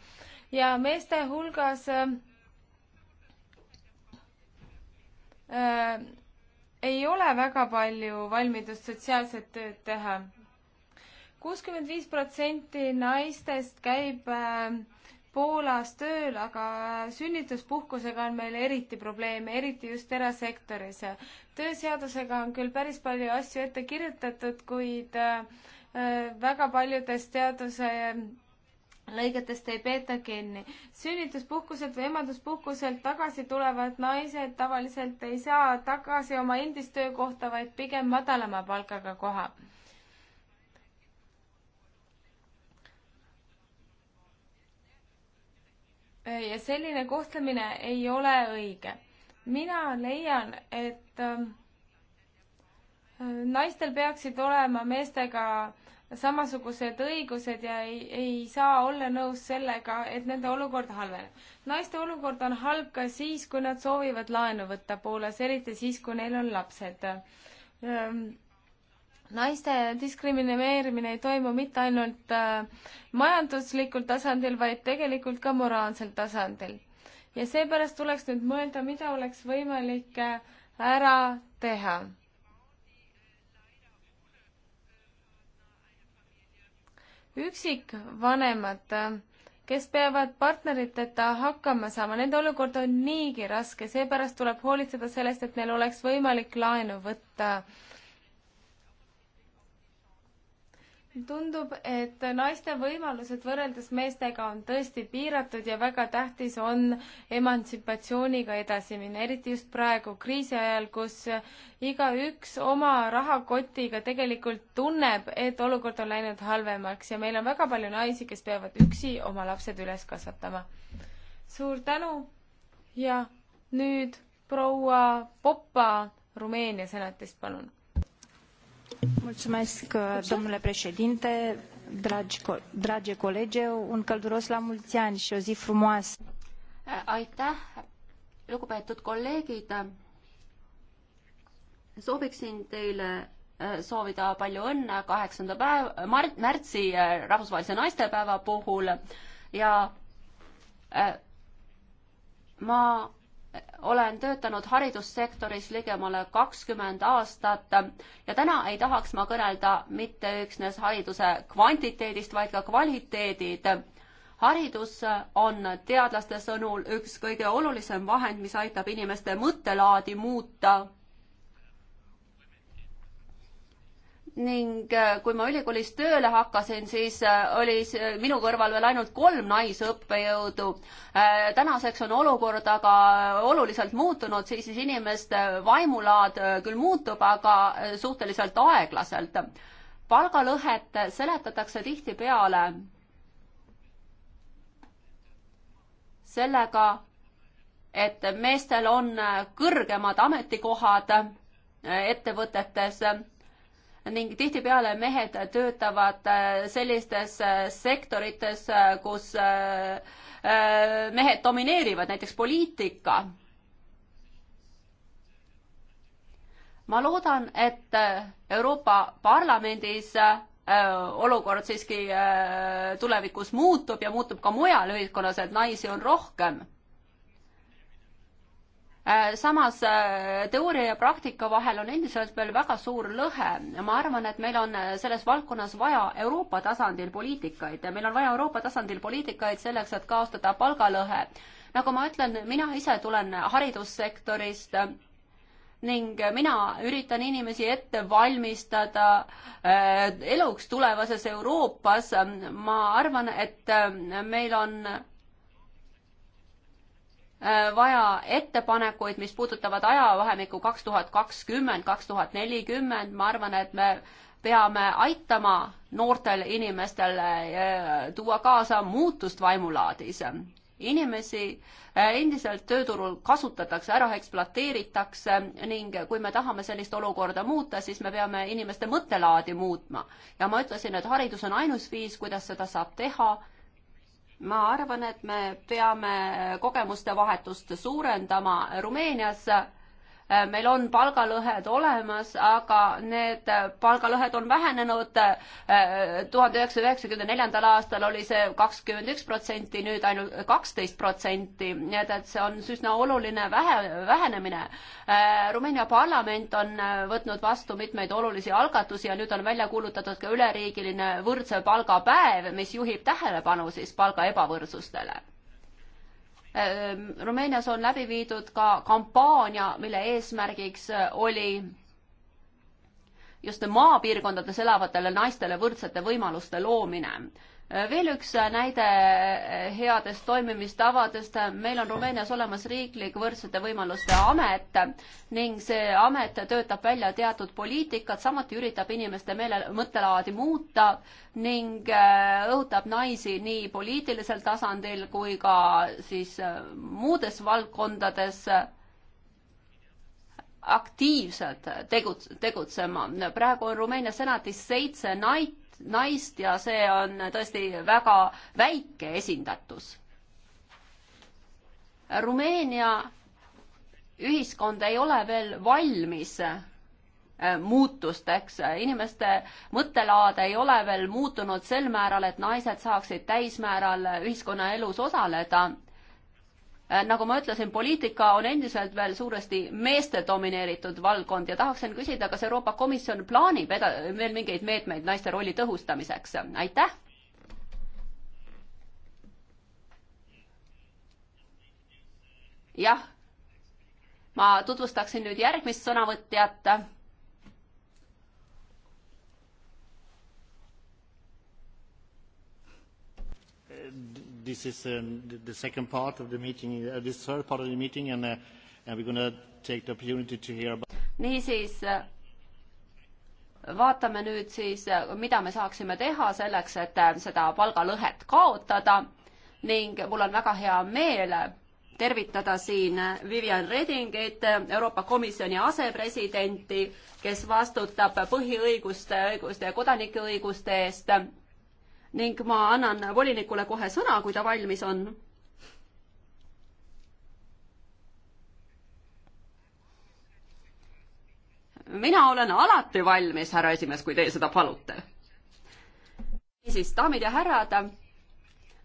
ja meeste hulgas äh, ei ole väga palju valmidust sotsiaalset tööd teha. kuuskümmend viis protsenti naistest käib äh, Poolas tööl, aga sünnituspuhkusega on meil eriti probleeme, eriti just erasektoris. tööseadusega on küll päris palju asju ette kirjutatud, kuid äh, väga paljudes teaduse lõigetest ei peeta kinni. sünnituspuhkuselt või emaduspuhkuselt tagasi tulevad naised tavaliselt ei saa tagasi oma endist töökohta, vaid pigem madalama palgaga koha. ja selline kohtlemine ei ole õige. mina leian, et ähm, naistel peaksid olema meestega samasugused õigused ja ei, ei saa olla nõus sellega, et nende olukord halveneb. naiste olukord on halb ka siis, kui nad soovivad laenu võtta Poolas, eriti siis, kui neil on lapsed. Ehm, naiste diskrimineerimine ei toimu mitte ainult äh, majanduslikul tasandil, vaid tegelikult ka moraalsel tasandil. ja seepärast tuleks nüüd mõelda, mida oleks võimalik äh, ära teha üksikvanemad, kes peavad partneriteta hakkama saama, nende olukord on niigi raske, seepärast tuleb hoolitseda sellest, et neil oleks võimalik laenu võtta äh, tundub, et naiste võimalused võrreldes meestega on tõesti piiratud ja väga tähtis on emantsipatsiooniga edasi minna, eriti just praegu kriisi ajal, kus igaüks oma rahakotiga tegelikult tunneb, et olukord on läinud halvemaks ja meil on väga palju naisi, kes peavad üksi oma lapsed üles kasvatama. suur tänu ja nüüd proua Popa Rumeenia senatist, palun Uh, Mulțumesc, domnule președinte, dragi, drage colege, un călduros la mulți ani și o zi frumoasă. Uh, aitäh, lugupeetud kolleegid. Sooviksin teile uh, soovida palju õnne kaheksanda päev, märtsi rahvusvahelise naistepäeva puhul ja ma olen töötanud haridussektoris ligemale kakskümmend aastat ja täna ei tahaks ma kõnelda mitte üksnes hariduse kvantiteedist, vaid ka kvaliteedid. haridus on teadlaste sõnul üks kõige olulisem vahend, mis aitab inimeste mõttelaadi muuta ning äh, kui ma ülikoolis tööle hakkasin, siis äh, oli minu kõrval veel ainult kolm naisõppejõudu. Äh, tänaseks on olukord aga oluliselt muutunud, siis inimeste vaimulaad küll muutub, aga suhteliselt aeglaselt. palgalõhet seletatakse tihtipeale sellega, et meestel on kõrgemad ametikohad ettevõtetes ning tihtipeale mehed töötavad äh, sellistes äh, sektorites, äh, kus mehed domineerivad, näiteks poliitika. ma loodan, et Euroopa Parlamendis olukord siiski tulevikus muutub ja muutub ka mujal ühiskonnas, et naisi on rohkem Äh, samas äh, teooria ja praktika vahel on endiselt veel väga suur lõhe. ma arvan, et meil on äh, selles valdkonnas vaja Euroopa tasandil poliitikaid ja meil on vaja Euroopa tasandil poliitikaid selleks, et kaotada palgalõhe. nagu ma ütlen, mina ise tulen haridussektorist ning mina üritan inimesi ette valmistada eluks tulevases Euroopas. ma arvan, et meil on Äh, vaja ettepanekuid, mis puudutavad ajavahemikku kaks tuhat kakskümmend, kaks tuhat nelikümmend, ma arvan, et me peame aitama noortel inimestel äh, tuua kaasa muutust vaimulaadis. inimesi äh, endiselt tööturul kasutatakse, ära ekspluateeritakse ning kui me tahame sellist olukorda muuta, siis me peame inimeste mõttelaadi muutma. ja ma ütlesin, et haridus on ainus viis, kuidas seda saab teha ma arvan, et me peame kogemuste vahetust suurendama Rumeenias Äh, meil on palgalõhed olemas, aga need äh, palgalõhed on vähenenud. Äh, tuhande üheksasaja üheksakümne neljandal aastal oli see kakskümmend üks protsenti, nüüd ainult kaksteist protsenti, nii et, et see on üsna oluline vähe, vähenemine. Rumeenia parlament on võtnud vastu mitmeid olulisi algatusi ja nüüd on välja kuulutatud ka üleriigiline võrdse palga päev, mis juhib tähelepanu siis palga ebavõrdsustele Ehm, Rumeenias on läbi viidud ka kampaania, mille eesmärgiks äh, oli just maapiirkondades elavatele naistele võrdsete võimaluste loomine veel üks näide eh, headest toimimistavadest. meil on Rumeenias olemas riiklik võrdsete võimaluste amet ning see amet töötab välja teatud poliitikat, samuti üritab inimeste meele, mõttelaadi muuta ning eh, õhutab naisi nii poliitilisel tasandil kui ka siis eh, muudes valdkondades aktiivselt tegut-, tegutsema. praegu on Rumeenia senatis seitse nait-, naist ja see on tõesti väga väike esindatus. Rumeenia ühiskond ei ole veel valmis äh, muutusteks, inimeste mõttelaad ei ole veel muutunud sel määral, et naised saaksid täismääral ühiskonnaelus osaleda Äh, nagu ma ütlesin, poliitika on endiselt veel suuresti meeste domineeritud valdkond ja tahaksin küsida, kas Euroopa Komisjon plaanib eda-, veel mingeid meetmeid naiste rolli tõhustamiseks, aitäh! jah, ma tutvustaksin nüüd järgmist sõnavõtjat this is um, the, the second part of the meeting, uh, this third part of the meeting, and, uh, and we're going to take the opportunity to hear about. niisiis vaatame nüüd siis, uh, mida me saaksime teha selleks, et uh, seda palgalõhet kaotada ning mul on väga hea meel tervitada siin Vivian Redingit, Euroopa Komisjoni asepresidenti, kes vastutab põhiõiguste, õiguste ja kodanikeõiguste eest ning ma annan volinikule kohe sõna, kui ta valmis on. mina olen alati valmis, härra esimees, kui teie seda palute. niisiis, daamid ja härrad,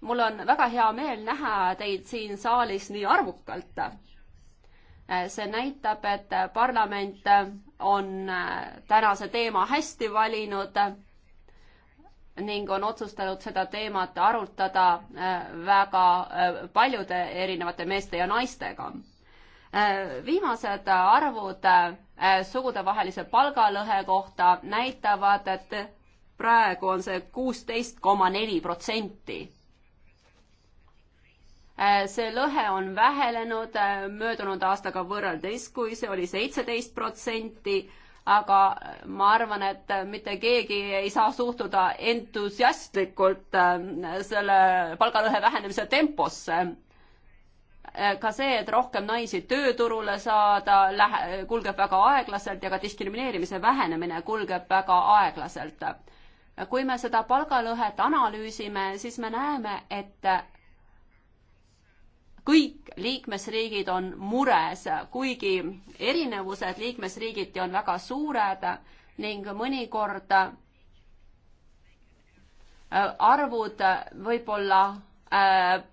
mul on väga hea meel näha teid siin saalis nii arvukalt see näitab, et parlament on tänase teema hästi valinud ning on otsustanud seda teemat arutada äh, väga äh, paljude erinevate meeste ja naistega. Äh, viimased arvud sugudevahelise palgalõhe kohta näitavad, et praegu on see kuusteist koma neli protsenti see lõhe on vähenenud möödunud aastaga võrreldes, kui see oli seitseteist protsenti aga ma arvan, et mitte keegi ei saa suhtuda entusiastlikult äh, selle palgalõhe vähenemise temposse. Äh, ka see, et rohkem naisi tööturule saada, lähe-, kulgeb väga aeglaselt ja ka diskrimineerimise vähenemine kulgeb väga aeglaselt. kui me seda palgalõhet analüüsime, siis me näeme, et kõik liikmesriigid on mures, kuigi erinevused liikmesriigiti on väga suured ning mõnikord äh, arvud võib-olla äh,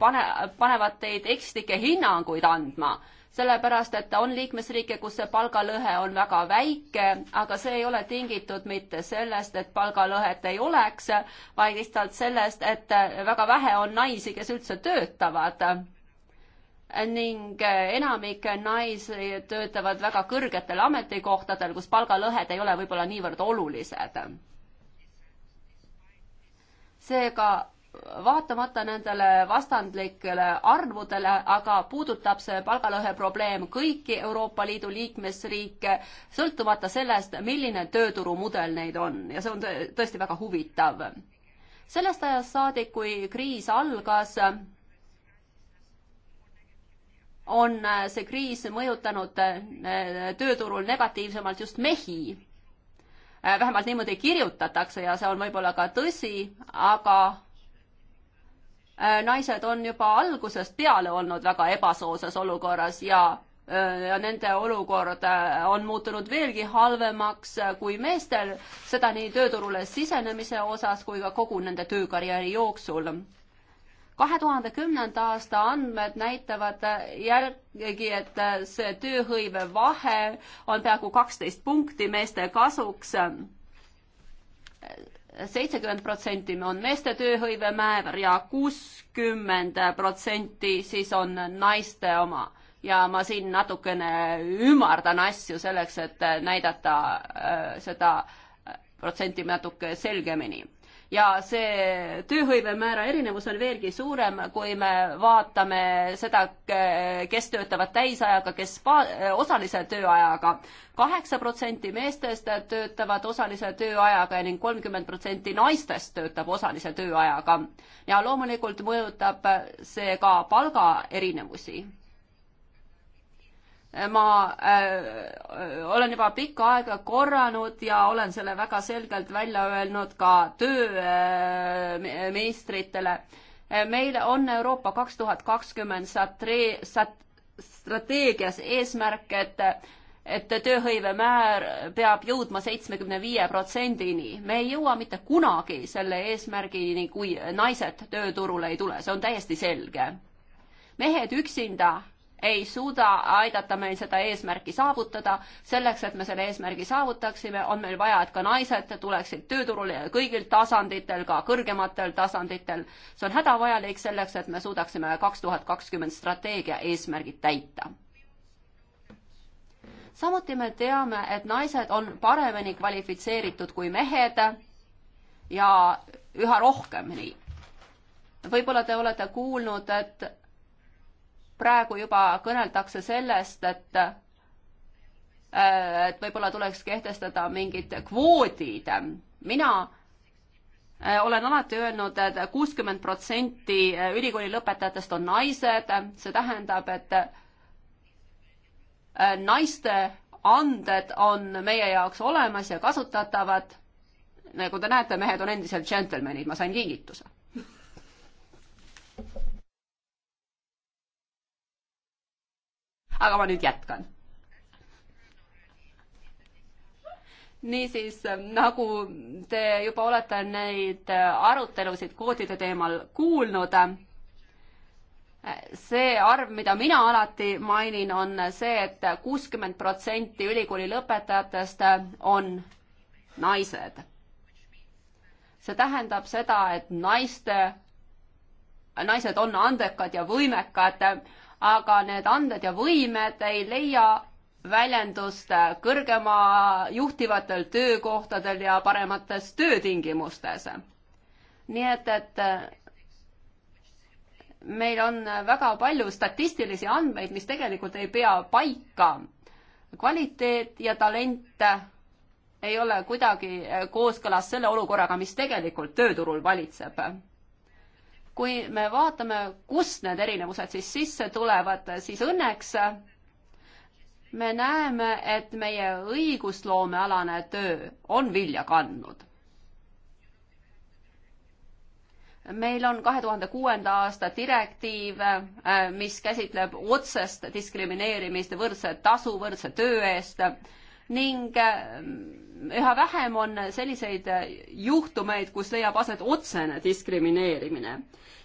pane, panevad teid ekslikke hinnanguid andma, sellepärast et on liikmesriike, kus see palgalõhe on väga väike, aga see ei ole tingitud mitte sellest, et palgalõhet ei oleks, vaid lihtsalt sellest, et väga vähe on naisi, kes üldse töötavad ning eh, enamik naisi töötavad väga kõrgetel ametikohtadel, kus palgalõhed ei ole võib-olla niivõrd olulised. seega vaatamata nendele vastandlikele arvudele, aga puudutab see palgalõhe probleem kõiki Euroopa Liidu liikmesriike, sõltumata sellest, milline tööturumudel neid on ja see on tõesti väga huvitav. sellest ajast saadik, kui kriis algas, on äh, see kriis mõjutanud äh, tööturul negatiivsemalt just mehi. Äh, vähemalt niimoodi kirjutatakse ja see on võib-olla ka tõsi, aga naised on juba algusest peale olnud väga ebasoodsas olukorras ja ja nende olukord on muutunud veelgi halvemaks kui meestel, seda nii tööturule sisenemise osas kui ka kogu nende töökarjääri jooksul kahe tuhande kümnenda aasta andmed näitavad järgi, et äh, see tööhõive vahe on peaaegu kaksteist punkti meeste kasuks. seitsekümmend protsenti on meeste tööhõive määr ja kuuskümmend protsenti siis on naiste oma ja ma siin natukene ümardan asju selleks, et äh, näidata äh, seda protsenti natuke selgemini ja see tööhõivemäära erinevus on veelgi suurem, kui me vaatame seda, kes töötavad täisajaga, kes osalise tööajaga. kaheksa protsenti meestest töötavad osalise tööajaga ning kolmkümmend protsenti naistest töötab osalise tööajaga. ja loomulikult mõjutab see ka palgaerinevusi ma äh, olen juba pikka aega korranud ja olen selle väga selgelt välja öelnud ka tööministritele äh, äh,. meil on Euroopa kaks tuhat kakskümmend strateegias eesmärk, et et tööhõive määr peab jõudma seitsmekümne viie protsendini. me ei jõua mitte kunagi selle eesmärgini, kui naised tööturule ei tule, see on täiesti selge. mehed üksinda ei suuda aidata meil seda eesmärki saavutada. selleks, et me selle eesmärgi saavutaksime, on meil vaja, et ka naised tuleksid tööturule kõigil tasanditel, ka kõrgematel tasanditel. see on hädavajalik selleks, et me suudaksime kaks tuhat kakskümmend strateegia eesmärgid täita. samuti me teame, et naised on paremini kvalifitseeritud kui mehed ja üha rohkem nii. võib-olla te olete kuulnud, et praegu juba kõneldakse sellest, et äh, et võib-olla tuleks kehtestada mingid kvoodid. mina äh, olen alati öelnud et, et kuuskümmend protsenti ülikooli lõpetajatest on naised, see tähendab, et äh, naiste anded on meie jaoks olemas ja kasutatavad. nagu te näete, mehed on endiselt džentelmenid, ma sain kingituse aga ma nüüd jätkan. niisiis, nagu te juba olete neid arutelusid kvootide teemal kuulnud, see arv, mida mina alati mainin, on see et, et kuuskümmend protsenti ülikooli lõpetajatest on naised. see tähendab seda, et naiste, naised on andekad ja võimekad aga need anded ja võimed ei leia väljendust kõrgema juhtivatel töökohtadel ja paremates töötingimustes. nii et, et meil on väga palju statistilisi andmeid, mis tegelikult ei pea paika. kvaliteet ja talent ei ole kuidagi kooskõlas selle olukorraga, mis tegelikult tööturul valitseb kui me vaatame, kust need erinevused siis sisse tulevad, siis õnneks me näeme, et meie õigusloomealane töö on vilja kandnud. meil on kahe tuhande kuuenda aasta direktiiv, mis käsitleb otsest diskrimineerimist, võrdset tasu võrdse töö eest ning äh, üha vähem on selliseid äh, juhtumeid, kus leiab aset otsene diskrimineerimine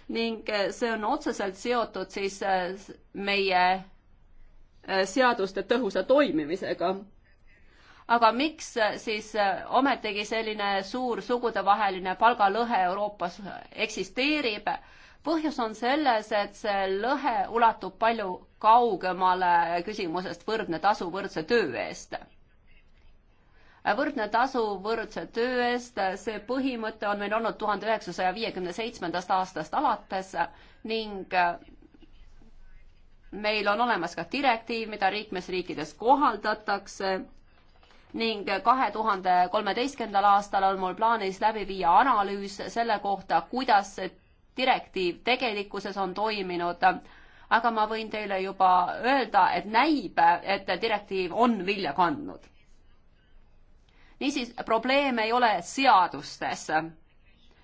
ning äh, see on otseselt seotud siis meie seaduste tõhusa toimimisega. aga miks siis ometigi selline suur sugudevaheline palgalõhe Euroopas eksisteerib? põhjus on selles, et see lõhe ulatub palju kaugemale küsimusest võrdne tasu võrdse töö eest võrdne tasu võrdse töö eest, see põhimõte on meil olnud tuhande üheksasaja viiekümne seitsmendast aastast alates ning meil on olemas ka direktiiv, mida liikmesriikides kohaldatakse ning kahe tuhande kolmeteistkümnendal aastal on mul plaanis läbi viia analüüs selle kohta, kuidas see direktiiv tegelikkuses on toiminud. aga ma võin teile juba öelda, et näib, et direktiiv on vilja kandnud niisiis, probleem ei ole seadustes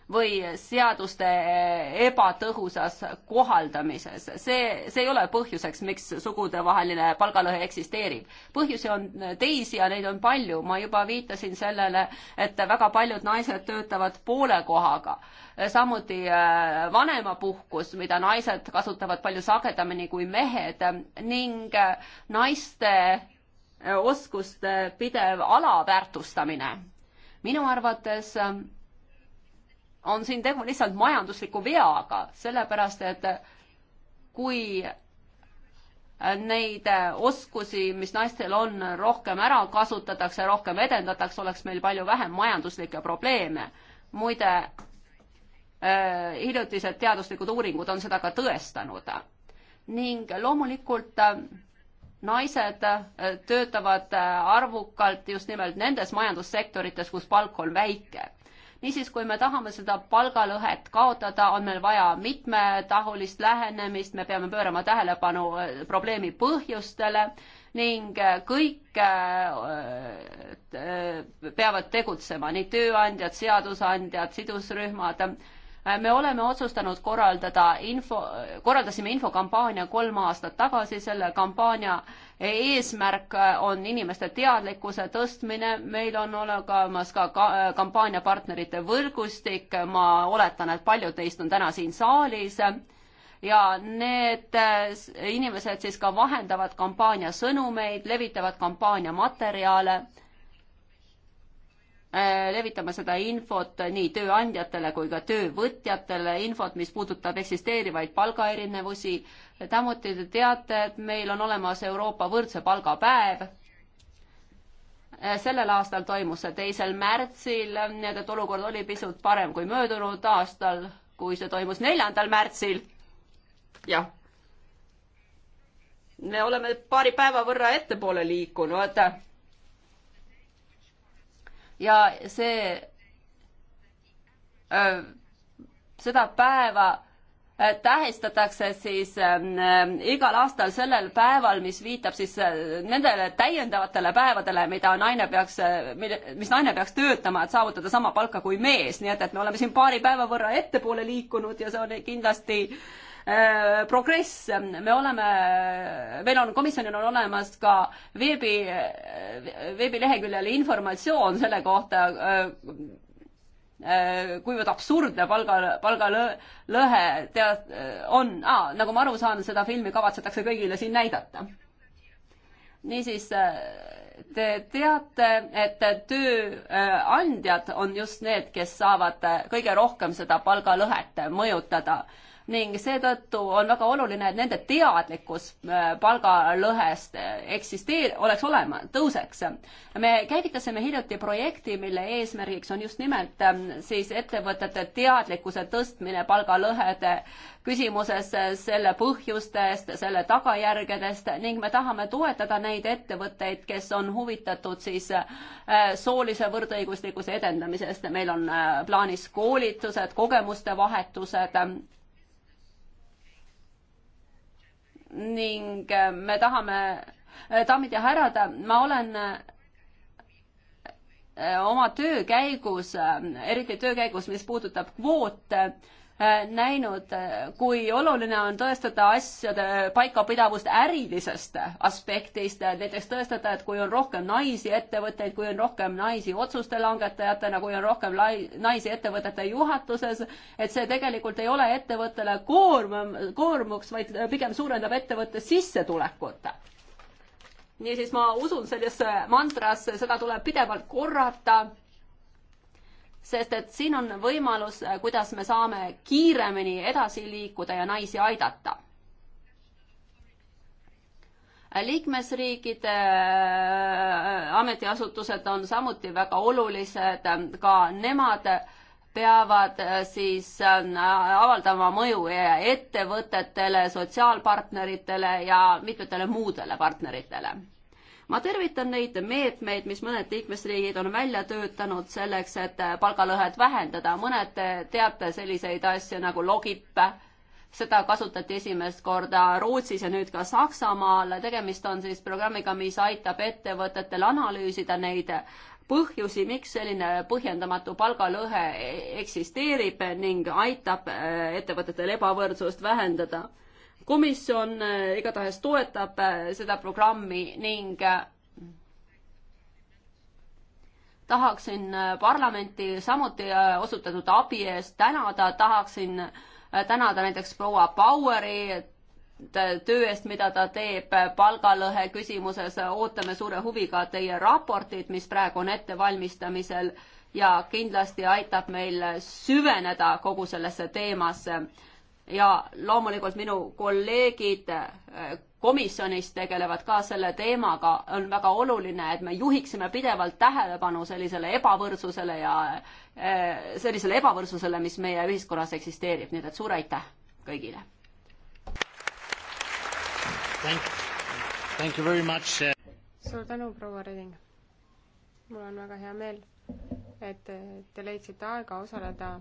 või seaduste ebatõhusas kohaldamises. see, see ei ole põhjuseks, miks sugudevaheline palgalõhe eksisteerib. põhjusi on teisi ja neid on palju. ma juba viitasin sellele, et väga paljud naised töötavad poole kohaga. samuti äh, vanemapuhkus, mida naised kasutavad palju sagedamini kui mehed ning äh, naiste oskuste pidev alaväärtustamine. minu arvates ähm, on siin tegu lihtsalt majandusliku veaga, sellepärast et kui äh, neid äh, oskusi, mis naistel on, rohkem ära kasutatakse, rohkem edendatakse, oleks meil palju vähem majanduslikke probleeme. muide, äh, hiljutised teaduslikud uuringud on seda ka tõestanud. ning loomulikult naised äh, töötavad äh, arvukalt just nimelt nendes majandussektorites, kus palk on väike. niisiis, kui me tahame seda palgalõhet kaotada, on meil vaja mitmetahulist lähenemist, me peame pöörama tähelepanu äh, probleemi põhjustele ning kõik peavad tegutsema, nii tööandjad, seadusandjad, sidusrühmad Äh, me oleme otsustanud korraldada info, korraldasime infokampaania kolm aastat tagasi, selle kampaania eesmärk äh, on inimeste teadlikkuse tõstmine, meil on olemas ka äh, kampaaniapartnerite võrgustik, ma oletan, et paljud teist on täna siin saalis, ja need inimesed siis ka vahendavad kampaania sõnumeid, levitavad kampaania materjale Äh, levitama seda infot nii tööandjatele kui ka töövõtjatele, infot, mis puudutab eksisteerivaid palgaerinevusi. samuti te teate, et meil on olemas Euroopa võrdse palga päev. Äh, sellel aastal toimus see teisel märtsil, nii et, et olukord oli pisut parem kui möödunud aastal, kui see toimus neljandal märtsil. jah. me oleme paari päeva võrra ettepoole liikunud ja see, seda päeva äh, tähistatakse siis ähm, äh, igal aastal sellel päeval, mis viitab siis äh, nendele täiendavatele päevadele, mida naine peaks, mis naine peaks töötama, et saavutada sama palka kui mees, nii et, et me oleme siin paari päeva võrra ettepoole liikunud ja see on kindlasti äh, Äh, progress, me oleme, meil on, komisjonil on olemas ka veebi, äh, veebileheküljel informatsioon selle kohta, äh, kuivõrd absurdne palga, palgalõhe tead-, on ah,, nagu ma aru saan, seda filmi kavatsetakse kõigile siin näidata. niisiis, te teate, et tööandjad on just need, kes saavad kõige rohkem seda palgalõhet mõjutada ning seetõttu on väga oluline, et nende teadlikkus äh, palgalõhest äh, eksisteer-, oleks olema, tõuseks. me käivitasime hiljuti projekti, mille eesmärgiks on just nimelt ähm, siis ettevõtete teadlikkuse tõstmine palgalõhede küsimuses, äh, selle põhjustest, selle tagajärgedest ning me tahame toetada neid ettevõtteid, kes on huvitatud siis soolise võrdõiguslikkuse edendamisest. meil on plaanis koolitused, kogemuste vahetused ning äh, me tahame, äh, daamid ja härrad, ma olen äh, oma töö käigus, eriti töö käigus, mis puudutab kvoote, Äh, näinud, äh, kui oluline on tõestada asjade paikapidavust ärilisest aspektist, näiteks tõestada, et kui on rohkem naisi ettevõtteid, kui on rohkem naisi otsuste langetajatena, kui on rohkem lai, naisi ettevõtete juhatuses, et see tegelikult ei ole ettevõttele koorm, koormuks, vaid pigem suurendab ettevõtte sissetulekut niisiis ma usun sellesse mantrasse, seda tuleb pidevalt korrata sest et siin on võimalus, äh, kuidas me saame kiiremini edasi liikuda ja naisi aidata. Äh, liikmesriikide äh, ametiasutused on samuti väga olulised, ähm, ka nemad peavad siis ähm, avaldama mõju e-, ettevõtetele, sotsiaalpartneritele ja mitmetele muudele partneritele ma tervitan neid meetmeid, mis mõned liikmesriigid on välja töötanud selleks, et palgalõhet vähendada, mõned teate selliseid asju nagu Logip, seda kasutati esimest korda Rootsis ja nüüd ka Saksamaal, tegemist on siis programmiga, mis aitab ettevõtetel analüüsida neid põhjusi, miks selline põhjendamatu palgalõhe e-, eksisteerib ning aitab äh, ettevõtetel ebavõrdsust vähendada komisjon äh, igatahes toetab äh, seda programmi ning äh, tahaksin parlamenti samuti osutatud abi eest tänada, tahaksin tänada näiteks proua Baueri töö eest, mida ta teeb palgalõhe küsimuses. ootame suure huviga teie raportit, mis praegu on ettevalmistamisel ja kindlasti aitab meil süveneda kogu sellesse teemasse ja loomulikult minu kolleegid äh, komisjonis tegelevad ka selle teemaga, on väga oluline, et me juhiksime pidevalt tähelepanu sellisele ebavõrdsusele ja äh, sellisele ebavõrdsusele, mis meie ühiskonnas eksisteerib, nii et suur aitäh kõigile! Uh, suur tänu, proua Reding! mul on väga hea meel, et te leidsite aega osaleda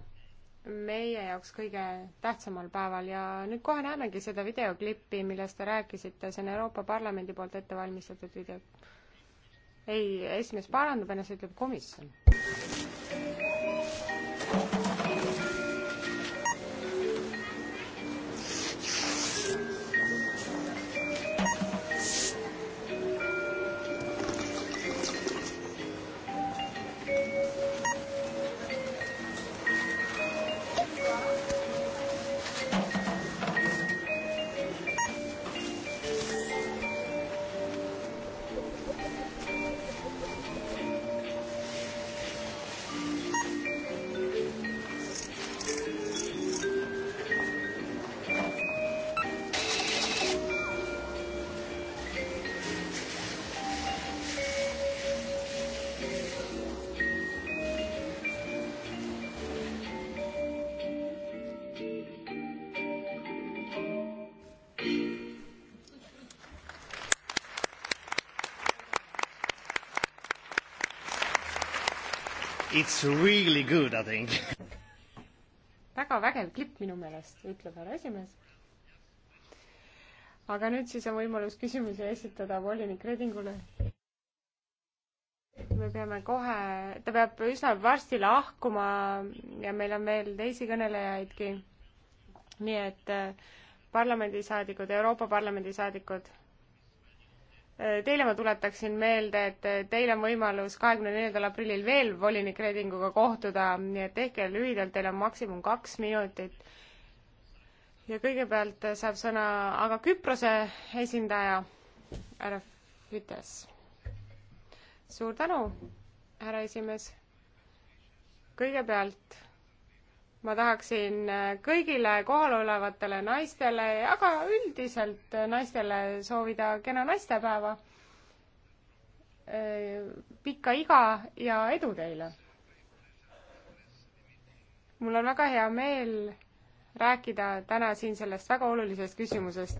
meie jaoks kõige tähtsamal päeval ja nüüd kohe näemegi seda videoklippi, millest te rääkisite, see on Euroopa Parlamendi poolt ette valmistatud video. ei, esimees parandab ennast, ütleb komisjon. It's really good, I think. väga vägev klipp minu meelest, ütleb härra esimees. aga nüüd siis on võimalus küsimusi esitada volinik Redingule. me peame kohe, ta peab üsna varsti lahkuma ja meil on veel teisi kõnelejaidki. nii et eh, parlamendisaadikud, Euroopa Parlamendi saadikud Teile ma tuletaksin meelde, et teil on võimalus kahekümne neljandal aprillil veel volinik Redinguga kohtuda, nii et tehke lühidalt, teil on maksimum kaks minutit. ja kõigepealt saab sõna aga Küprose esindaja, härra Fütes. suur tänu, härra esimees. kõigepealt ma tahaksin äh, kõigile kohalolevatele naistele, aga üldiselt äh, naistele soovida kena naistepäeva, äh, pikka iga ja edu teile! mul on väga hea meel rääkida täna siin sellest väga olulisest küsimusest.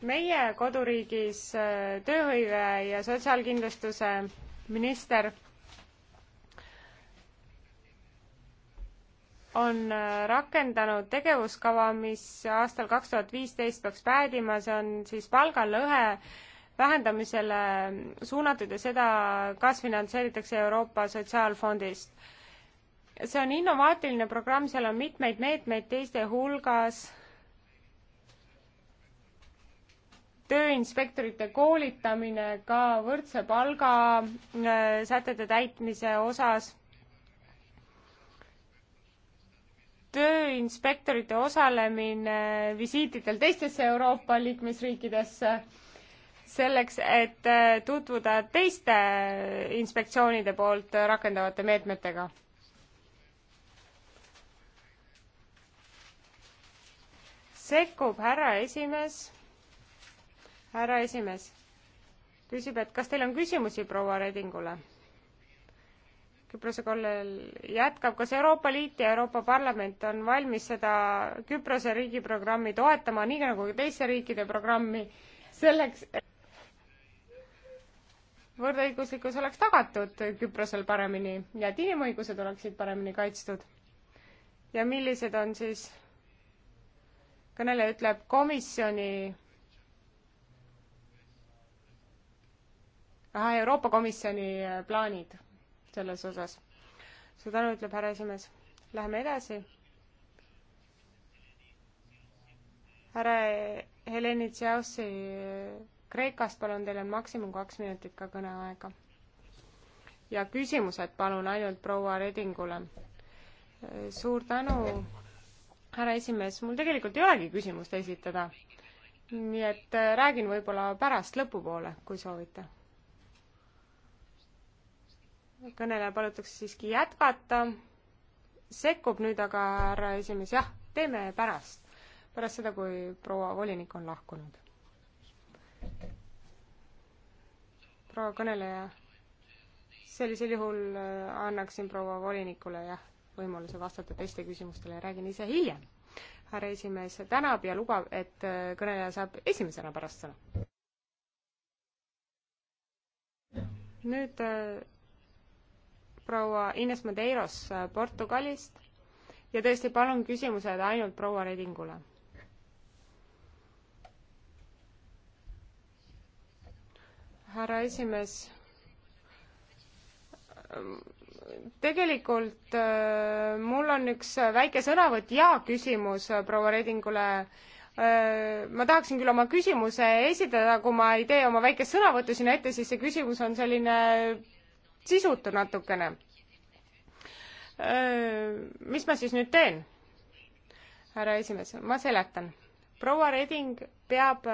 meie koduriigis tööhõive ja sotsiaalkindlustuse minister on äh, rakendanud tegevuskava, mis aastal kaks tuhat viisteist peaks päädima, see on siis palgalõhe vähendamisele suunatud ja seda kaasfinantseeritakse Euroopa Sotsiaalfondist. see on innovaatiline programm, seal on mitmeid meetmeid teiste hulgas, tööinspektorite koolitamine ka võrdse palga äh, sätete täitmise osas tööinspektorite osalemine visiitidel teistesse Euroopa liikmesriikidesse selleks, et äh, tutvuda teiste inspektsioonide poolt rakendavate meetmetega. sekkub härra esimees, härra esimees küsib, et kas teil on küsimusi proua Redingule Küprose kollel jätkab, kas Euroopa Liit ja Euroopa Parlament on valmis seda Küprose riigi programmi toetama, nii nagu ka teiste riikide programmi, selleks, et võrdõiguslikkus oleks tagatud Küprosel paremini ja et inimõigused oleksid paremini kaitstud. ja millised on siis, kõneleja ütleb, komisjoni ah, Euroopa Komisjoni plaanid selles osas. suur tänu, ütleb härra esimees. Läheme edasi. härra Heleni Tšiaussi Kreekast, palun, teil on maksimum kaks minutit ka kõneaega. ja küsimused palun ainult proua Redingule. suur tänu, härra esimees, mul tegelikult ei olegi küsimust esitada nii et räägin võib-olla pärast lõpupoole, kui soovite kõneleja palutakse siiski jätkata. sekkub nüüd aga härra esimees, jah, teeme pärast, pärast seda, kui proua volinik on lahkunud. proua kõneleja, sellisel juhul äh, annaksin proua volinikule jah, võimaluse vastata teiste küsimustele ja räägin ise hiljem. härra esimees tänab ja lubab, et äh, kõneleja saab esimesena pärast sõna. nüüd äh, proua Ines Medeiros äh, Portugalist ja tõesti, palun küsimused ainult proua Redingule. härra esimees, ähm, tegelikult äh, mul on üks väike sõnavõtt ja küsimus äh, proua Redingule ma tahaksin küll oma küsimuse esitada, kui ma ei tee oma väikest sõnavõttu sinna ette, siis see küsimus on selline sisutu natukene. mis ma siis nüüd teen? härra esimees, ma seletan. proua Reding peab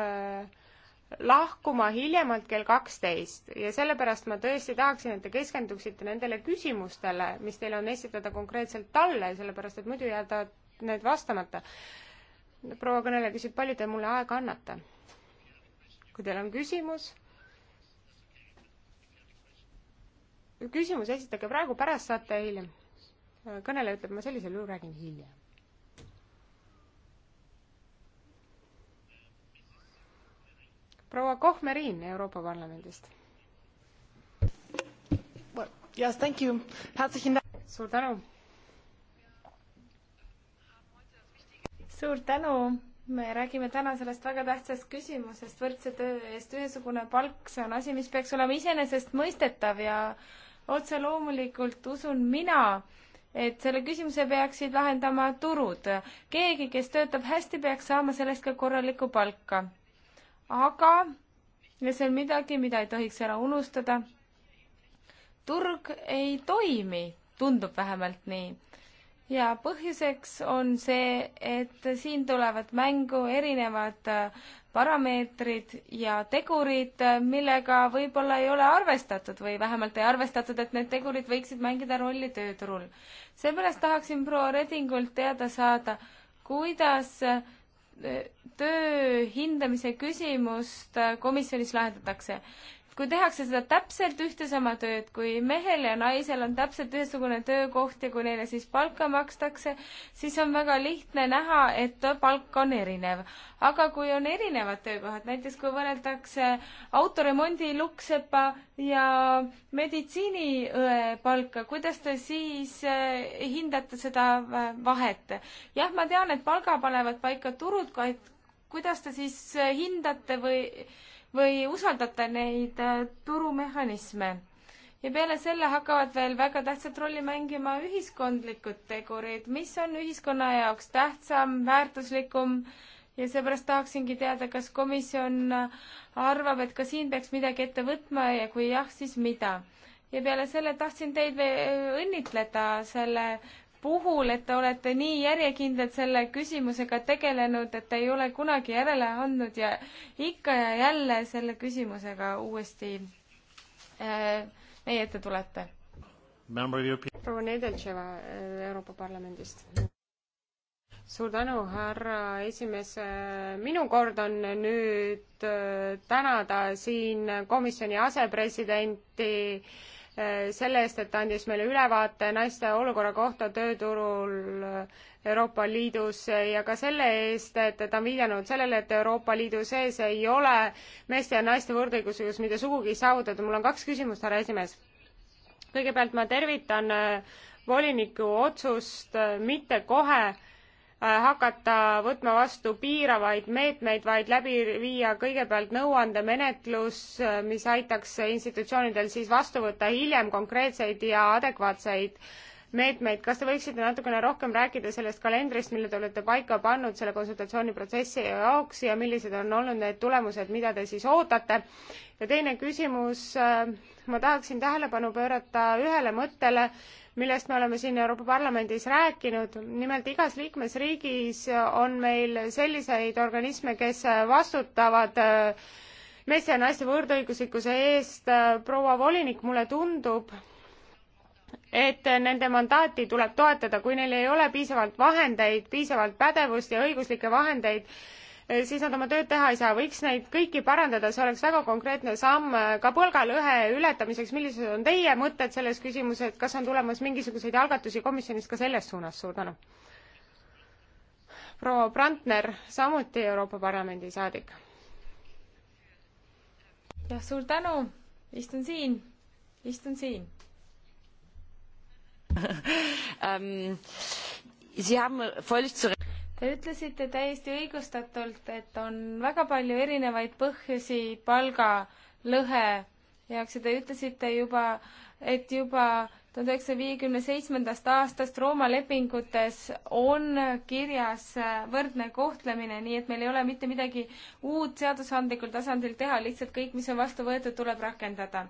lahkuma hiljemalt kell kaksteist ja sellepärast ma tõesti tahaksin, et te keskenduksite nendele küsimustele, mis teil on esitada konkreetselt talle, sellepärast et muidu jäävad need vastamata. proua kõneleja küsib, palju te mulle aega annate? kui teil on küsimus küsimus esitage praegu, pärast saate hiljem. kõneleja ütleb, ma sellisel juhul räägin hiljem. proua Kohmeriin Euroopa Parlamendist. Yes, thank you. Herzlichen Dank. Suur tänu. suur tänu me räägime täna sellest väga tähtsast küsimusest, võrdse töö eest ühesugune palk, see on asi, mis peaks olema iseenesestmõistetav ja otse loomulikult usun mina, et selle küsimuse peaksid lahendama turud. keegi, kes töötab hästi, peaks saama sellest ka korralikku palka. aga, ja see on midagi, mida ei tohiks ära unustada, turg ei toimi, tundub vähemalt nii. ja põhjuseks on see, et siin tulevad mängu erinevad äh, parameetrid ja tegurid, millega võib-olla ei ole arvestatud või vähemalt ei arvestatud, et need tegurid võiksid mängida rolli tööturul. seepärast tahaksin proua Redingult teada saada, kuidas eh, töö hindamise küsimust eh, komisjonis lahendatakse kui tehakse seda täpselt ühte sama tööd, kui mehel ja naisel on täpselt ühesugune töökoht ja kui neile siis palka makstakse, siis on väga lihtne näha, et palk on erinev. aga kui on erinevad töökohad, näiteks kui võrreldakse autoremondi luksepa ja meditsiiniõe palka, kuidas te siis eh, hindate seda eh, vahet? jah, ma tean, et palga panevad paika turud, kuid kuidas te siis eh, hindate või või usaldate neid äh, turumehhanisme? ja peale selle hakkavad veel väga tähtsat rolli mängima ühiskondlikud tegurid, mis on ühiskonna jaoks tähtsam, väärtuslikum ja seepärast tahaksingi teada, kas komisjon äh, arvab, et ka siin peaks midagi ette võtma ja kui jah, siis mida? ja peale selle tahtsin teid äh, õnnitleda selle puhul, et te olete nii järjekindlalt selle küsimusega tegelenud, et te ei ole kunagi järele andnud ja ikka ja jälle selle küsimusega uuesti äh, meie ette tulete. proua Nedeltševa äh, Euroopa Parlamendist. suur tänu, härra esimees. Äh, minu kord on nüüd äh, tänada siin komisjoni asepresidenti äh, selle eest, et ta andis meile ülevaate naiste olukorra kohta tööturul Euroopa Liidus ja ka selle eest, et ta on viidanud sellele, et Euroopa Liidu sees ei ole meeste ja naiste võrdõiguslikkus mitte sugugi saavutatud. mul on kaks küsimust, härra esimees. kõigepealt ma tervitan voliniku otsust mitte kohe Äh, hakata võtma vastu piiravaid meetmeid, vaid läbi viia kõigepealt nõuandemenetlus, äh, mis aitaks institutsioonidel siis vastu võtta hiljem konkreetseid ja adekvaatseid meetmeid. kas te võiksite natukene rohkem rääkida sellest kalendrist, mille te olete paika pannud selle konsultatsiooniprotsessi jaoks ja millised on olnud need tulemused, mida te siis ootate? ja teine küsimus, äh, ma tahaksin tähelepanu pöörata ühele mõttele, millest me oleme siin Euroopa Parlamendis rääkinud. nimelt igas liikmesriigis on meil selliseid organisme, kes vastutavad äh, meeste ja naiste võrdõiguslikkuse eest. Äh, proua volinik, mulle tundub, et nende mandaati tuleb toetada, kui neil ei ole piisavalt vahendeid, piisavalt pädevust ja õiguslikke vahendeid, siis nad oma tööd teha ei saa, võiks neid kõiki parandada, see oleks väga konkreetne samm ka palgalõhe ületamiseks, millised on teie mõtted selles küsimuses, kas on tulemas mingisuguseid algatusi komisjonist ka selles suunas, suur tänu. proua Brandner, samuti Euroopa Parlamendi saadik. jah, suur tänu, istun siin, istun siin Ähm, te ütlesite täiesti õigustatult, et on väga palju erinevaid põhjusi palgalõhe jaoks ja te ütlesite juba, et juba tuhande üheksasaja viiekümne seitsmendast aastast Rooma lepingutes on kirjas võrdne kohtlemine, nii et meil ei ole mitte midagi uut seadusandlikul tasandil teha, lihtsalt kõik, mis on vastu võetud, tuleb rakendada.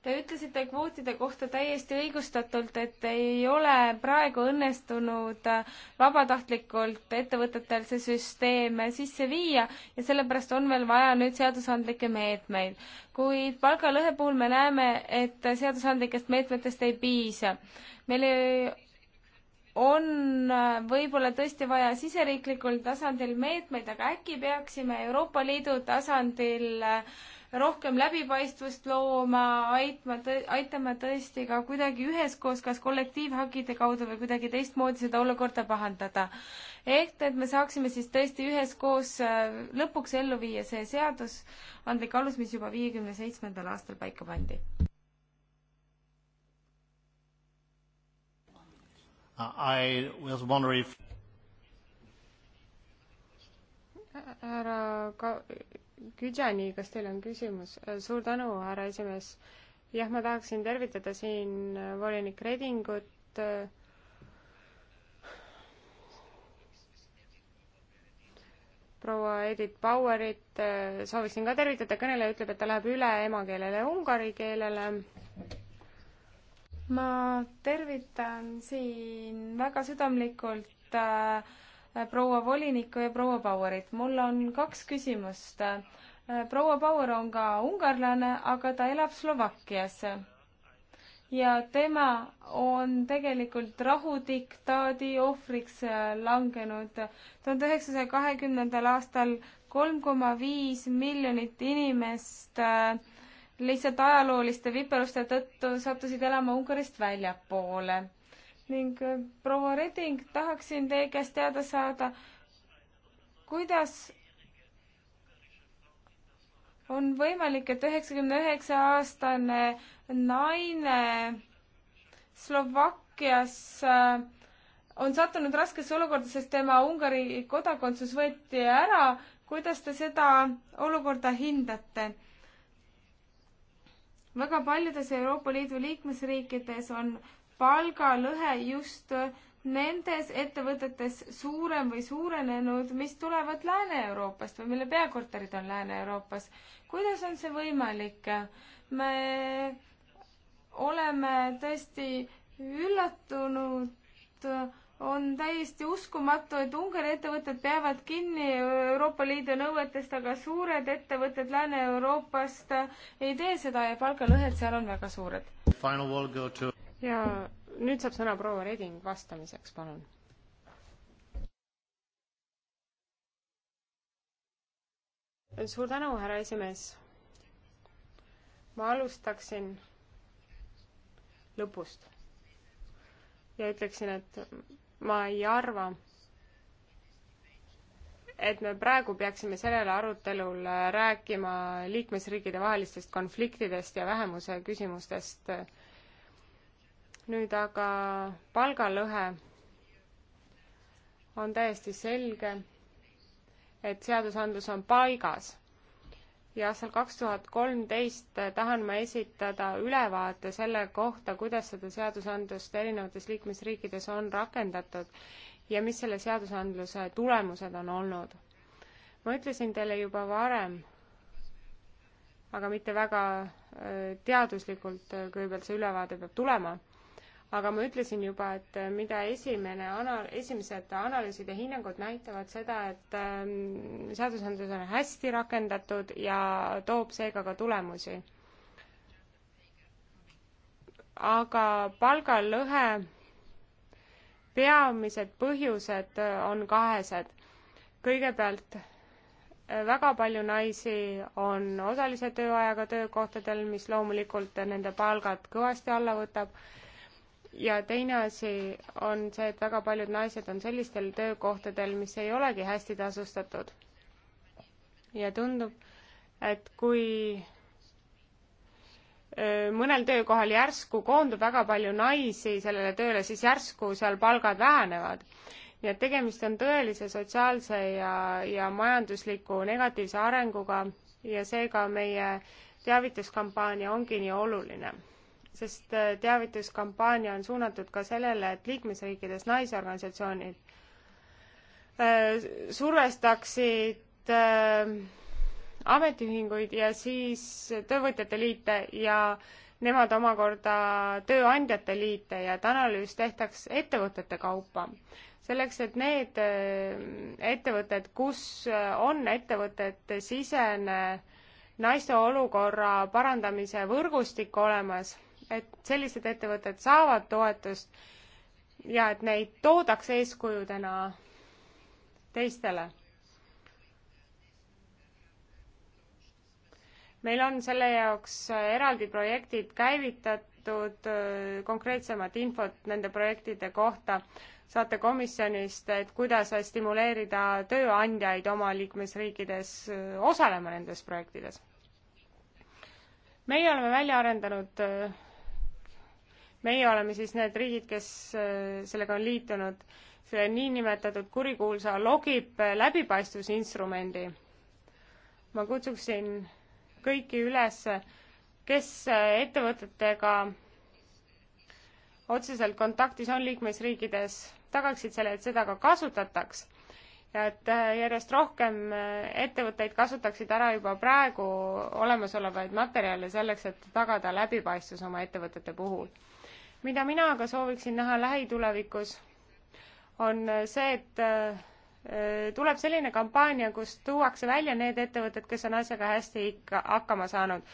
Te ütlesite kvootide kohta täiesti õigustatult, et ei ole praegu õnnestunud äh, vabatahtlikult ettevõtetel see süsteem sisse viia ja sellepärast on veel vaja nüüd seadusandlikke meetmeid. kuid palgalõhe puhul me näeme, et seadusandlikest meetmetest ei piisa. meil on äh, võib-olla tõesti vaja siseriiklikul tasandil meetmeid, aga äkki peaksime Euroopa Liidu tasandil äh, rohkem läbipaistvust looma, aitma, aitama tõesti ka kuidagi üheskoos, kas kollektiivhagide kaudu või kuidagi teistmoodi seda olukorda pahandada. ehk et me saaksime siis tõesti üheskoos äh, lõpuks ellu viia see seadusandlik alus, mis juba viiekümne seitsmendal aastal paika pandi. I was wondering if härra ka-, Küdžani, kas teil on küsimus? suur tänu, härra esimees. jah, ma tahaksin tervitada siin äh, volinik Redingut. Äh, proua Edith Bauerit äh, sooviksin ka tervitada, kõneleja ütleb, et ta läheb üle emakeelele ungari keelele. ma tervitan siin väga südamlikult äh, Äh, proua volinikku ja proua Bauerit. mul on kaks küsimust. Äh, proua Bauer on ka ungarlane, aga ta elab Slovakkias. ja tema on tegelikult rahudiktaadi ohvriks äh, langenud. tuhande üheksasaja kahekümnendal aastal kolm koma viis miljonit inimest lihtsalt ajalooliste viperuste tõttu sattusid elama Ungarist väljapoole ning äh, proua Reding, tahaksin teie käest teada saada, kuidas on võimalik, et üheksakümne üheksa aastane naine Slovakkias äh, on sattunud raskesse olukorda, sest tema Ungari kodakondsus võeti ära. kuidas te seda olukorda hindate? väga paljudes Euroopa Liidu liikmesriikides on palgalõhe just nendes ettevõtetes suurem või suurenenud, mis tulevad Lääne-Euroopast või mille peakorterid on Lääne-Euroopas. kuidas on see võimalik? me oleme tõesti üllatunud, on täiesti uskumatu, et Ungari ettevõtted peavad kinni Euroopa Liidu nõuetest, aga suured ettevõtted Lääne-Euroopast ei tee seda ja palgalõhed seal on väga suured. To ja nüüd saab sõna proua Reding vastamiseks, palun. suur tänu, härra esimees. ma alustaksin lõpust ja ütleksin, et ma ei arva, et me praegu peaksime sellel arutelul rääkima liikmesriikide vahelistest konfliktidest ja vähemuse küsimustest äh, nüüd aga palgalõhe on täiesti selge, et seadusandlus on paigas. ja aastal kaks tuhat kolmteist tahan ma esitada ülevaate selle kohta, kuidas seda seadusandlust erinevates liikmesriikides on rakendatud ja mis selle seadusandluse tulemused on olnud. ma ütlesin teile juba varem, aga mitte väga äh, teaduslikult, äh, kõigepealt see ülevaade peab tulema aga ma ütlesin juba, et äh, mida esimene anal-, esimesed analüüsid ja hinnangud näitavad seda, et ähm, seadusandlus on hästi rakendatud ja toob seega ka tulemusi. aga palgalõhe peamised põhjused äh, on kahesed. kõigepealt äh, väga palju naisi on osalise tööajaga töökohtadel, mis loomulikult nende palgad kõvasti alla võtab ja teine asi on see, et väga paljud naised on sellistel töökohtadel, mis ei olegi hästi tasustatud. ja tundub, et kui mõnel töökohal järsku koondub väga palju naisi sellele tööle, siis järsku seal palgad vähenevad. nii et tegemist on tõelise sotsiaalse ja, ja majandusliku negatiivse arenguga ja seega meie teavituskampaania ongi nii oluline sest äh, teavituskampaania on suunatud ka sellele, et liikmesriikides naisorganisatsioonid äh, survestaksid äh, ametiühinguid ja siis töövõtjate liite ja nemad omakorda tööandjate liite ja et analüüs tehtaks ettevõtete kaupa. selleks, et need ettevõtted, kus on ettevõtete sisene naiste olukorra parandamise võrgustik olemas et sellised ettevõtted saavad toetust ja et neid toodaks eeskujudena teistele. meil on selle jaoks eraldi projektid käivitatud, konkreetsemat infot nende projektide kohta saate komisjonist, et kuidas stimuleerida tööandjaid oma liikmesriikides osalema nendes projektides. meie oleme välja arendanud meie oleme siis need riigid, kes äh, sellega on liitunud, selle niinimetatud kurikuulsa logib äh, läbipaistvusinstrumendi. ma kutsuksin kõiki üles, kes äh, ettevõtetega otseselt kontaktis on liikmesriikides, tagaksid selle, et seda ka kasutataks ja et järjest rohkem ettevõtteid kasutaksid ära juba praegu olemasolevaid materjale selleks, et tagada läbipaistvus oma ettevõtete puhul mida mina aga sooviksin näha lähitulevikus, on see, et äh, tuleb selline kampaania, kus tuuakse välja need ettevõtted, kes on asjaga hästi ikka hakkama saanud.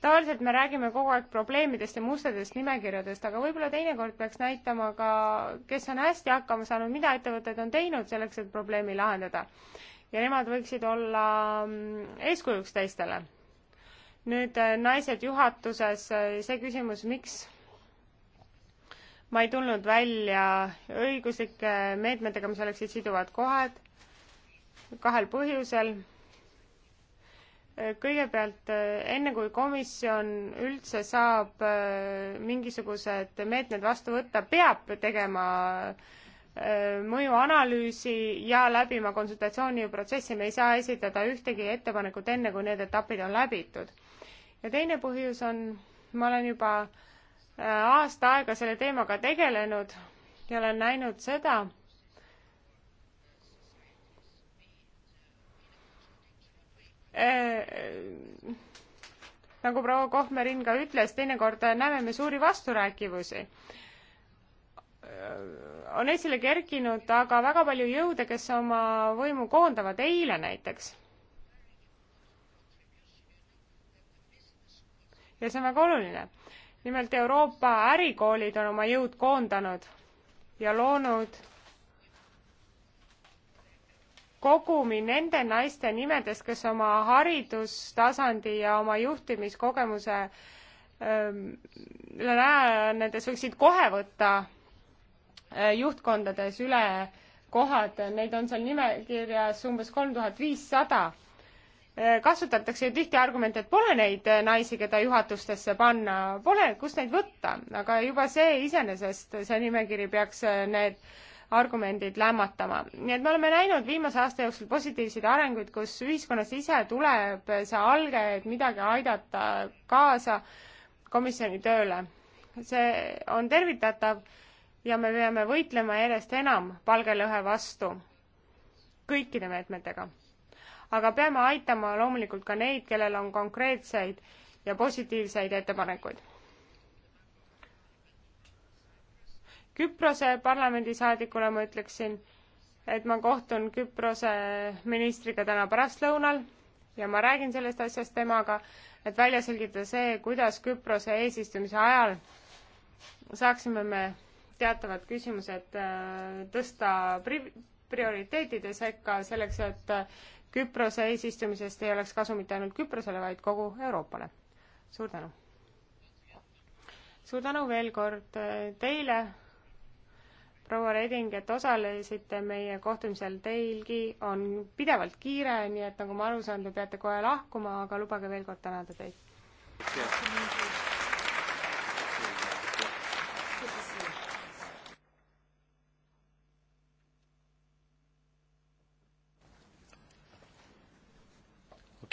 tavaliselt me räägime kogu aeg probleemidest ja mustadest nimekirjadest, aga võib-olla teinekord peaks näitama ka, kes on hästi hakkama saanud, mida ettevõtted on teinud selleks, et probleemi lahendada. ja nemad võiksid olla mm, eeskujuks teistele. nüüd äh, naised juhatuses, äh, see küsimus, miks ma ei tulnud välja õiguslike meetmetega, mis oleksid siduvad kohad kahel põhjusel. kõigepealt, enne kui komisjon üldse saab äh, mingisugused meetmed vastu võtta, peab tegema äh, mõjuanalüüsi ja läbima konsultatsiooniprotsessi, me ei saa esitada ühtegi ettepanekut enne, kui need etapid on läbitud. ja teine põhjus on, ma olen juba äh, aasta aega selle teemaga tegelenud ja olen näinud seda, eh, nagu proua Kohmerin ka ütles, teinekord näeme me suuri vasturääkivusi. on esile kerkinud aga väga palju jõude, kes oma võimu koondavad, eile näiteks. ja see on väga oluline nimelt Euroopa ärikoolid on oma jõud koondanud ja loonud kogumi nende naiste nimedes, kes oma haridustasandi ja oma juhtimiskogemuse ähm, üle näe, nendes võiksid kohe võtta äh, juhtkondades üle kohad, neid on seal nimekirjas umbes kolm tuhat viissada Äh, kasutatakse ju tihti argumente, et pole neid äh, naisi, keda juhatustesse panna, pole, kust neid võtta, aga juba see iseenesest, see nimekiri peaks äh, need argumendid lämmatama. nii et me oleme näinud viimase aasta jooksul positiivseid arenguid, kus ühiskonnas ise tuleb see alge, et midagi aidata kaasa komisjoni tööle. see on tervitatav ja me peame võitlema järjest enam palgelõhe vastu kõikide meetmetega aga peame aitama loomulikult ka neid, kellel on konkreetseid ja positiivseid ettepanekuid. Küprose parlamendisaadikule ma ütleksin, et ma kohtun Küprose ministriga täna pärastlõunal ja ma räägin sellest asjast temaga, et välja selgitada see, kuidas Küprose eesistumise ajal saaksime me teatavad küsimused äh, tõsta prioriteetide sekka selleks, et Küprose eesistumisest ei oleks kasu mitte ainult Küprosele, vaid kogu Euroopale. suur tänu! suur tänu veel kord äh, teile, proua Reding, et osalesite meie kohtumisel, teilgi on pidevalt kiire, nii et nagu ma aru saan, te peate kohe lahkuma, aga lubage veel kord tänada teid.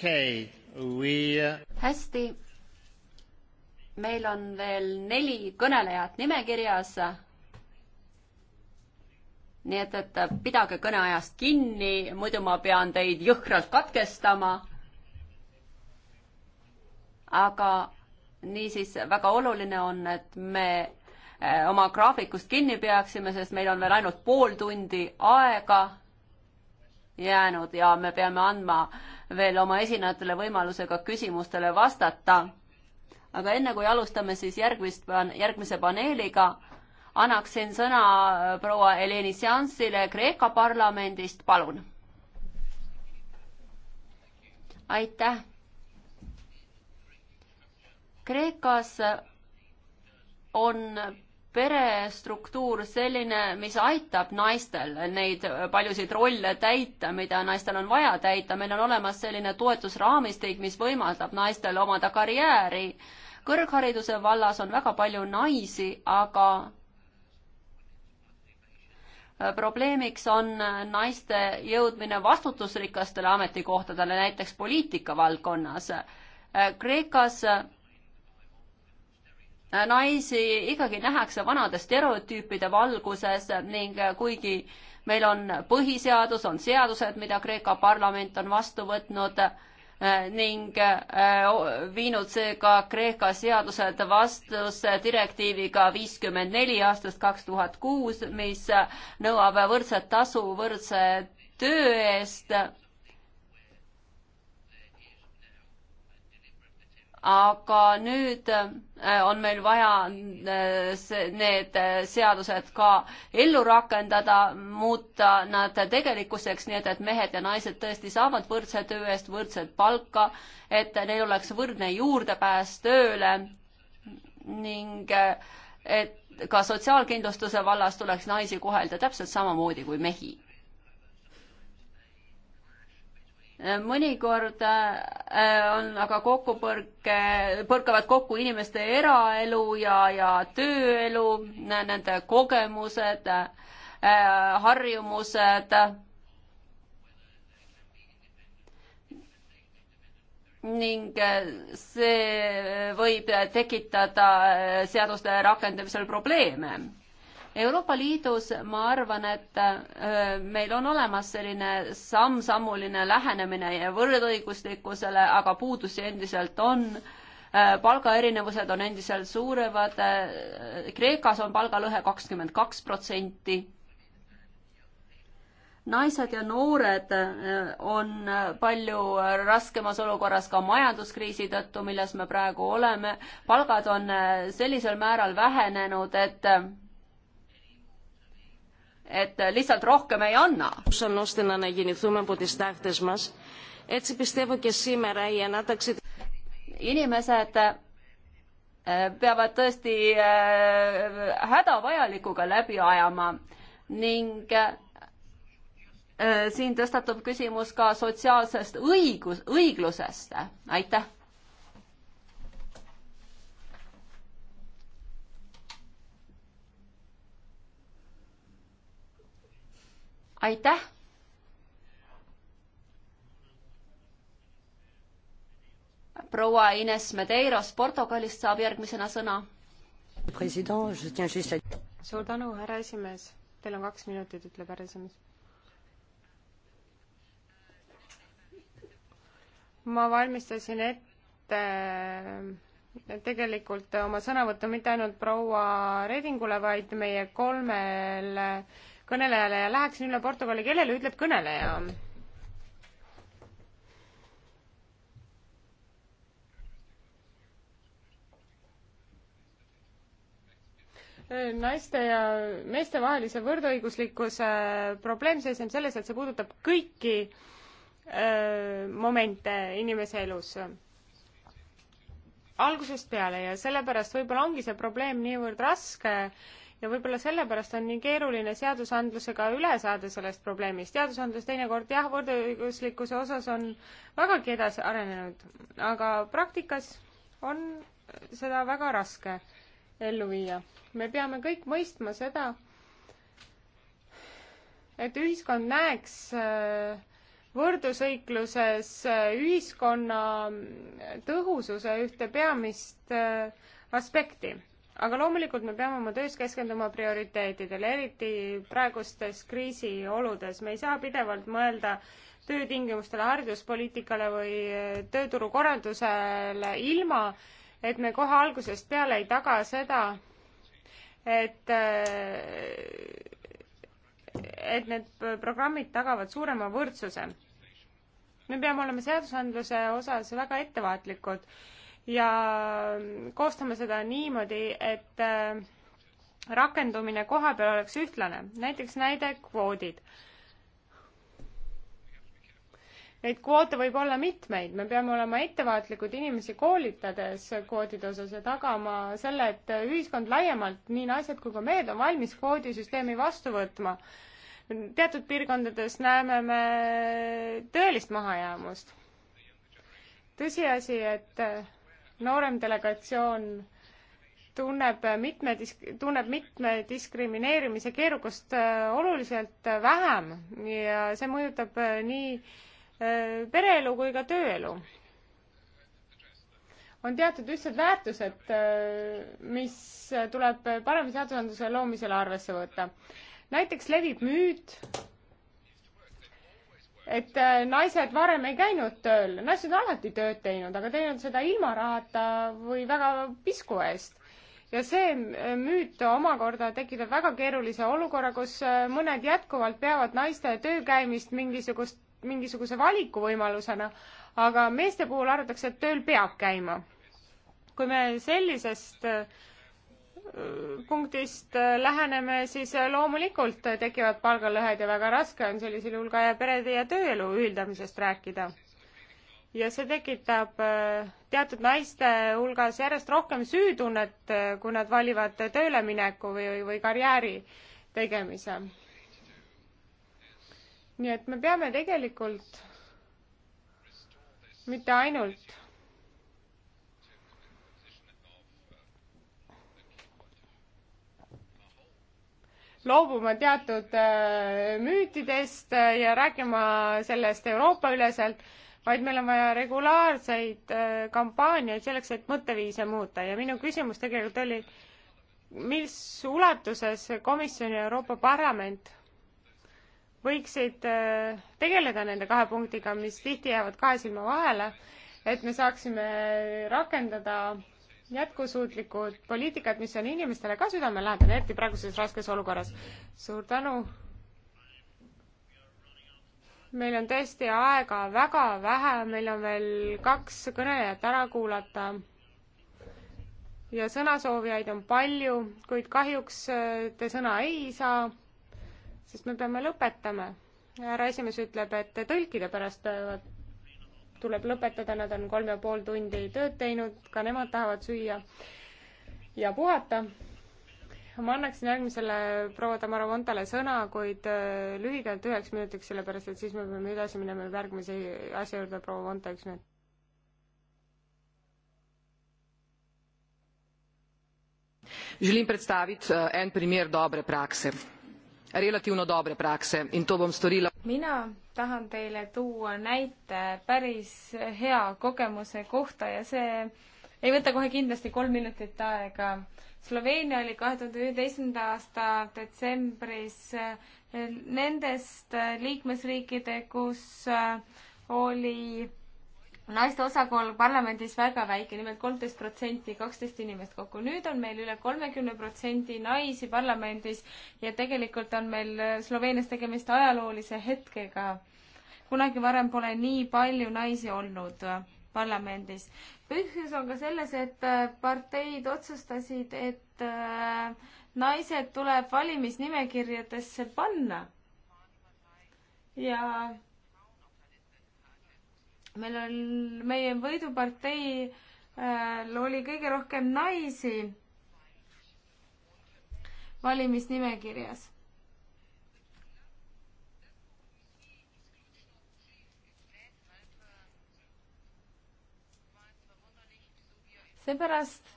okay, we... Uh, hästi, meil on veel neli kõnelejat nimekirjas. nii et, et pidage kõneajast kinni, muidu ma pean teid jõhkralt katkestama. aga niisiis väga oluline on, et me eh, oma graafikust kinni peaksime, sest meil on veel ainult pool tundi aega jäänud ja me peame andma äh, veel oma esinejatele võimaluse ka küsimustele vastata. aga enne kui alustame siis järgmist, järgmise paneeliga, annaksin sõna äh, proua Eleni Seansile Kreeka parlamendist, palun. aitäh. Kreekas on perestruktuur selline, mis aitab naistel neid paljusid rolle täita, mida naistel on vaja täita, meil on olemas selline toetusraamistik, mis võimaldab naistel omada karjääri. kõrghariduse vallas on väga palju naisi, aga probleemiks on naiste jõudmine vastutusrikastele ametikohtadele, näiteks poliitika valdkonnas. Kreekas naisi ikkagi nähakse vanade stereotüüpide valguses ning kuigi meil on põhiseadus, on seadused, mida Kreeka parlament on vastu võtnud eh, ning eh, viinud seega Kreeka seadused vastusse direktiiviga viiskümmend neli aastast kaks tuhat kuus, mis nõuab võrdset tasu võrdse töö eest aga nüüd äh, on meil vaja äh, need äh, seadused ka ellu rakendada, muuta nad tegelikkuseks, nii et, et mehed ja naised tõesti saavad võrdse töö eest võrdset palka, et neil oleks võrdne juurdepääs tööle ning et ka sotsiaalkindlustuse vallas tuleks naisi kohelda täpselt samamoodi kui mehi mõnikord äh, on aga kokkupõrke, põrkavad kokku inimeste eraelu ja, ja tööelu, nende kogemused, äh, harjumused. ning äh, see võib tekitada seaduste rakendamisel probleeme Euroopa Liidus ma arvan, et äh, meil on olemas selline samm-sammuline lähenemine võrdõiguslikkusele, aga puudusi endiselt on. Äh, palgaerinevused on endiselt suurevad. Äh, Kreekas on palgalõhe kakskümmend kaks protsenti. naised ja noored on palju raskemas olukorras ka majanduskriisi tõttu, milles me praegu oleme. palgad on sellisel määral vähenenud, et et lihtsalt rohkem ei anna. inimesed peavad tõesti hädavajalikuga läbi ajama ning äh, siin tõstatub küsimus ka sotsiaalsest õigus, õiglusest. aitäh aitäh! proua Ines Medeiros Portugalist saab järgmisena sõna. suur tänu, härra esimees. Teil on kaks minutit, ütleb härra esimees. ma valmistasin ette äh, tegelikult oma sõnavõttu mitte ainult proua Redingule, vaid meie kolmele kõnelejale ja läheksin üle portugali keelele, ütleb kõneleja. naiste ja meeste vahelise võrdõiguslikkuse probleem seisneb selles, et see puudutab kõiki öö, momente inimese elus algusest peale ja sellepärast võib-olla ongi see probleem niivõrd raske ja võib-olla sellepärast on nii keeruline seadusandlusega üle saada sellest probleemist. seadusandlus teinekord jah, võrdõiguslikkuse osas on vägagi edasi arenenud, aga praktikas on seda väga raske ellu viia. me peame kõik mõistma seda, et ühiskond näeks äh, võrdusõikluses äh, ühiskonna äh, tõhususe ühte peamist aspekti aga loomulikult me peame oma töös keskenduma prioriteetidele, eriti praegustes kriisioludes. me ei saa pidevalt mõelda töötingimustele, hariduspoliitikale või eh, tööturukorraldusele ilma, et me kohe algusest peale ei taga seda, et eh, et need programmid tagavad suurema võrdsuse. me peame olema seadusandluse osas väga ettevaatlikud ja koostame seda niimoodi, et äh, rakendumine koha peal oleks ühtlane. näiteks näide kvoodid. Neid kvoote võib olla mitmeid, me peame olema ettevaatlikud inimesi koolitades kvoodide osas ja tagama selle, et ühiskond laiemalt, nii naised kui ka mehed, on valmis kvoodisüsteemi vastu võtma teatud piirkondades näeme me tõelist mahajäämust. tõsiasi, et noorem delegatsioon tunneb mitme dis-, tunneb mitme diskrimineerimise keerukust äh, oluliselt äh, vähem ja see mõjutab äh, nii pereelu kui ka tööelu. on teatud ühtsed väärtused, mis tuleb parema seadusandluse loomisel arvesse võtta. näiteks levib müüt, et äh, naised varem ei käinud tööl, naised on alati tööd teinud, aga teinud seda ilma rahata või väga pisku eest. ja see müüt omakorda tekitab väga keerulise olukorra, kus äh, mõned jätkuvalt peavad naiste töökäimist mingisugust, mingisuguse valikuvõimalusena, aga meeste puhul arvatakse, et tööl peab käima. kui me sellisest äh, punktist äh, läheneme, siis äh, loomulikult tekivad palgalõhed ja väga raske on sellisel juhul ka perede ja tööelu ühildamisest rääkida. ja see tekitab äh, teatud naiste hulgas järjest rohkem süütunnet, kui nad valivad töölemineku või, või karjääri tegemise. nii et me peame tegelikult mitte ainult loobuma teatud äh, müütidest äh, ja rääkima sellest Euroopa-üleselt, vaid meil on vaja regulaarseid äh, kampaaniaid selleks, et mõtteviise muuta ja minu küsimus tegelikult oli, mis ulatuses komisjon ja Euroopa Parlament võiksid tegeleda nende kahe punktiga, mis tihti jäävad kahe silma vahele, et me saaksime rakendada jätkusuutlikud poliitikad, mis on inimestele ka südamelähedased, eriti praeguses raskes olukorras. suur tänu. meil on tõesti aega väga vähe, meil on veel kaks kõnelejat ära kuulata. ja sõnasoovijaid on palju, kuid kahjuks äh, te sõna ei saa, sest me peame lõpetama. härra esimees ütleb, et tõlkide pärast peavad tuleb lõpetada, nad on kolm ja pool tundi tööd teinud, ka nemad tahavad süüa ja puhata. ma annaksin järgmisele proua Tamara Vontale sõna, kuid äh, lühidalt üheks minutiks, sellepärast et siis me peame edasi minema järgmise asja juurde, proua Vonta, üks minut. želim predstaviti äh, en primer dobre prakse relativno dobre prakse in to bom storila mina tahan teile tuua näite päris hea kogemuse kohta ja see ei võta kohe kindlasti kolm minutit aega. Sloveenia oli kahe tuhande üheteistkümnenda aasta detsembris eh, nendest eh, liikmesriikide, kus eh, oli naiste osakaal parlamendis väga väike, nimelt kolmteist protsenti, kaksteist inimest kokku. nüüd on meil üle kolmekümne protsendi naisi parlamendis ja tegelikult on meil äh, Sloveenias tegemist ajaloolise hetkega. kunagi varem pole nii palju naisi olnud äh, parlamendis. põhjus on ka selles, et äh, parteid otsustasid, et naised tuleb valimisnimekirjadesse panna. ja meil on, meie võiduparteil äh, oli kõige rohkem naisi valimisnimekirjas. seepärast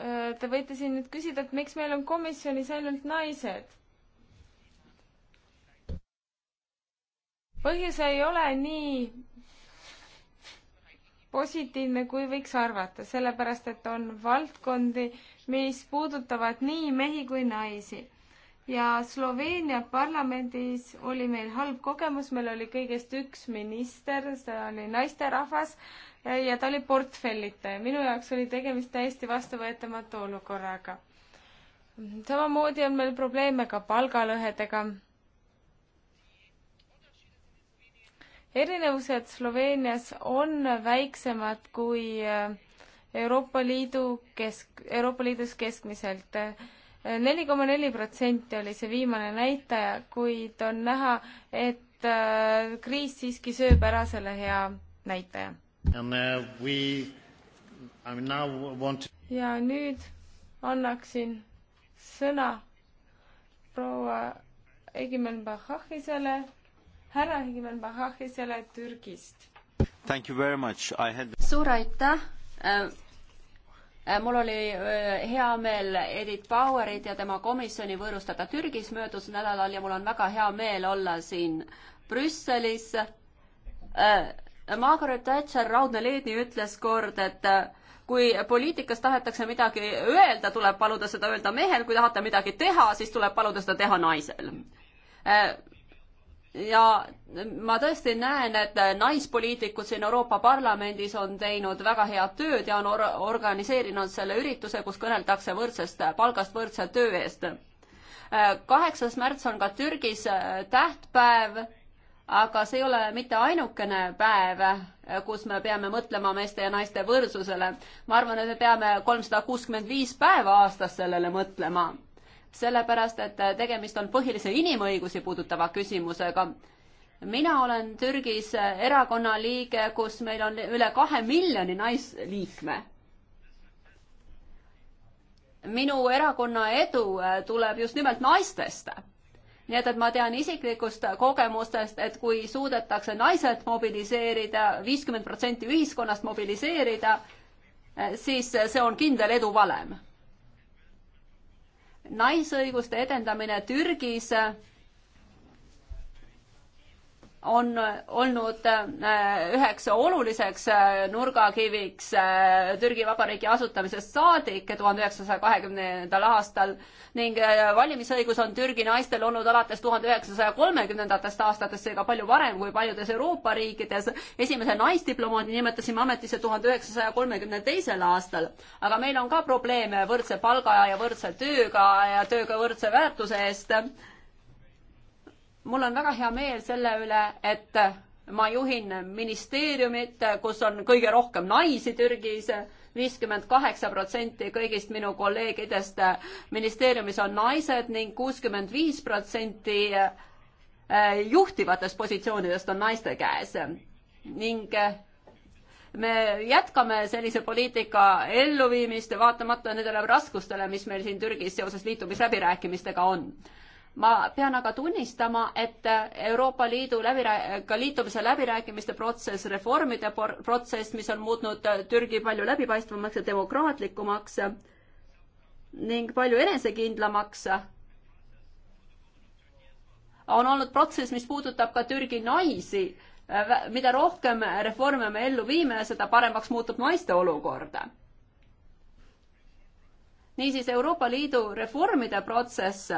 äh, te võite siin nüüd küsida, et miks meil on komisjonis ainult naised põhjus ei ole nii positiivne, kui võiks arvata, sellepärast et on valdkondi, mis puudutavad nii mehi kui naisi. ja Sloveenia parlamendis oli meil halb kogemus, meil oli kõigest üks minister, see oli naisterahvas ja ta oli portfellita ja minu jaoks oli tegemist täiesti vastuvõetamatu olukorraga. samamoodi on meil probleeme ka palgalõhedega erinevused Sloveenias on väiksemad kui äh, Euroopa Liidu kesk, Euroopa Liidus keskmiselt. Äh, neli koma neli protsenti oli see viimane näitaja, kuid on näha, et äh, kriis siiski sööb ära selle hea näitaja. ja nüüd annaksin sõna proua Egimen Bahahisele härra Higiman Bahahis jälle Türgist. Had... suur aitäh ähm, äh, mul oli äh, hea meel Edith Bauerit ja tema komisjoni võõrustada Türgis möödunud nädalal ja mul on väga hea meel olla siin Brüsselis. Äh, Margaret Thatcher, raudne leedi, ütles kord, et kui poliitikas tahetakse midagi öelda, tuleb paluda seda öelda mehel, kui tahate midagi teha, siis tuleb paluda seda teha naisel ja ma tõesti näen, et naispoliitikud siin Euroopa Parlamendis on teinud väga head tööd ja on or organiseerinud selle ürituse, kus kõneldakse võrdsest palgast võrdse töö eest. kaheksas märts on ka Türgis äh, tähtpäev, aga see ei ole mitte ainukene päev, äh, kus me peame mõtlema meeste ja naiste võrdsusele. ma arvan, et me peame kolmsada kuuskümmend viis päeva aastas sellele mõtlema sellepärast et tegemist on põhilise inimõigusi puudutava küsimusega. mina olen Türgis erakonna liige, kus meil on üle kahe miljoni naisliikme. minu erakonna edu tuleb just nimelt naistest nii et, et ma tean isiklikust kogemustest, et kui suudetakse naised mobiliseerida, viiskümmend protsenti ühiskonnast mobiliseerida, siis see on kindel eduvalem naisõiguste edendamine Türgis on olnud äh, üheks oluliseks äh, nurgakiviks äh, Türgi Vabariigi asutamisest saadik tuhande üheksasaja kahekümnendal aastal ning valimisõigus on Türgi naistel olnud alates tuhande üheksasaja kolmekümnendatest aastatest, seega palju varem kui paljudes Euroopa riikides. esimese naisdiplomaadi nimetasime ametisse tuhande üheksasaja kolmekümne teisel aastal, aga meil on ka probleeme võrdse palga ja võrdse tööga ja tööga võrdse väärtuse eest mul on väga hea meel selle üle, et ma juhin ministeeriumit, kus on kõige rohkem naisi Türgis, viiskümmend kaheksa protsenti kõigist minu kolleegidest ministeeriumis on naised ning kuuskümmend viis protsenti äh, juhtivatest positsioonidest on naiste käes. ning äh, me jätkame sellise poliitika elluviimist vaatamata nendele raskustele, mis meil siin Türgis seoses liitumisläbirääkimistega on ma pean aga tunnistama, et Euroopa Liidu läbirää-, ka liitumise läbirääkimiste protsess, reformide protsess, mis on muutnud Türgi palju läbipaistvamaks ja demokraatlikumaks ning palju enesekindlamaks, on olnud protsess, mis puudutab ka Türgi naisi. mida rohkem reforme me ellu viime, seda paremaks muutub naiste olukord niisiis Euroopa Liidu reformide protsess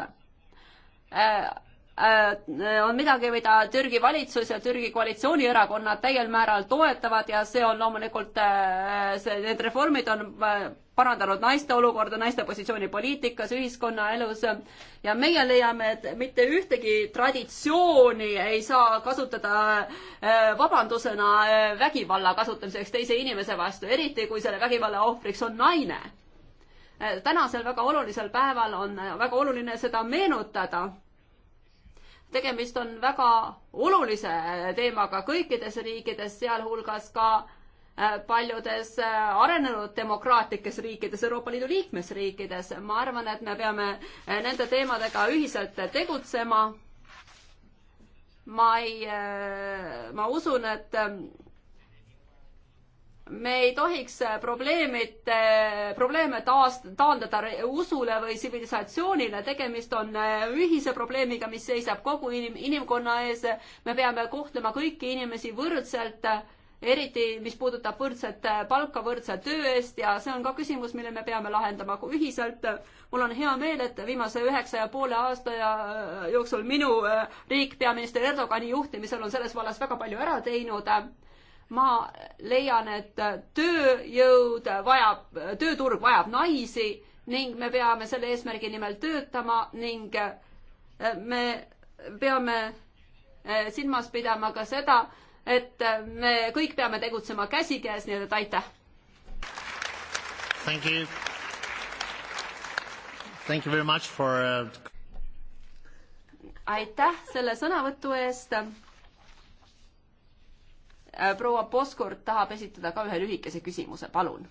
Äh, äh, on midagi, mida Türgi valitsus ja Türgi koalitsioonierakonnad täiel määral toetavad ja see on loomulikult, äh, see, need reformid on parandanud naiste olukorda, naiste positsiooni poliitikas, ühiskonnaelus ja meie leiame, et mitte ühtegi traditsiooni ei saa kasutada vabandusena vägivalla kasutamiseks teise inimese vastu, eriti kui selle vägivalla ohvriks on naine tänasel väga olulisel päeval on äh, väga oluline seda meenutada. tegemist on väga olulise äh, teemaga kõikides riikides, sealhulgas ka äh, paljudes arenenud demokraatlikes riikides, Euroopa Liidu liikmesriikides. ma arvan, et me peame nende teemadega ühiselt tegutsema. ma ei, ma usun, et me ei tohiks äh, probleemid, probleeme taas, taandada usule või tsivilisatsioonile, tegemist on äh, ühise probleemiga, mis seisab kogu inim-, inimkonna ees. me peame kohtlema kõiki inimesi võrdselt, äh, eriti mis puudutab võrdset palka võrdse töö eest ja see on ka küsimus, mille me peame lahendama ühiselt. mul on hea meel, et viimase üheksa ja poole aasta ja jooksul minu riik peaminister Erdogani juhtimisel on selles vallas väga palju ära teinud ma leian, et tööjõud vajab, tööturg vajab naisi ning me peame selle eesmärgi nimel töötama ning eh, me peame eh, silmas pidama ka seda, et me kõik peame tegutsema käsikäes, nii et aitäh. Thank you. Thank you very much for uh... aitäh selle sõnavõtu eest Äh, proua Poskurt tahab esitada ka ühe lühikese küsimuse, palun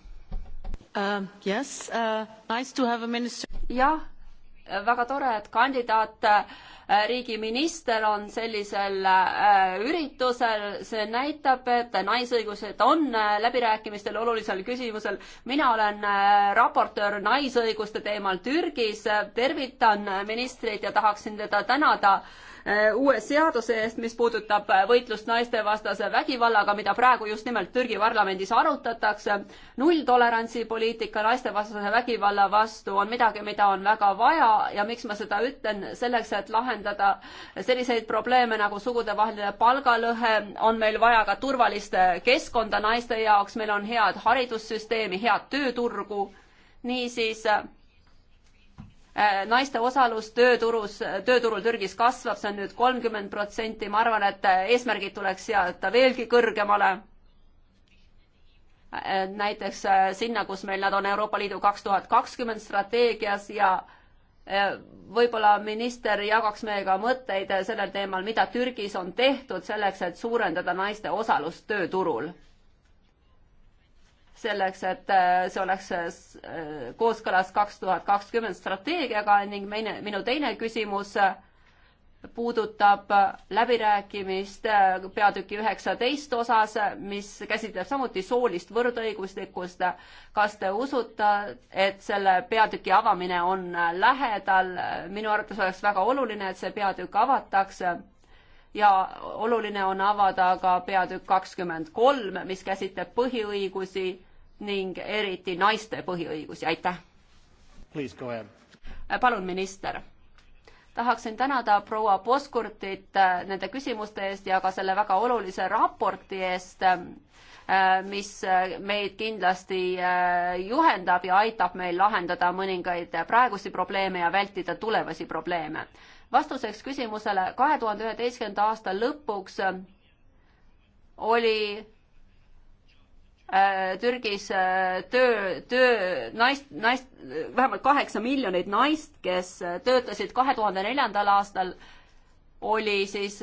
uh,. Yes uh,, nice to have a minister. jah, väga tore, et kandidaat äh, riigiminister on sellisel äh, üritusel, see näitab, et naisõigused on läbirääkimistel olulisel küsimusel. mina olen raportöör naisõiguste teemal Türgis, tervitan ministrit ja tahaksin teda tänada äh, Äh, uue seaduse eest, mis puudutab äh, võitlust naistevastase vägivallaga, mida praegu just nimelt Türgi parlamendis arutatakse. nulltolerantsi poliitika naistevastase vägivalla vastu on midagi, mida on väga vaja ja miks ma seda ütlen, selleks, et lahendada selliseid probleeme nagu sugudevaheline palgalõhe, on meil vaja ka turvalist keskkonda naiste jaoks, meil on head haridussüsteemi, head tööturgu. niisiis Äh, naiste osalus tööturus, tööturul Türgis kasvab, see on nüüd kolmkümmend protsenti, ma arvan, et äh, eesmärgid tuleks seada veelgi kõrgemale. Äh, näiteks sinna, kus meil nad on Euroopa Liidu kaks tuhat kakskümmend strateegias ja võib-olla minister jagaks meiega mõtteid sellel teemal, mida Türgis on tehtud selleks, et suurendada naiste osalust tööturul selleks, et äh, see oleks äh, äh, kooskõlas kaks tuhat kakskümmend strateegiaga ning meine, minu teine küsimus puudutab läbirääkimist peatüki üheksateist osas, mis käsitleb samuti soolist võrdõiguslikkust. kas te usute, et selle peatüki avamine on lähedal? minu arvates oleks väga oluline, et see peatükk avatakse ja oluline on avada ka peatükk kakskümmend kolm, mis käsitleb põhiõigusi ning eriti naiste põhiõigusi, aitäh! palun, minister! tahaksin tänada proua Poskurtit äh, nende küsimuste eest ja ka selle väga olulise raporti eest, äh, mis äh, meid kindlasti juhendab ja aitab meil lahendada mõningaid praegusi probleeme ja vältida tulevasi probleeme. vastuseks küsimusele kahe tuhande üheteistkümnenda aasta lõpuks oli Äh, Türgis äh, töö, töö, naist, naist, vähemalt kaheksa miljonit naist, kes äh, töötasid kahe tuhande neljandal aastal, oli siis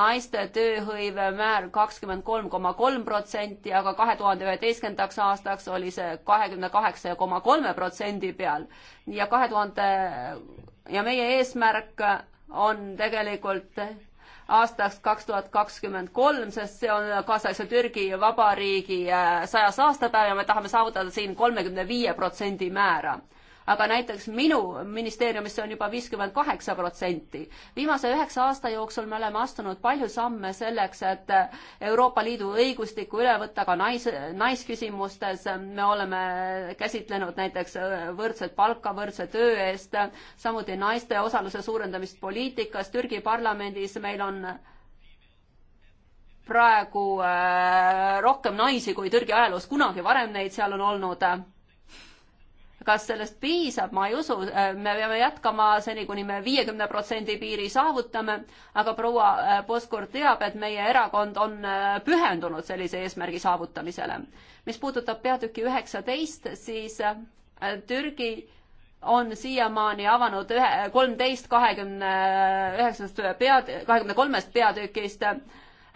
naiste tööhõive määr kakskümmend kolm koma kolm protsenti, aga kahe tuhande üheteistkümnendaks aastaks oli see kahekümne kaheksa koma kolme protsendi peal. ja kahe tuhande ja meie eesmärk on tegelikult aastaks kaks tuhat kakskümmend kolm, sest see on kaasaegse Türgi Vabariigi äh, sajas aastapäev ja me tahame saavutada siin kolmekümne viie protsendi määra aga näiteks minu ministeeriumis see on juba viiskümmend kaheksa protsenti. viimase üheksa aasta jooksul me oleme astunud palju samme selleks, et Euroopa Liidu õigustikku üle võtta ka nais, naisküsimustes. me oleme käsitlenud näiteks äh, võrdset palka võrdse töö eest, samuti naiste osaluse suurendamist poliitikas. Türgi parlamendis meil on praegu äh, rohkem naisi kui Türgi ajaloos kunagi varem neid seal on olnud kas sellest piisab, ma ei usu, äh, me peame jätkama seni, kuni me viiekümne protsendi piiri saavutame, aga proua äh, Poskur teab, et meie erakond on äh, pühendunud sellise eesmärgi saavutamisele. mis puudutab peatüki üheksateist, siis Türgi on siiamaani avanud ühe, kolmteist kahekümne üheksast pead, kahekümne kolmest peatükist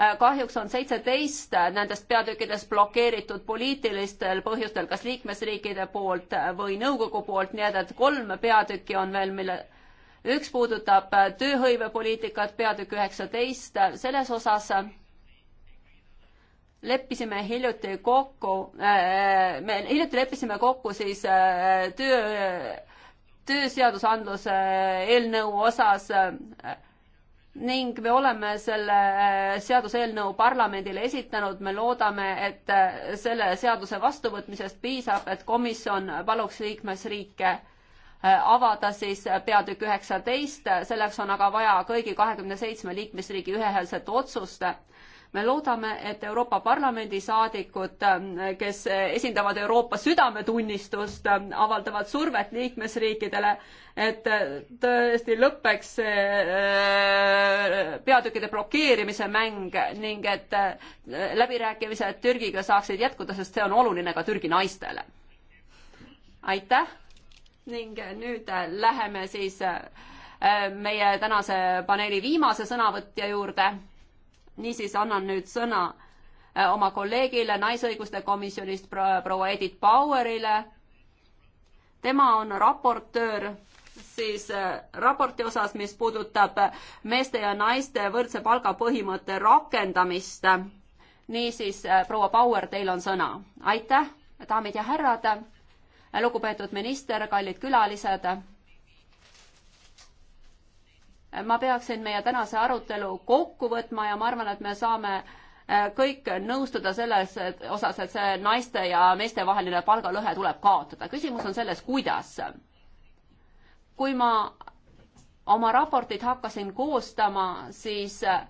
Äh, kahjuks on seitseteist nendest peatükkidest blokeeritud poliitilistel põhjustel, kas liikmesriikide poolt või nõukogu poolt, nii et, et kolm peatükki on veel, mille üks puudutab äh, tööhõivepoliitikat, peatükk üheksateist, selles osas äh, leppisime hiljuti kokku, me hiljuti leppisime kokku siis töö, tööseadusandluse eelnõu osas äh, ning me oleme selle äh, seaduseelnõu parlamendile esitanud, me loodame, et äh, selle seaduse vastuvõtmisest piisab, et komisjon paluks liikmesriike äh, avada siis peatükk üheksateist, selleks on aga vaja kõigi kahekümne seitsme liikmesriigi ühehäälset otsust me loodame, et Euroopa Parlamendi saadikud, ähm, kes äh, esindavad Euroopa südametunnistust, ähm, avaldavad survet liikmesriikidele, et äh, tõesti lõpeks äh, peatükkide blokeerimise mäng ning et läbirääkimised Türgiga saaksid jätkuda, sest see on oluline ka Türgi naistele. aitäh ning nüüd läheme siis meie tänase paneeli viimase sõnavõtja juurde niisiis annan nüüd sõna äh, oma kolleegile Naisõiguste Komisjonist proua Edith Bauerile. tema on raportöör siis äh, raporti osas, mis puudutab äh, meeste ja naiste võrdse palga põhimõtte rakendamist. niisiis, proua Bauer, teil on sõna. aitäh, daamid ja härrad, lugupeetud minister, kallid külalised ma peaksin meie tänase arutelu kokku võtma ja ma arvan, et me saame äh, kõik nõustuda selles et osas, et see naiste ja meeste vaheline palgalõhe tuleb kaotada. küsimus on selles, kuidas. kui ma oma raportit hakkasin koostama, siis äh,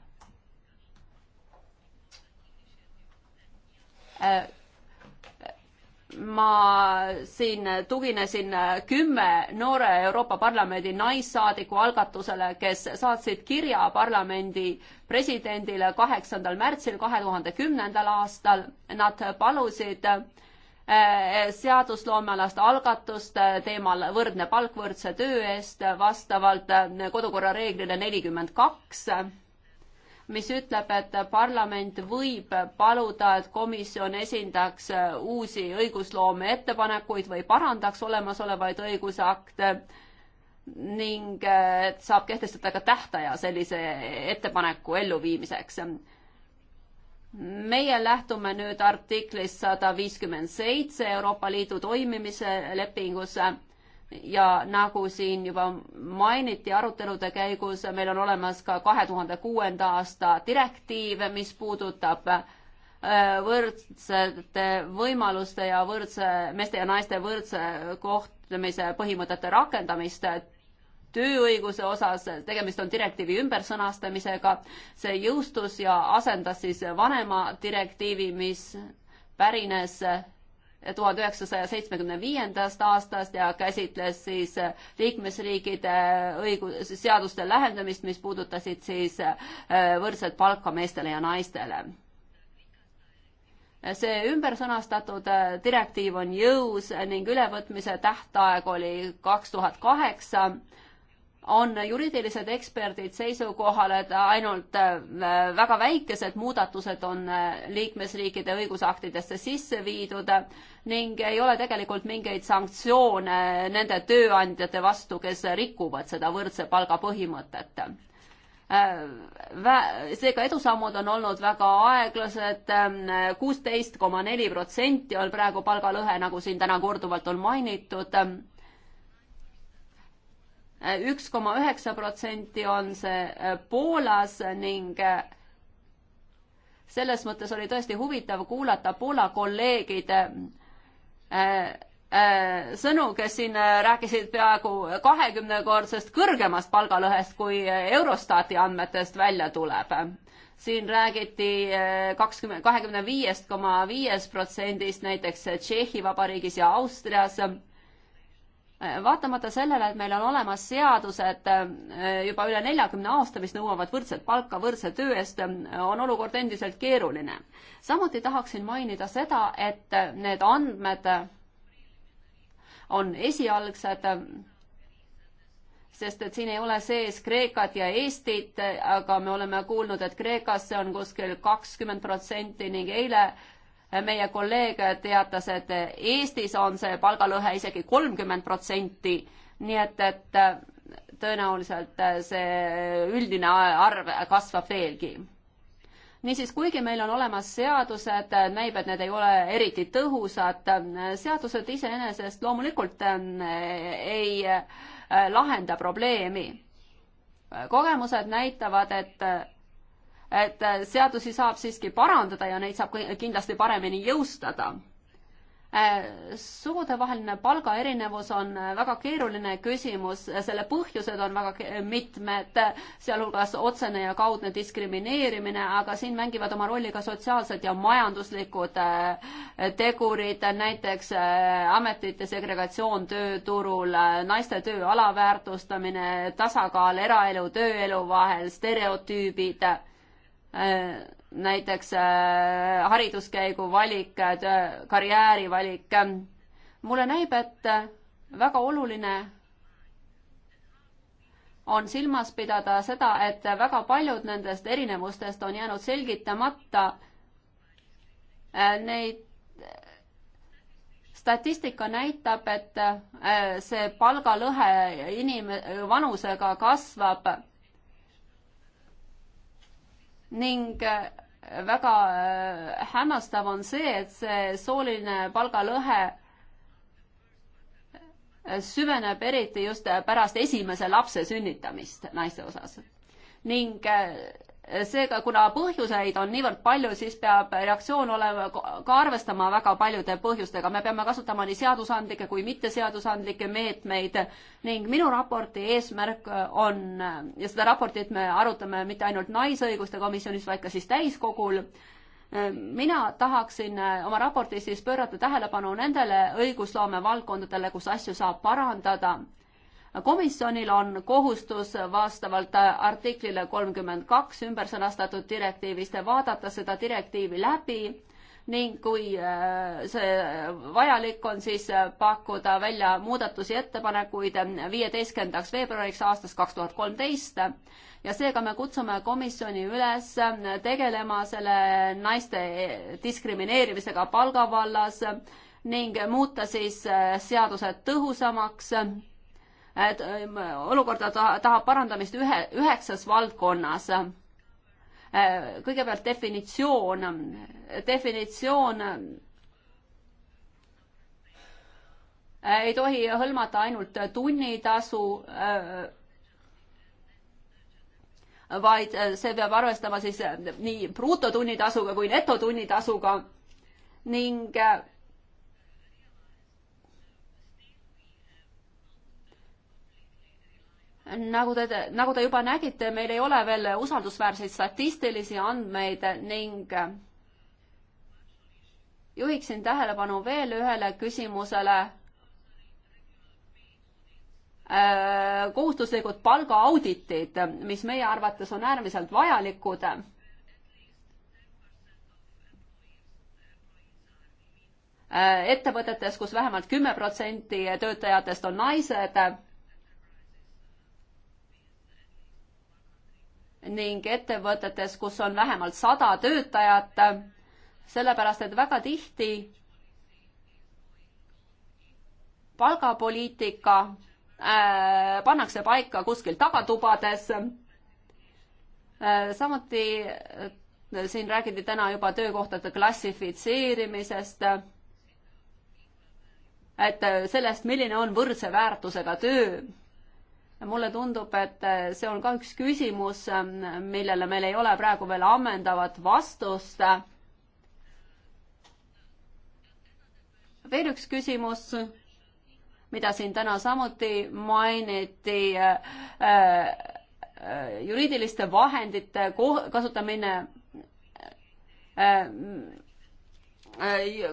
ma siin tuginesin kümme noore Euroopa Parlamendi naissaadiku algatusele, kes saatsid kirja parlamendi presidendile kaheksandal märtsil kahe tuhande kümnendal aastal. Nad palusid eh, seadusloomealast algatust teemal võrdne palk võrdse töö eest vastavalt kodukorra reeglile nelikümmend kaks mis ütleb, et parlament võib paluda, et komisjon esindaks uusi õigusloome ettepanekuid või parandaks olemasolevaid õigusakte ning et saab kehtestada ka tähtaja sellise ettepaneku elluviimiseks. meie lähtume nüüd artiklist sada viiskümmend seitse Euroopa Liidu toimimise lepingus ja nagu siin juba mainiti arutelude käigus, meil on olemas ka kahe tuhande kuuenda aasta direktiiv, mis puudutab äh, võrdsete võimaluste ja võrdse, meeste ja naiste võrdse kohtlemise põhimõtete rakendamist tööõiguse osas, tegemist on direktiivi ümbersõnastamisega, see jõustus ja asendas siis vanema direktiivi, mis pärines tuhande üheksasaja seitsmekümne viiendast aastast ja käsitles siis äh, liikmesriikide õigus, seaduste lähendamist, mis puudutasid siis äh, võrdset palka meestele ja naistele. see ümbersõnastatud äh, direktiiv on jõus ning ülevõtmise tähtaeg oli kaks tuhat kaheksa on juriidilised eksperdid seisukohal, et ainult äh, väga väikesed muudatused on äh, liikmesriikide õigusaktidesse sisse viidud ning ei ole tegelikult mingeid sanktsioone nende tööandjate vastu, kes rikuvad seda võrdse palga põhimõtet. Äh, seega edusammud on olnud väga aeglased, kuusteist koma neli protsenti on praegu palgalõhe, nagu siin täna korduvalt on mainitud üks koma üheksa protsenti on see äh, Poolas ning äh, selles mõttes oli tõesti huvitav kuulata Poola kolleegide äh, sõnu, kes siin rääkisid peaaegu kahekümnekordsest kõrgemast palgalõhest, kui Eurostati andmetest välja tuleb. siin räägiti kakskümmend, kahekümne viiest koma viiest protsendist näiteks Tšehhi Vabariigis ja Austrias Äh, vaatamata sellele, et meil on olemas seadused äh, juba üle neljakümne aasta, mis nõuavad võrdset palka võrdse töö eest, ähm, on olukord endiselt keeruline. samuti tahaksin mainida seda, et äh, need andmed on esialgsed, sest et siin ei ole sees Kreekat ja Eestit, aga me oleme kuulnud, et Kreekas see on kuskil kakskümmend protsenti ning eile meie kolleeg teatas, et Eestis on see palgalõhe isegi kolmkümmend protsenti, nii et, et äh, tõenäoliselt äh, see üldine arv kasvab veelgi niisiis, kuigi meil on olemas seadused, äh, näib, et need ei ole eriti tõhusad, seadused iseenesest loomulikult ei lahenda probleemi. kogemused näitavad, et et äh, seadusi saab siiski parandada ja neid saab kindlasti paremini jõustada. Äh, sugudevaheline palgaerinevus on äh, väga keeruline küsimus, selle põhjused on väga mitmed, sealhulgas otsene ja kaudne diskrimineerimine, aga siin mängivad oma rolli ka sotsiaalsed ja majanduslikud tegurid, näiteks ametite segregatsioon tööturul, naiste töö alaväärtustamine, tasakaal eraelu, tööelu vahel, stereotüübid näiteks äh, hariduskäigu valik, äh, karjäärivalik. mulle näib, et väga oluline on silmas pidada seda, et väga paljud nendest erinevustest on jäänud selgitamata. Äh, neid statistika näitab, et see palgalõhe inim-, vanusega kasvab ning äh, väga äh, hämmastav on see, et see sooline palgalõhe äh, süveneb eriti just pärast esimese lapse sünnitamist naiste osas. ning seega, kuna põhjuseid on niivõrd palju, siis peab reaktsioon olema, ka arvestama väga paljude põhjustega, me peame kasutama nii seadusandlikke kui mitteseadusandlikke meetmeid ning minu raporti eesmärk on, ja seda raportit me arutame mitte ainult Naisõiguste Komisjonis, vaid ka siis täiskogul, mina tahaksin oma raportis siis pöörata tähelepanu nendele õigusloome valdkondadele, kus asju saab parandada komisjonil on kohustus vastavalt artiklile kolmkümmend kaks ümber sõnastatud direktiivist vaadata seda direktiivi läbi ning kui äh, see vajalik on, siis pakkuda välja muudatusi, ettepanekuid viieteistkümnendaks veebruariks aastast kaks tuhat kolmteist ja seega me kutsume komisjoni üles tegelema selle naiste diskrimineerimisega palgavallas ning muuta siis äh, seadused tõhusamaks Ähm, olukorda tahab parandamist ühe, üheksas valdkonnas. Äh, kõigepealt definitsioon, definitsioon äh, ei tohi hõlmata ainult tunnitasu, äh, vaid see peab arvestama siis nii brutotunnitasuga kui netotunnitasuga ning nagu te, nagu te juba nägite, meil ei ole veel usaldusväärseid statistilisi andmeid ning äh, juhiksin tähelepanu veel ühele küsimusele. Äh, kohustuslikud palgaauditid, mis meie arvates on äärmiselt vajalikud äh, ettevõtetes kus, kus vähemalt kümme protsenti töötajatest on naised ning ettevõtetes, kus on vähemalt sada töötajat, sellepärast et väga tihti palgapoliitika äh, pannakse paika kuskil tagatubades äh,. samuti äh, siin räägiti täna juba töökohtade klassifitseerimisest äh,. et sellest, milline on võrdse väärtusega töö mulle tundub, et äh, see on ka üks küsimus, ähm, millele meil ei ole praegu veel ammendavat vastust. veel üks küsimus, mida siin täna samuti mainiti äh,, äh juriidiliste vahendite kasutamine äh,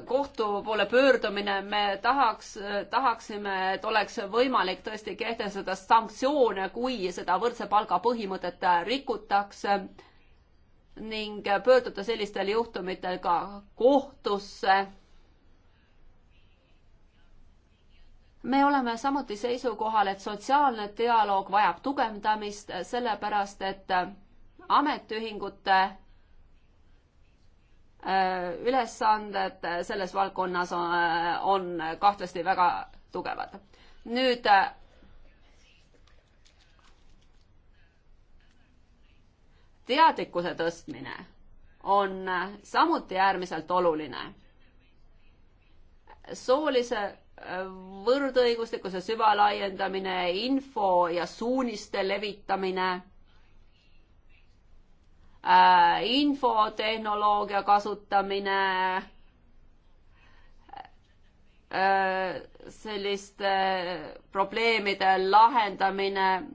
kohtu poole pöördumine, me tahaks, tahaksime, et oleks võimalik tõesti kehtestada sanktsioone, kui seda võrdse palga põhimõtet rikutakse ning pöörduda sellistel juhtumitel ka kohtusse. me oleme samuti seisukohal, et sotsiaalne dialoog vajab tugevdamist, sellepärast et ametiühingute Äh, ülesanded äh, selles valdkonnas äh, on, on kahtlasti väga tugevad. nüüd teadlikkuse tõstmine on samuti äärmiselt oluline. soolise võrdõiguslikkuse süvalaiendamine, info ja suuniste levitamine Äh, infotehnoloogia kasutamine, äh, selliste probleemide lahendamine,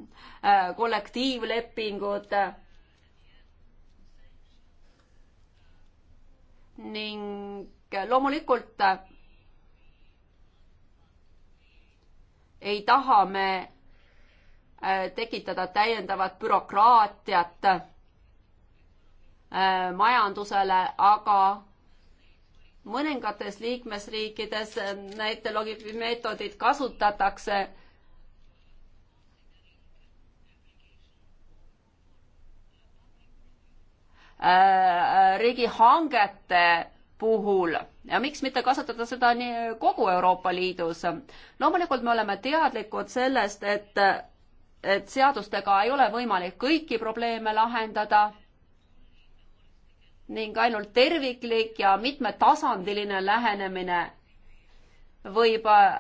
äh, kollektiivlepingud ning loomulikult ei taha me tekitada täiendavat bürokraatiat Äh, majandusele, aga mõningates liikmesriikides äh, neid meetodid kasutatakse äh, riigihangete puhul ja miks mitte kasutada seda nii kogu Euroopa Liidus. loomulikult me oleme teadlikud sellest, et, et seadustega ei ole võimalik kõiki probleeme lahendada ning ainult terviklik ja mitmetasandiline lähenemine võib äh,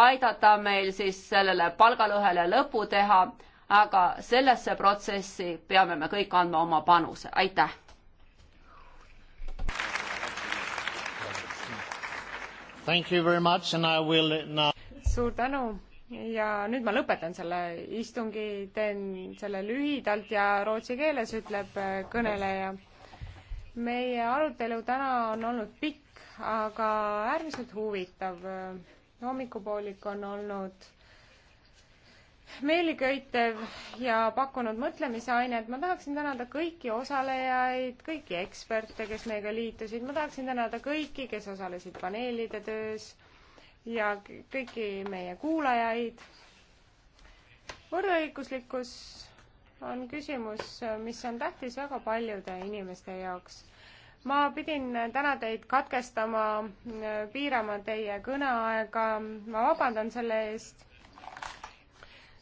aidata meil siis sellele palgalõhele lõpu teha, aga sellesse protsessi peame me kõik andma oma panuse, aitäh! Now... suur tänu ja nüüd ma lõpetan selle istungi, teen selle lühidalt ja rootsi keeles, ütleb kõneleja meie arutelu täna on olnud pikk, aga äärmiselt huvitav. hommikupoolik on olnud meeliköitev ja pakkunud mõtlemisainet. ma tahaksin tänada kõiki osalejaid, kõiki eksperte, kes meiega liitusid, ma tahaksin tänada kõiki, kes osalesid paneelide töös ja kõiki meie kuulajaid. võrdõiguslikkus on küsimus, mis on tähtis väga paljude inimeste jaoks. ma pidin täna teid katkestama, piirama teie kõneaega, ma vabandan selle eest.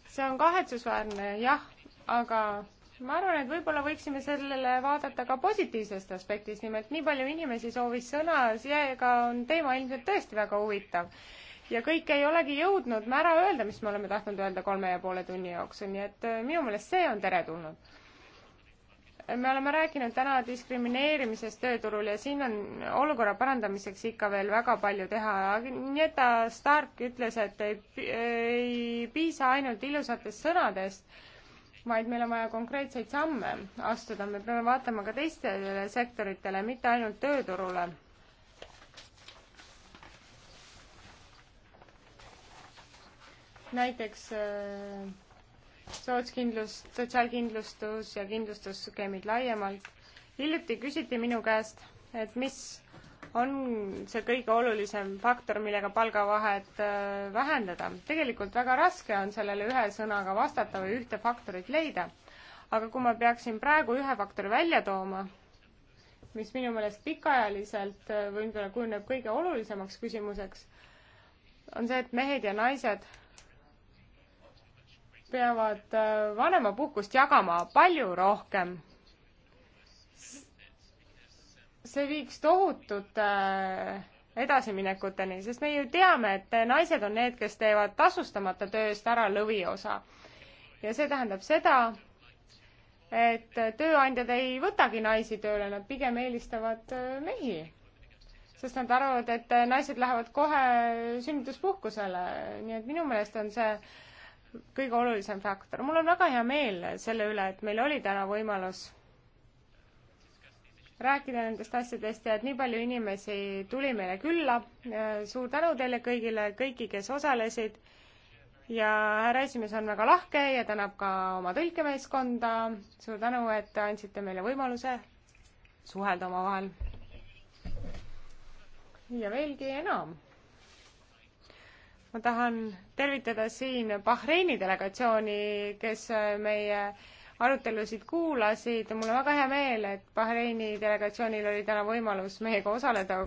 see on kahetsusväärne, jah, aga ma arvan, et võib-olla võiksime sellele vaadata ka positiivsest aspektist, nimelt nii palju inimesi soovis sõna, seega on teema ilmselt tõesti väga huvitav ja kõik ei olegi jõudnud me ära öelda, mis me oleme tahtnud öelda kolme ja poole tunni jooksul, nii et äh, minu meelest see on teretulnud. me oleme rääkinud täna diskrimineerimisest tööturul ja siin on olukorra parandamiseks ikka veel väga palju teha. Agneta Stark ütles, et ei, ei piisa ainult ilusatest sõnadest, vaid meil on vaja konkreetseid samme astuda, me peame vaatama ka teistele sektoritele, mitte ainult tööturule näiteks äh, sootskindlust, sotsiaalkindlustus ja kindlustusskeemid laiemalt. hiljuti küsiti minu käest, et mis on see kõige olulisem faktor, millega palgavahet äh, vähendada. tegelikult väga raske on sellele ühe sõnaga vastata või ühte faktorit leida. aga kui ma peaksin praegu ühe faktori välja tooma, mis minu meelest pikaajaliselt äh, võib-olla kujuneb kõige olulisemaks küsimuseks, on see, et mehed ja naised peavad äh, vanemapuhkust jagama palju rohkem. see viiks tohutute äh, edasiminekuteni, sest me ju teame, et äh, naised on need, kes teevad tasustamata tööst ära lõviosa. ja see tähendab seda, et tööandjad ei võtagi naisi tööle, nad pigem eelistavad mehi. sest nad arvavad, et naised lähevad kohe sünnituspuhkusele, nii et minu meelest on see kõige olulisem faktor. mul on väga hea meel selle üle, et meil oli täna võimalus rääkida nendest asjadest ja et nii palju inimesi tuli meile külla. suur tänu teile kõigile, kõiki, kes osalesid. ja härra esimees on väga lahke ja tänab ka oma tõlkemeeskonda. suur tänu, et andsite meile võimaluse suhelda omavahel. ja veelgi enam ma tahan tervitada siin Bahreini delegatsiooni, kes meie arutelusid kuulasid. mul on väga hea meel, et Bahreini delegatsioonil oli täna võimalus meiega osaleda.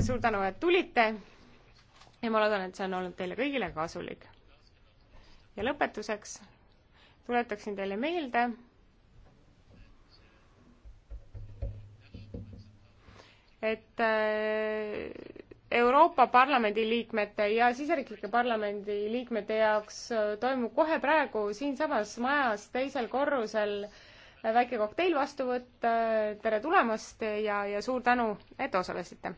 suur tänu, et tulite ja ma loodan, et see on olnud teile kõigile kasulik. ja lõpetuseks tuletaksin teile meelde, et äh, Euroopa Parlamendi liikmete ja siseriiklike parlamendi liikmete jaoks äh, toimub kohe praegu siinsamas majas teisel korrusel äh, väike kokteilvastuvõtt. Äh, tere tulemast ja, ja suur tänu, et osalesite!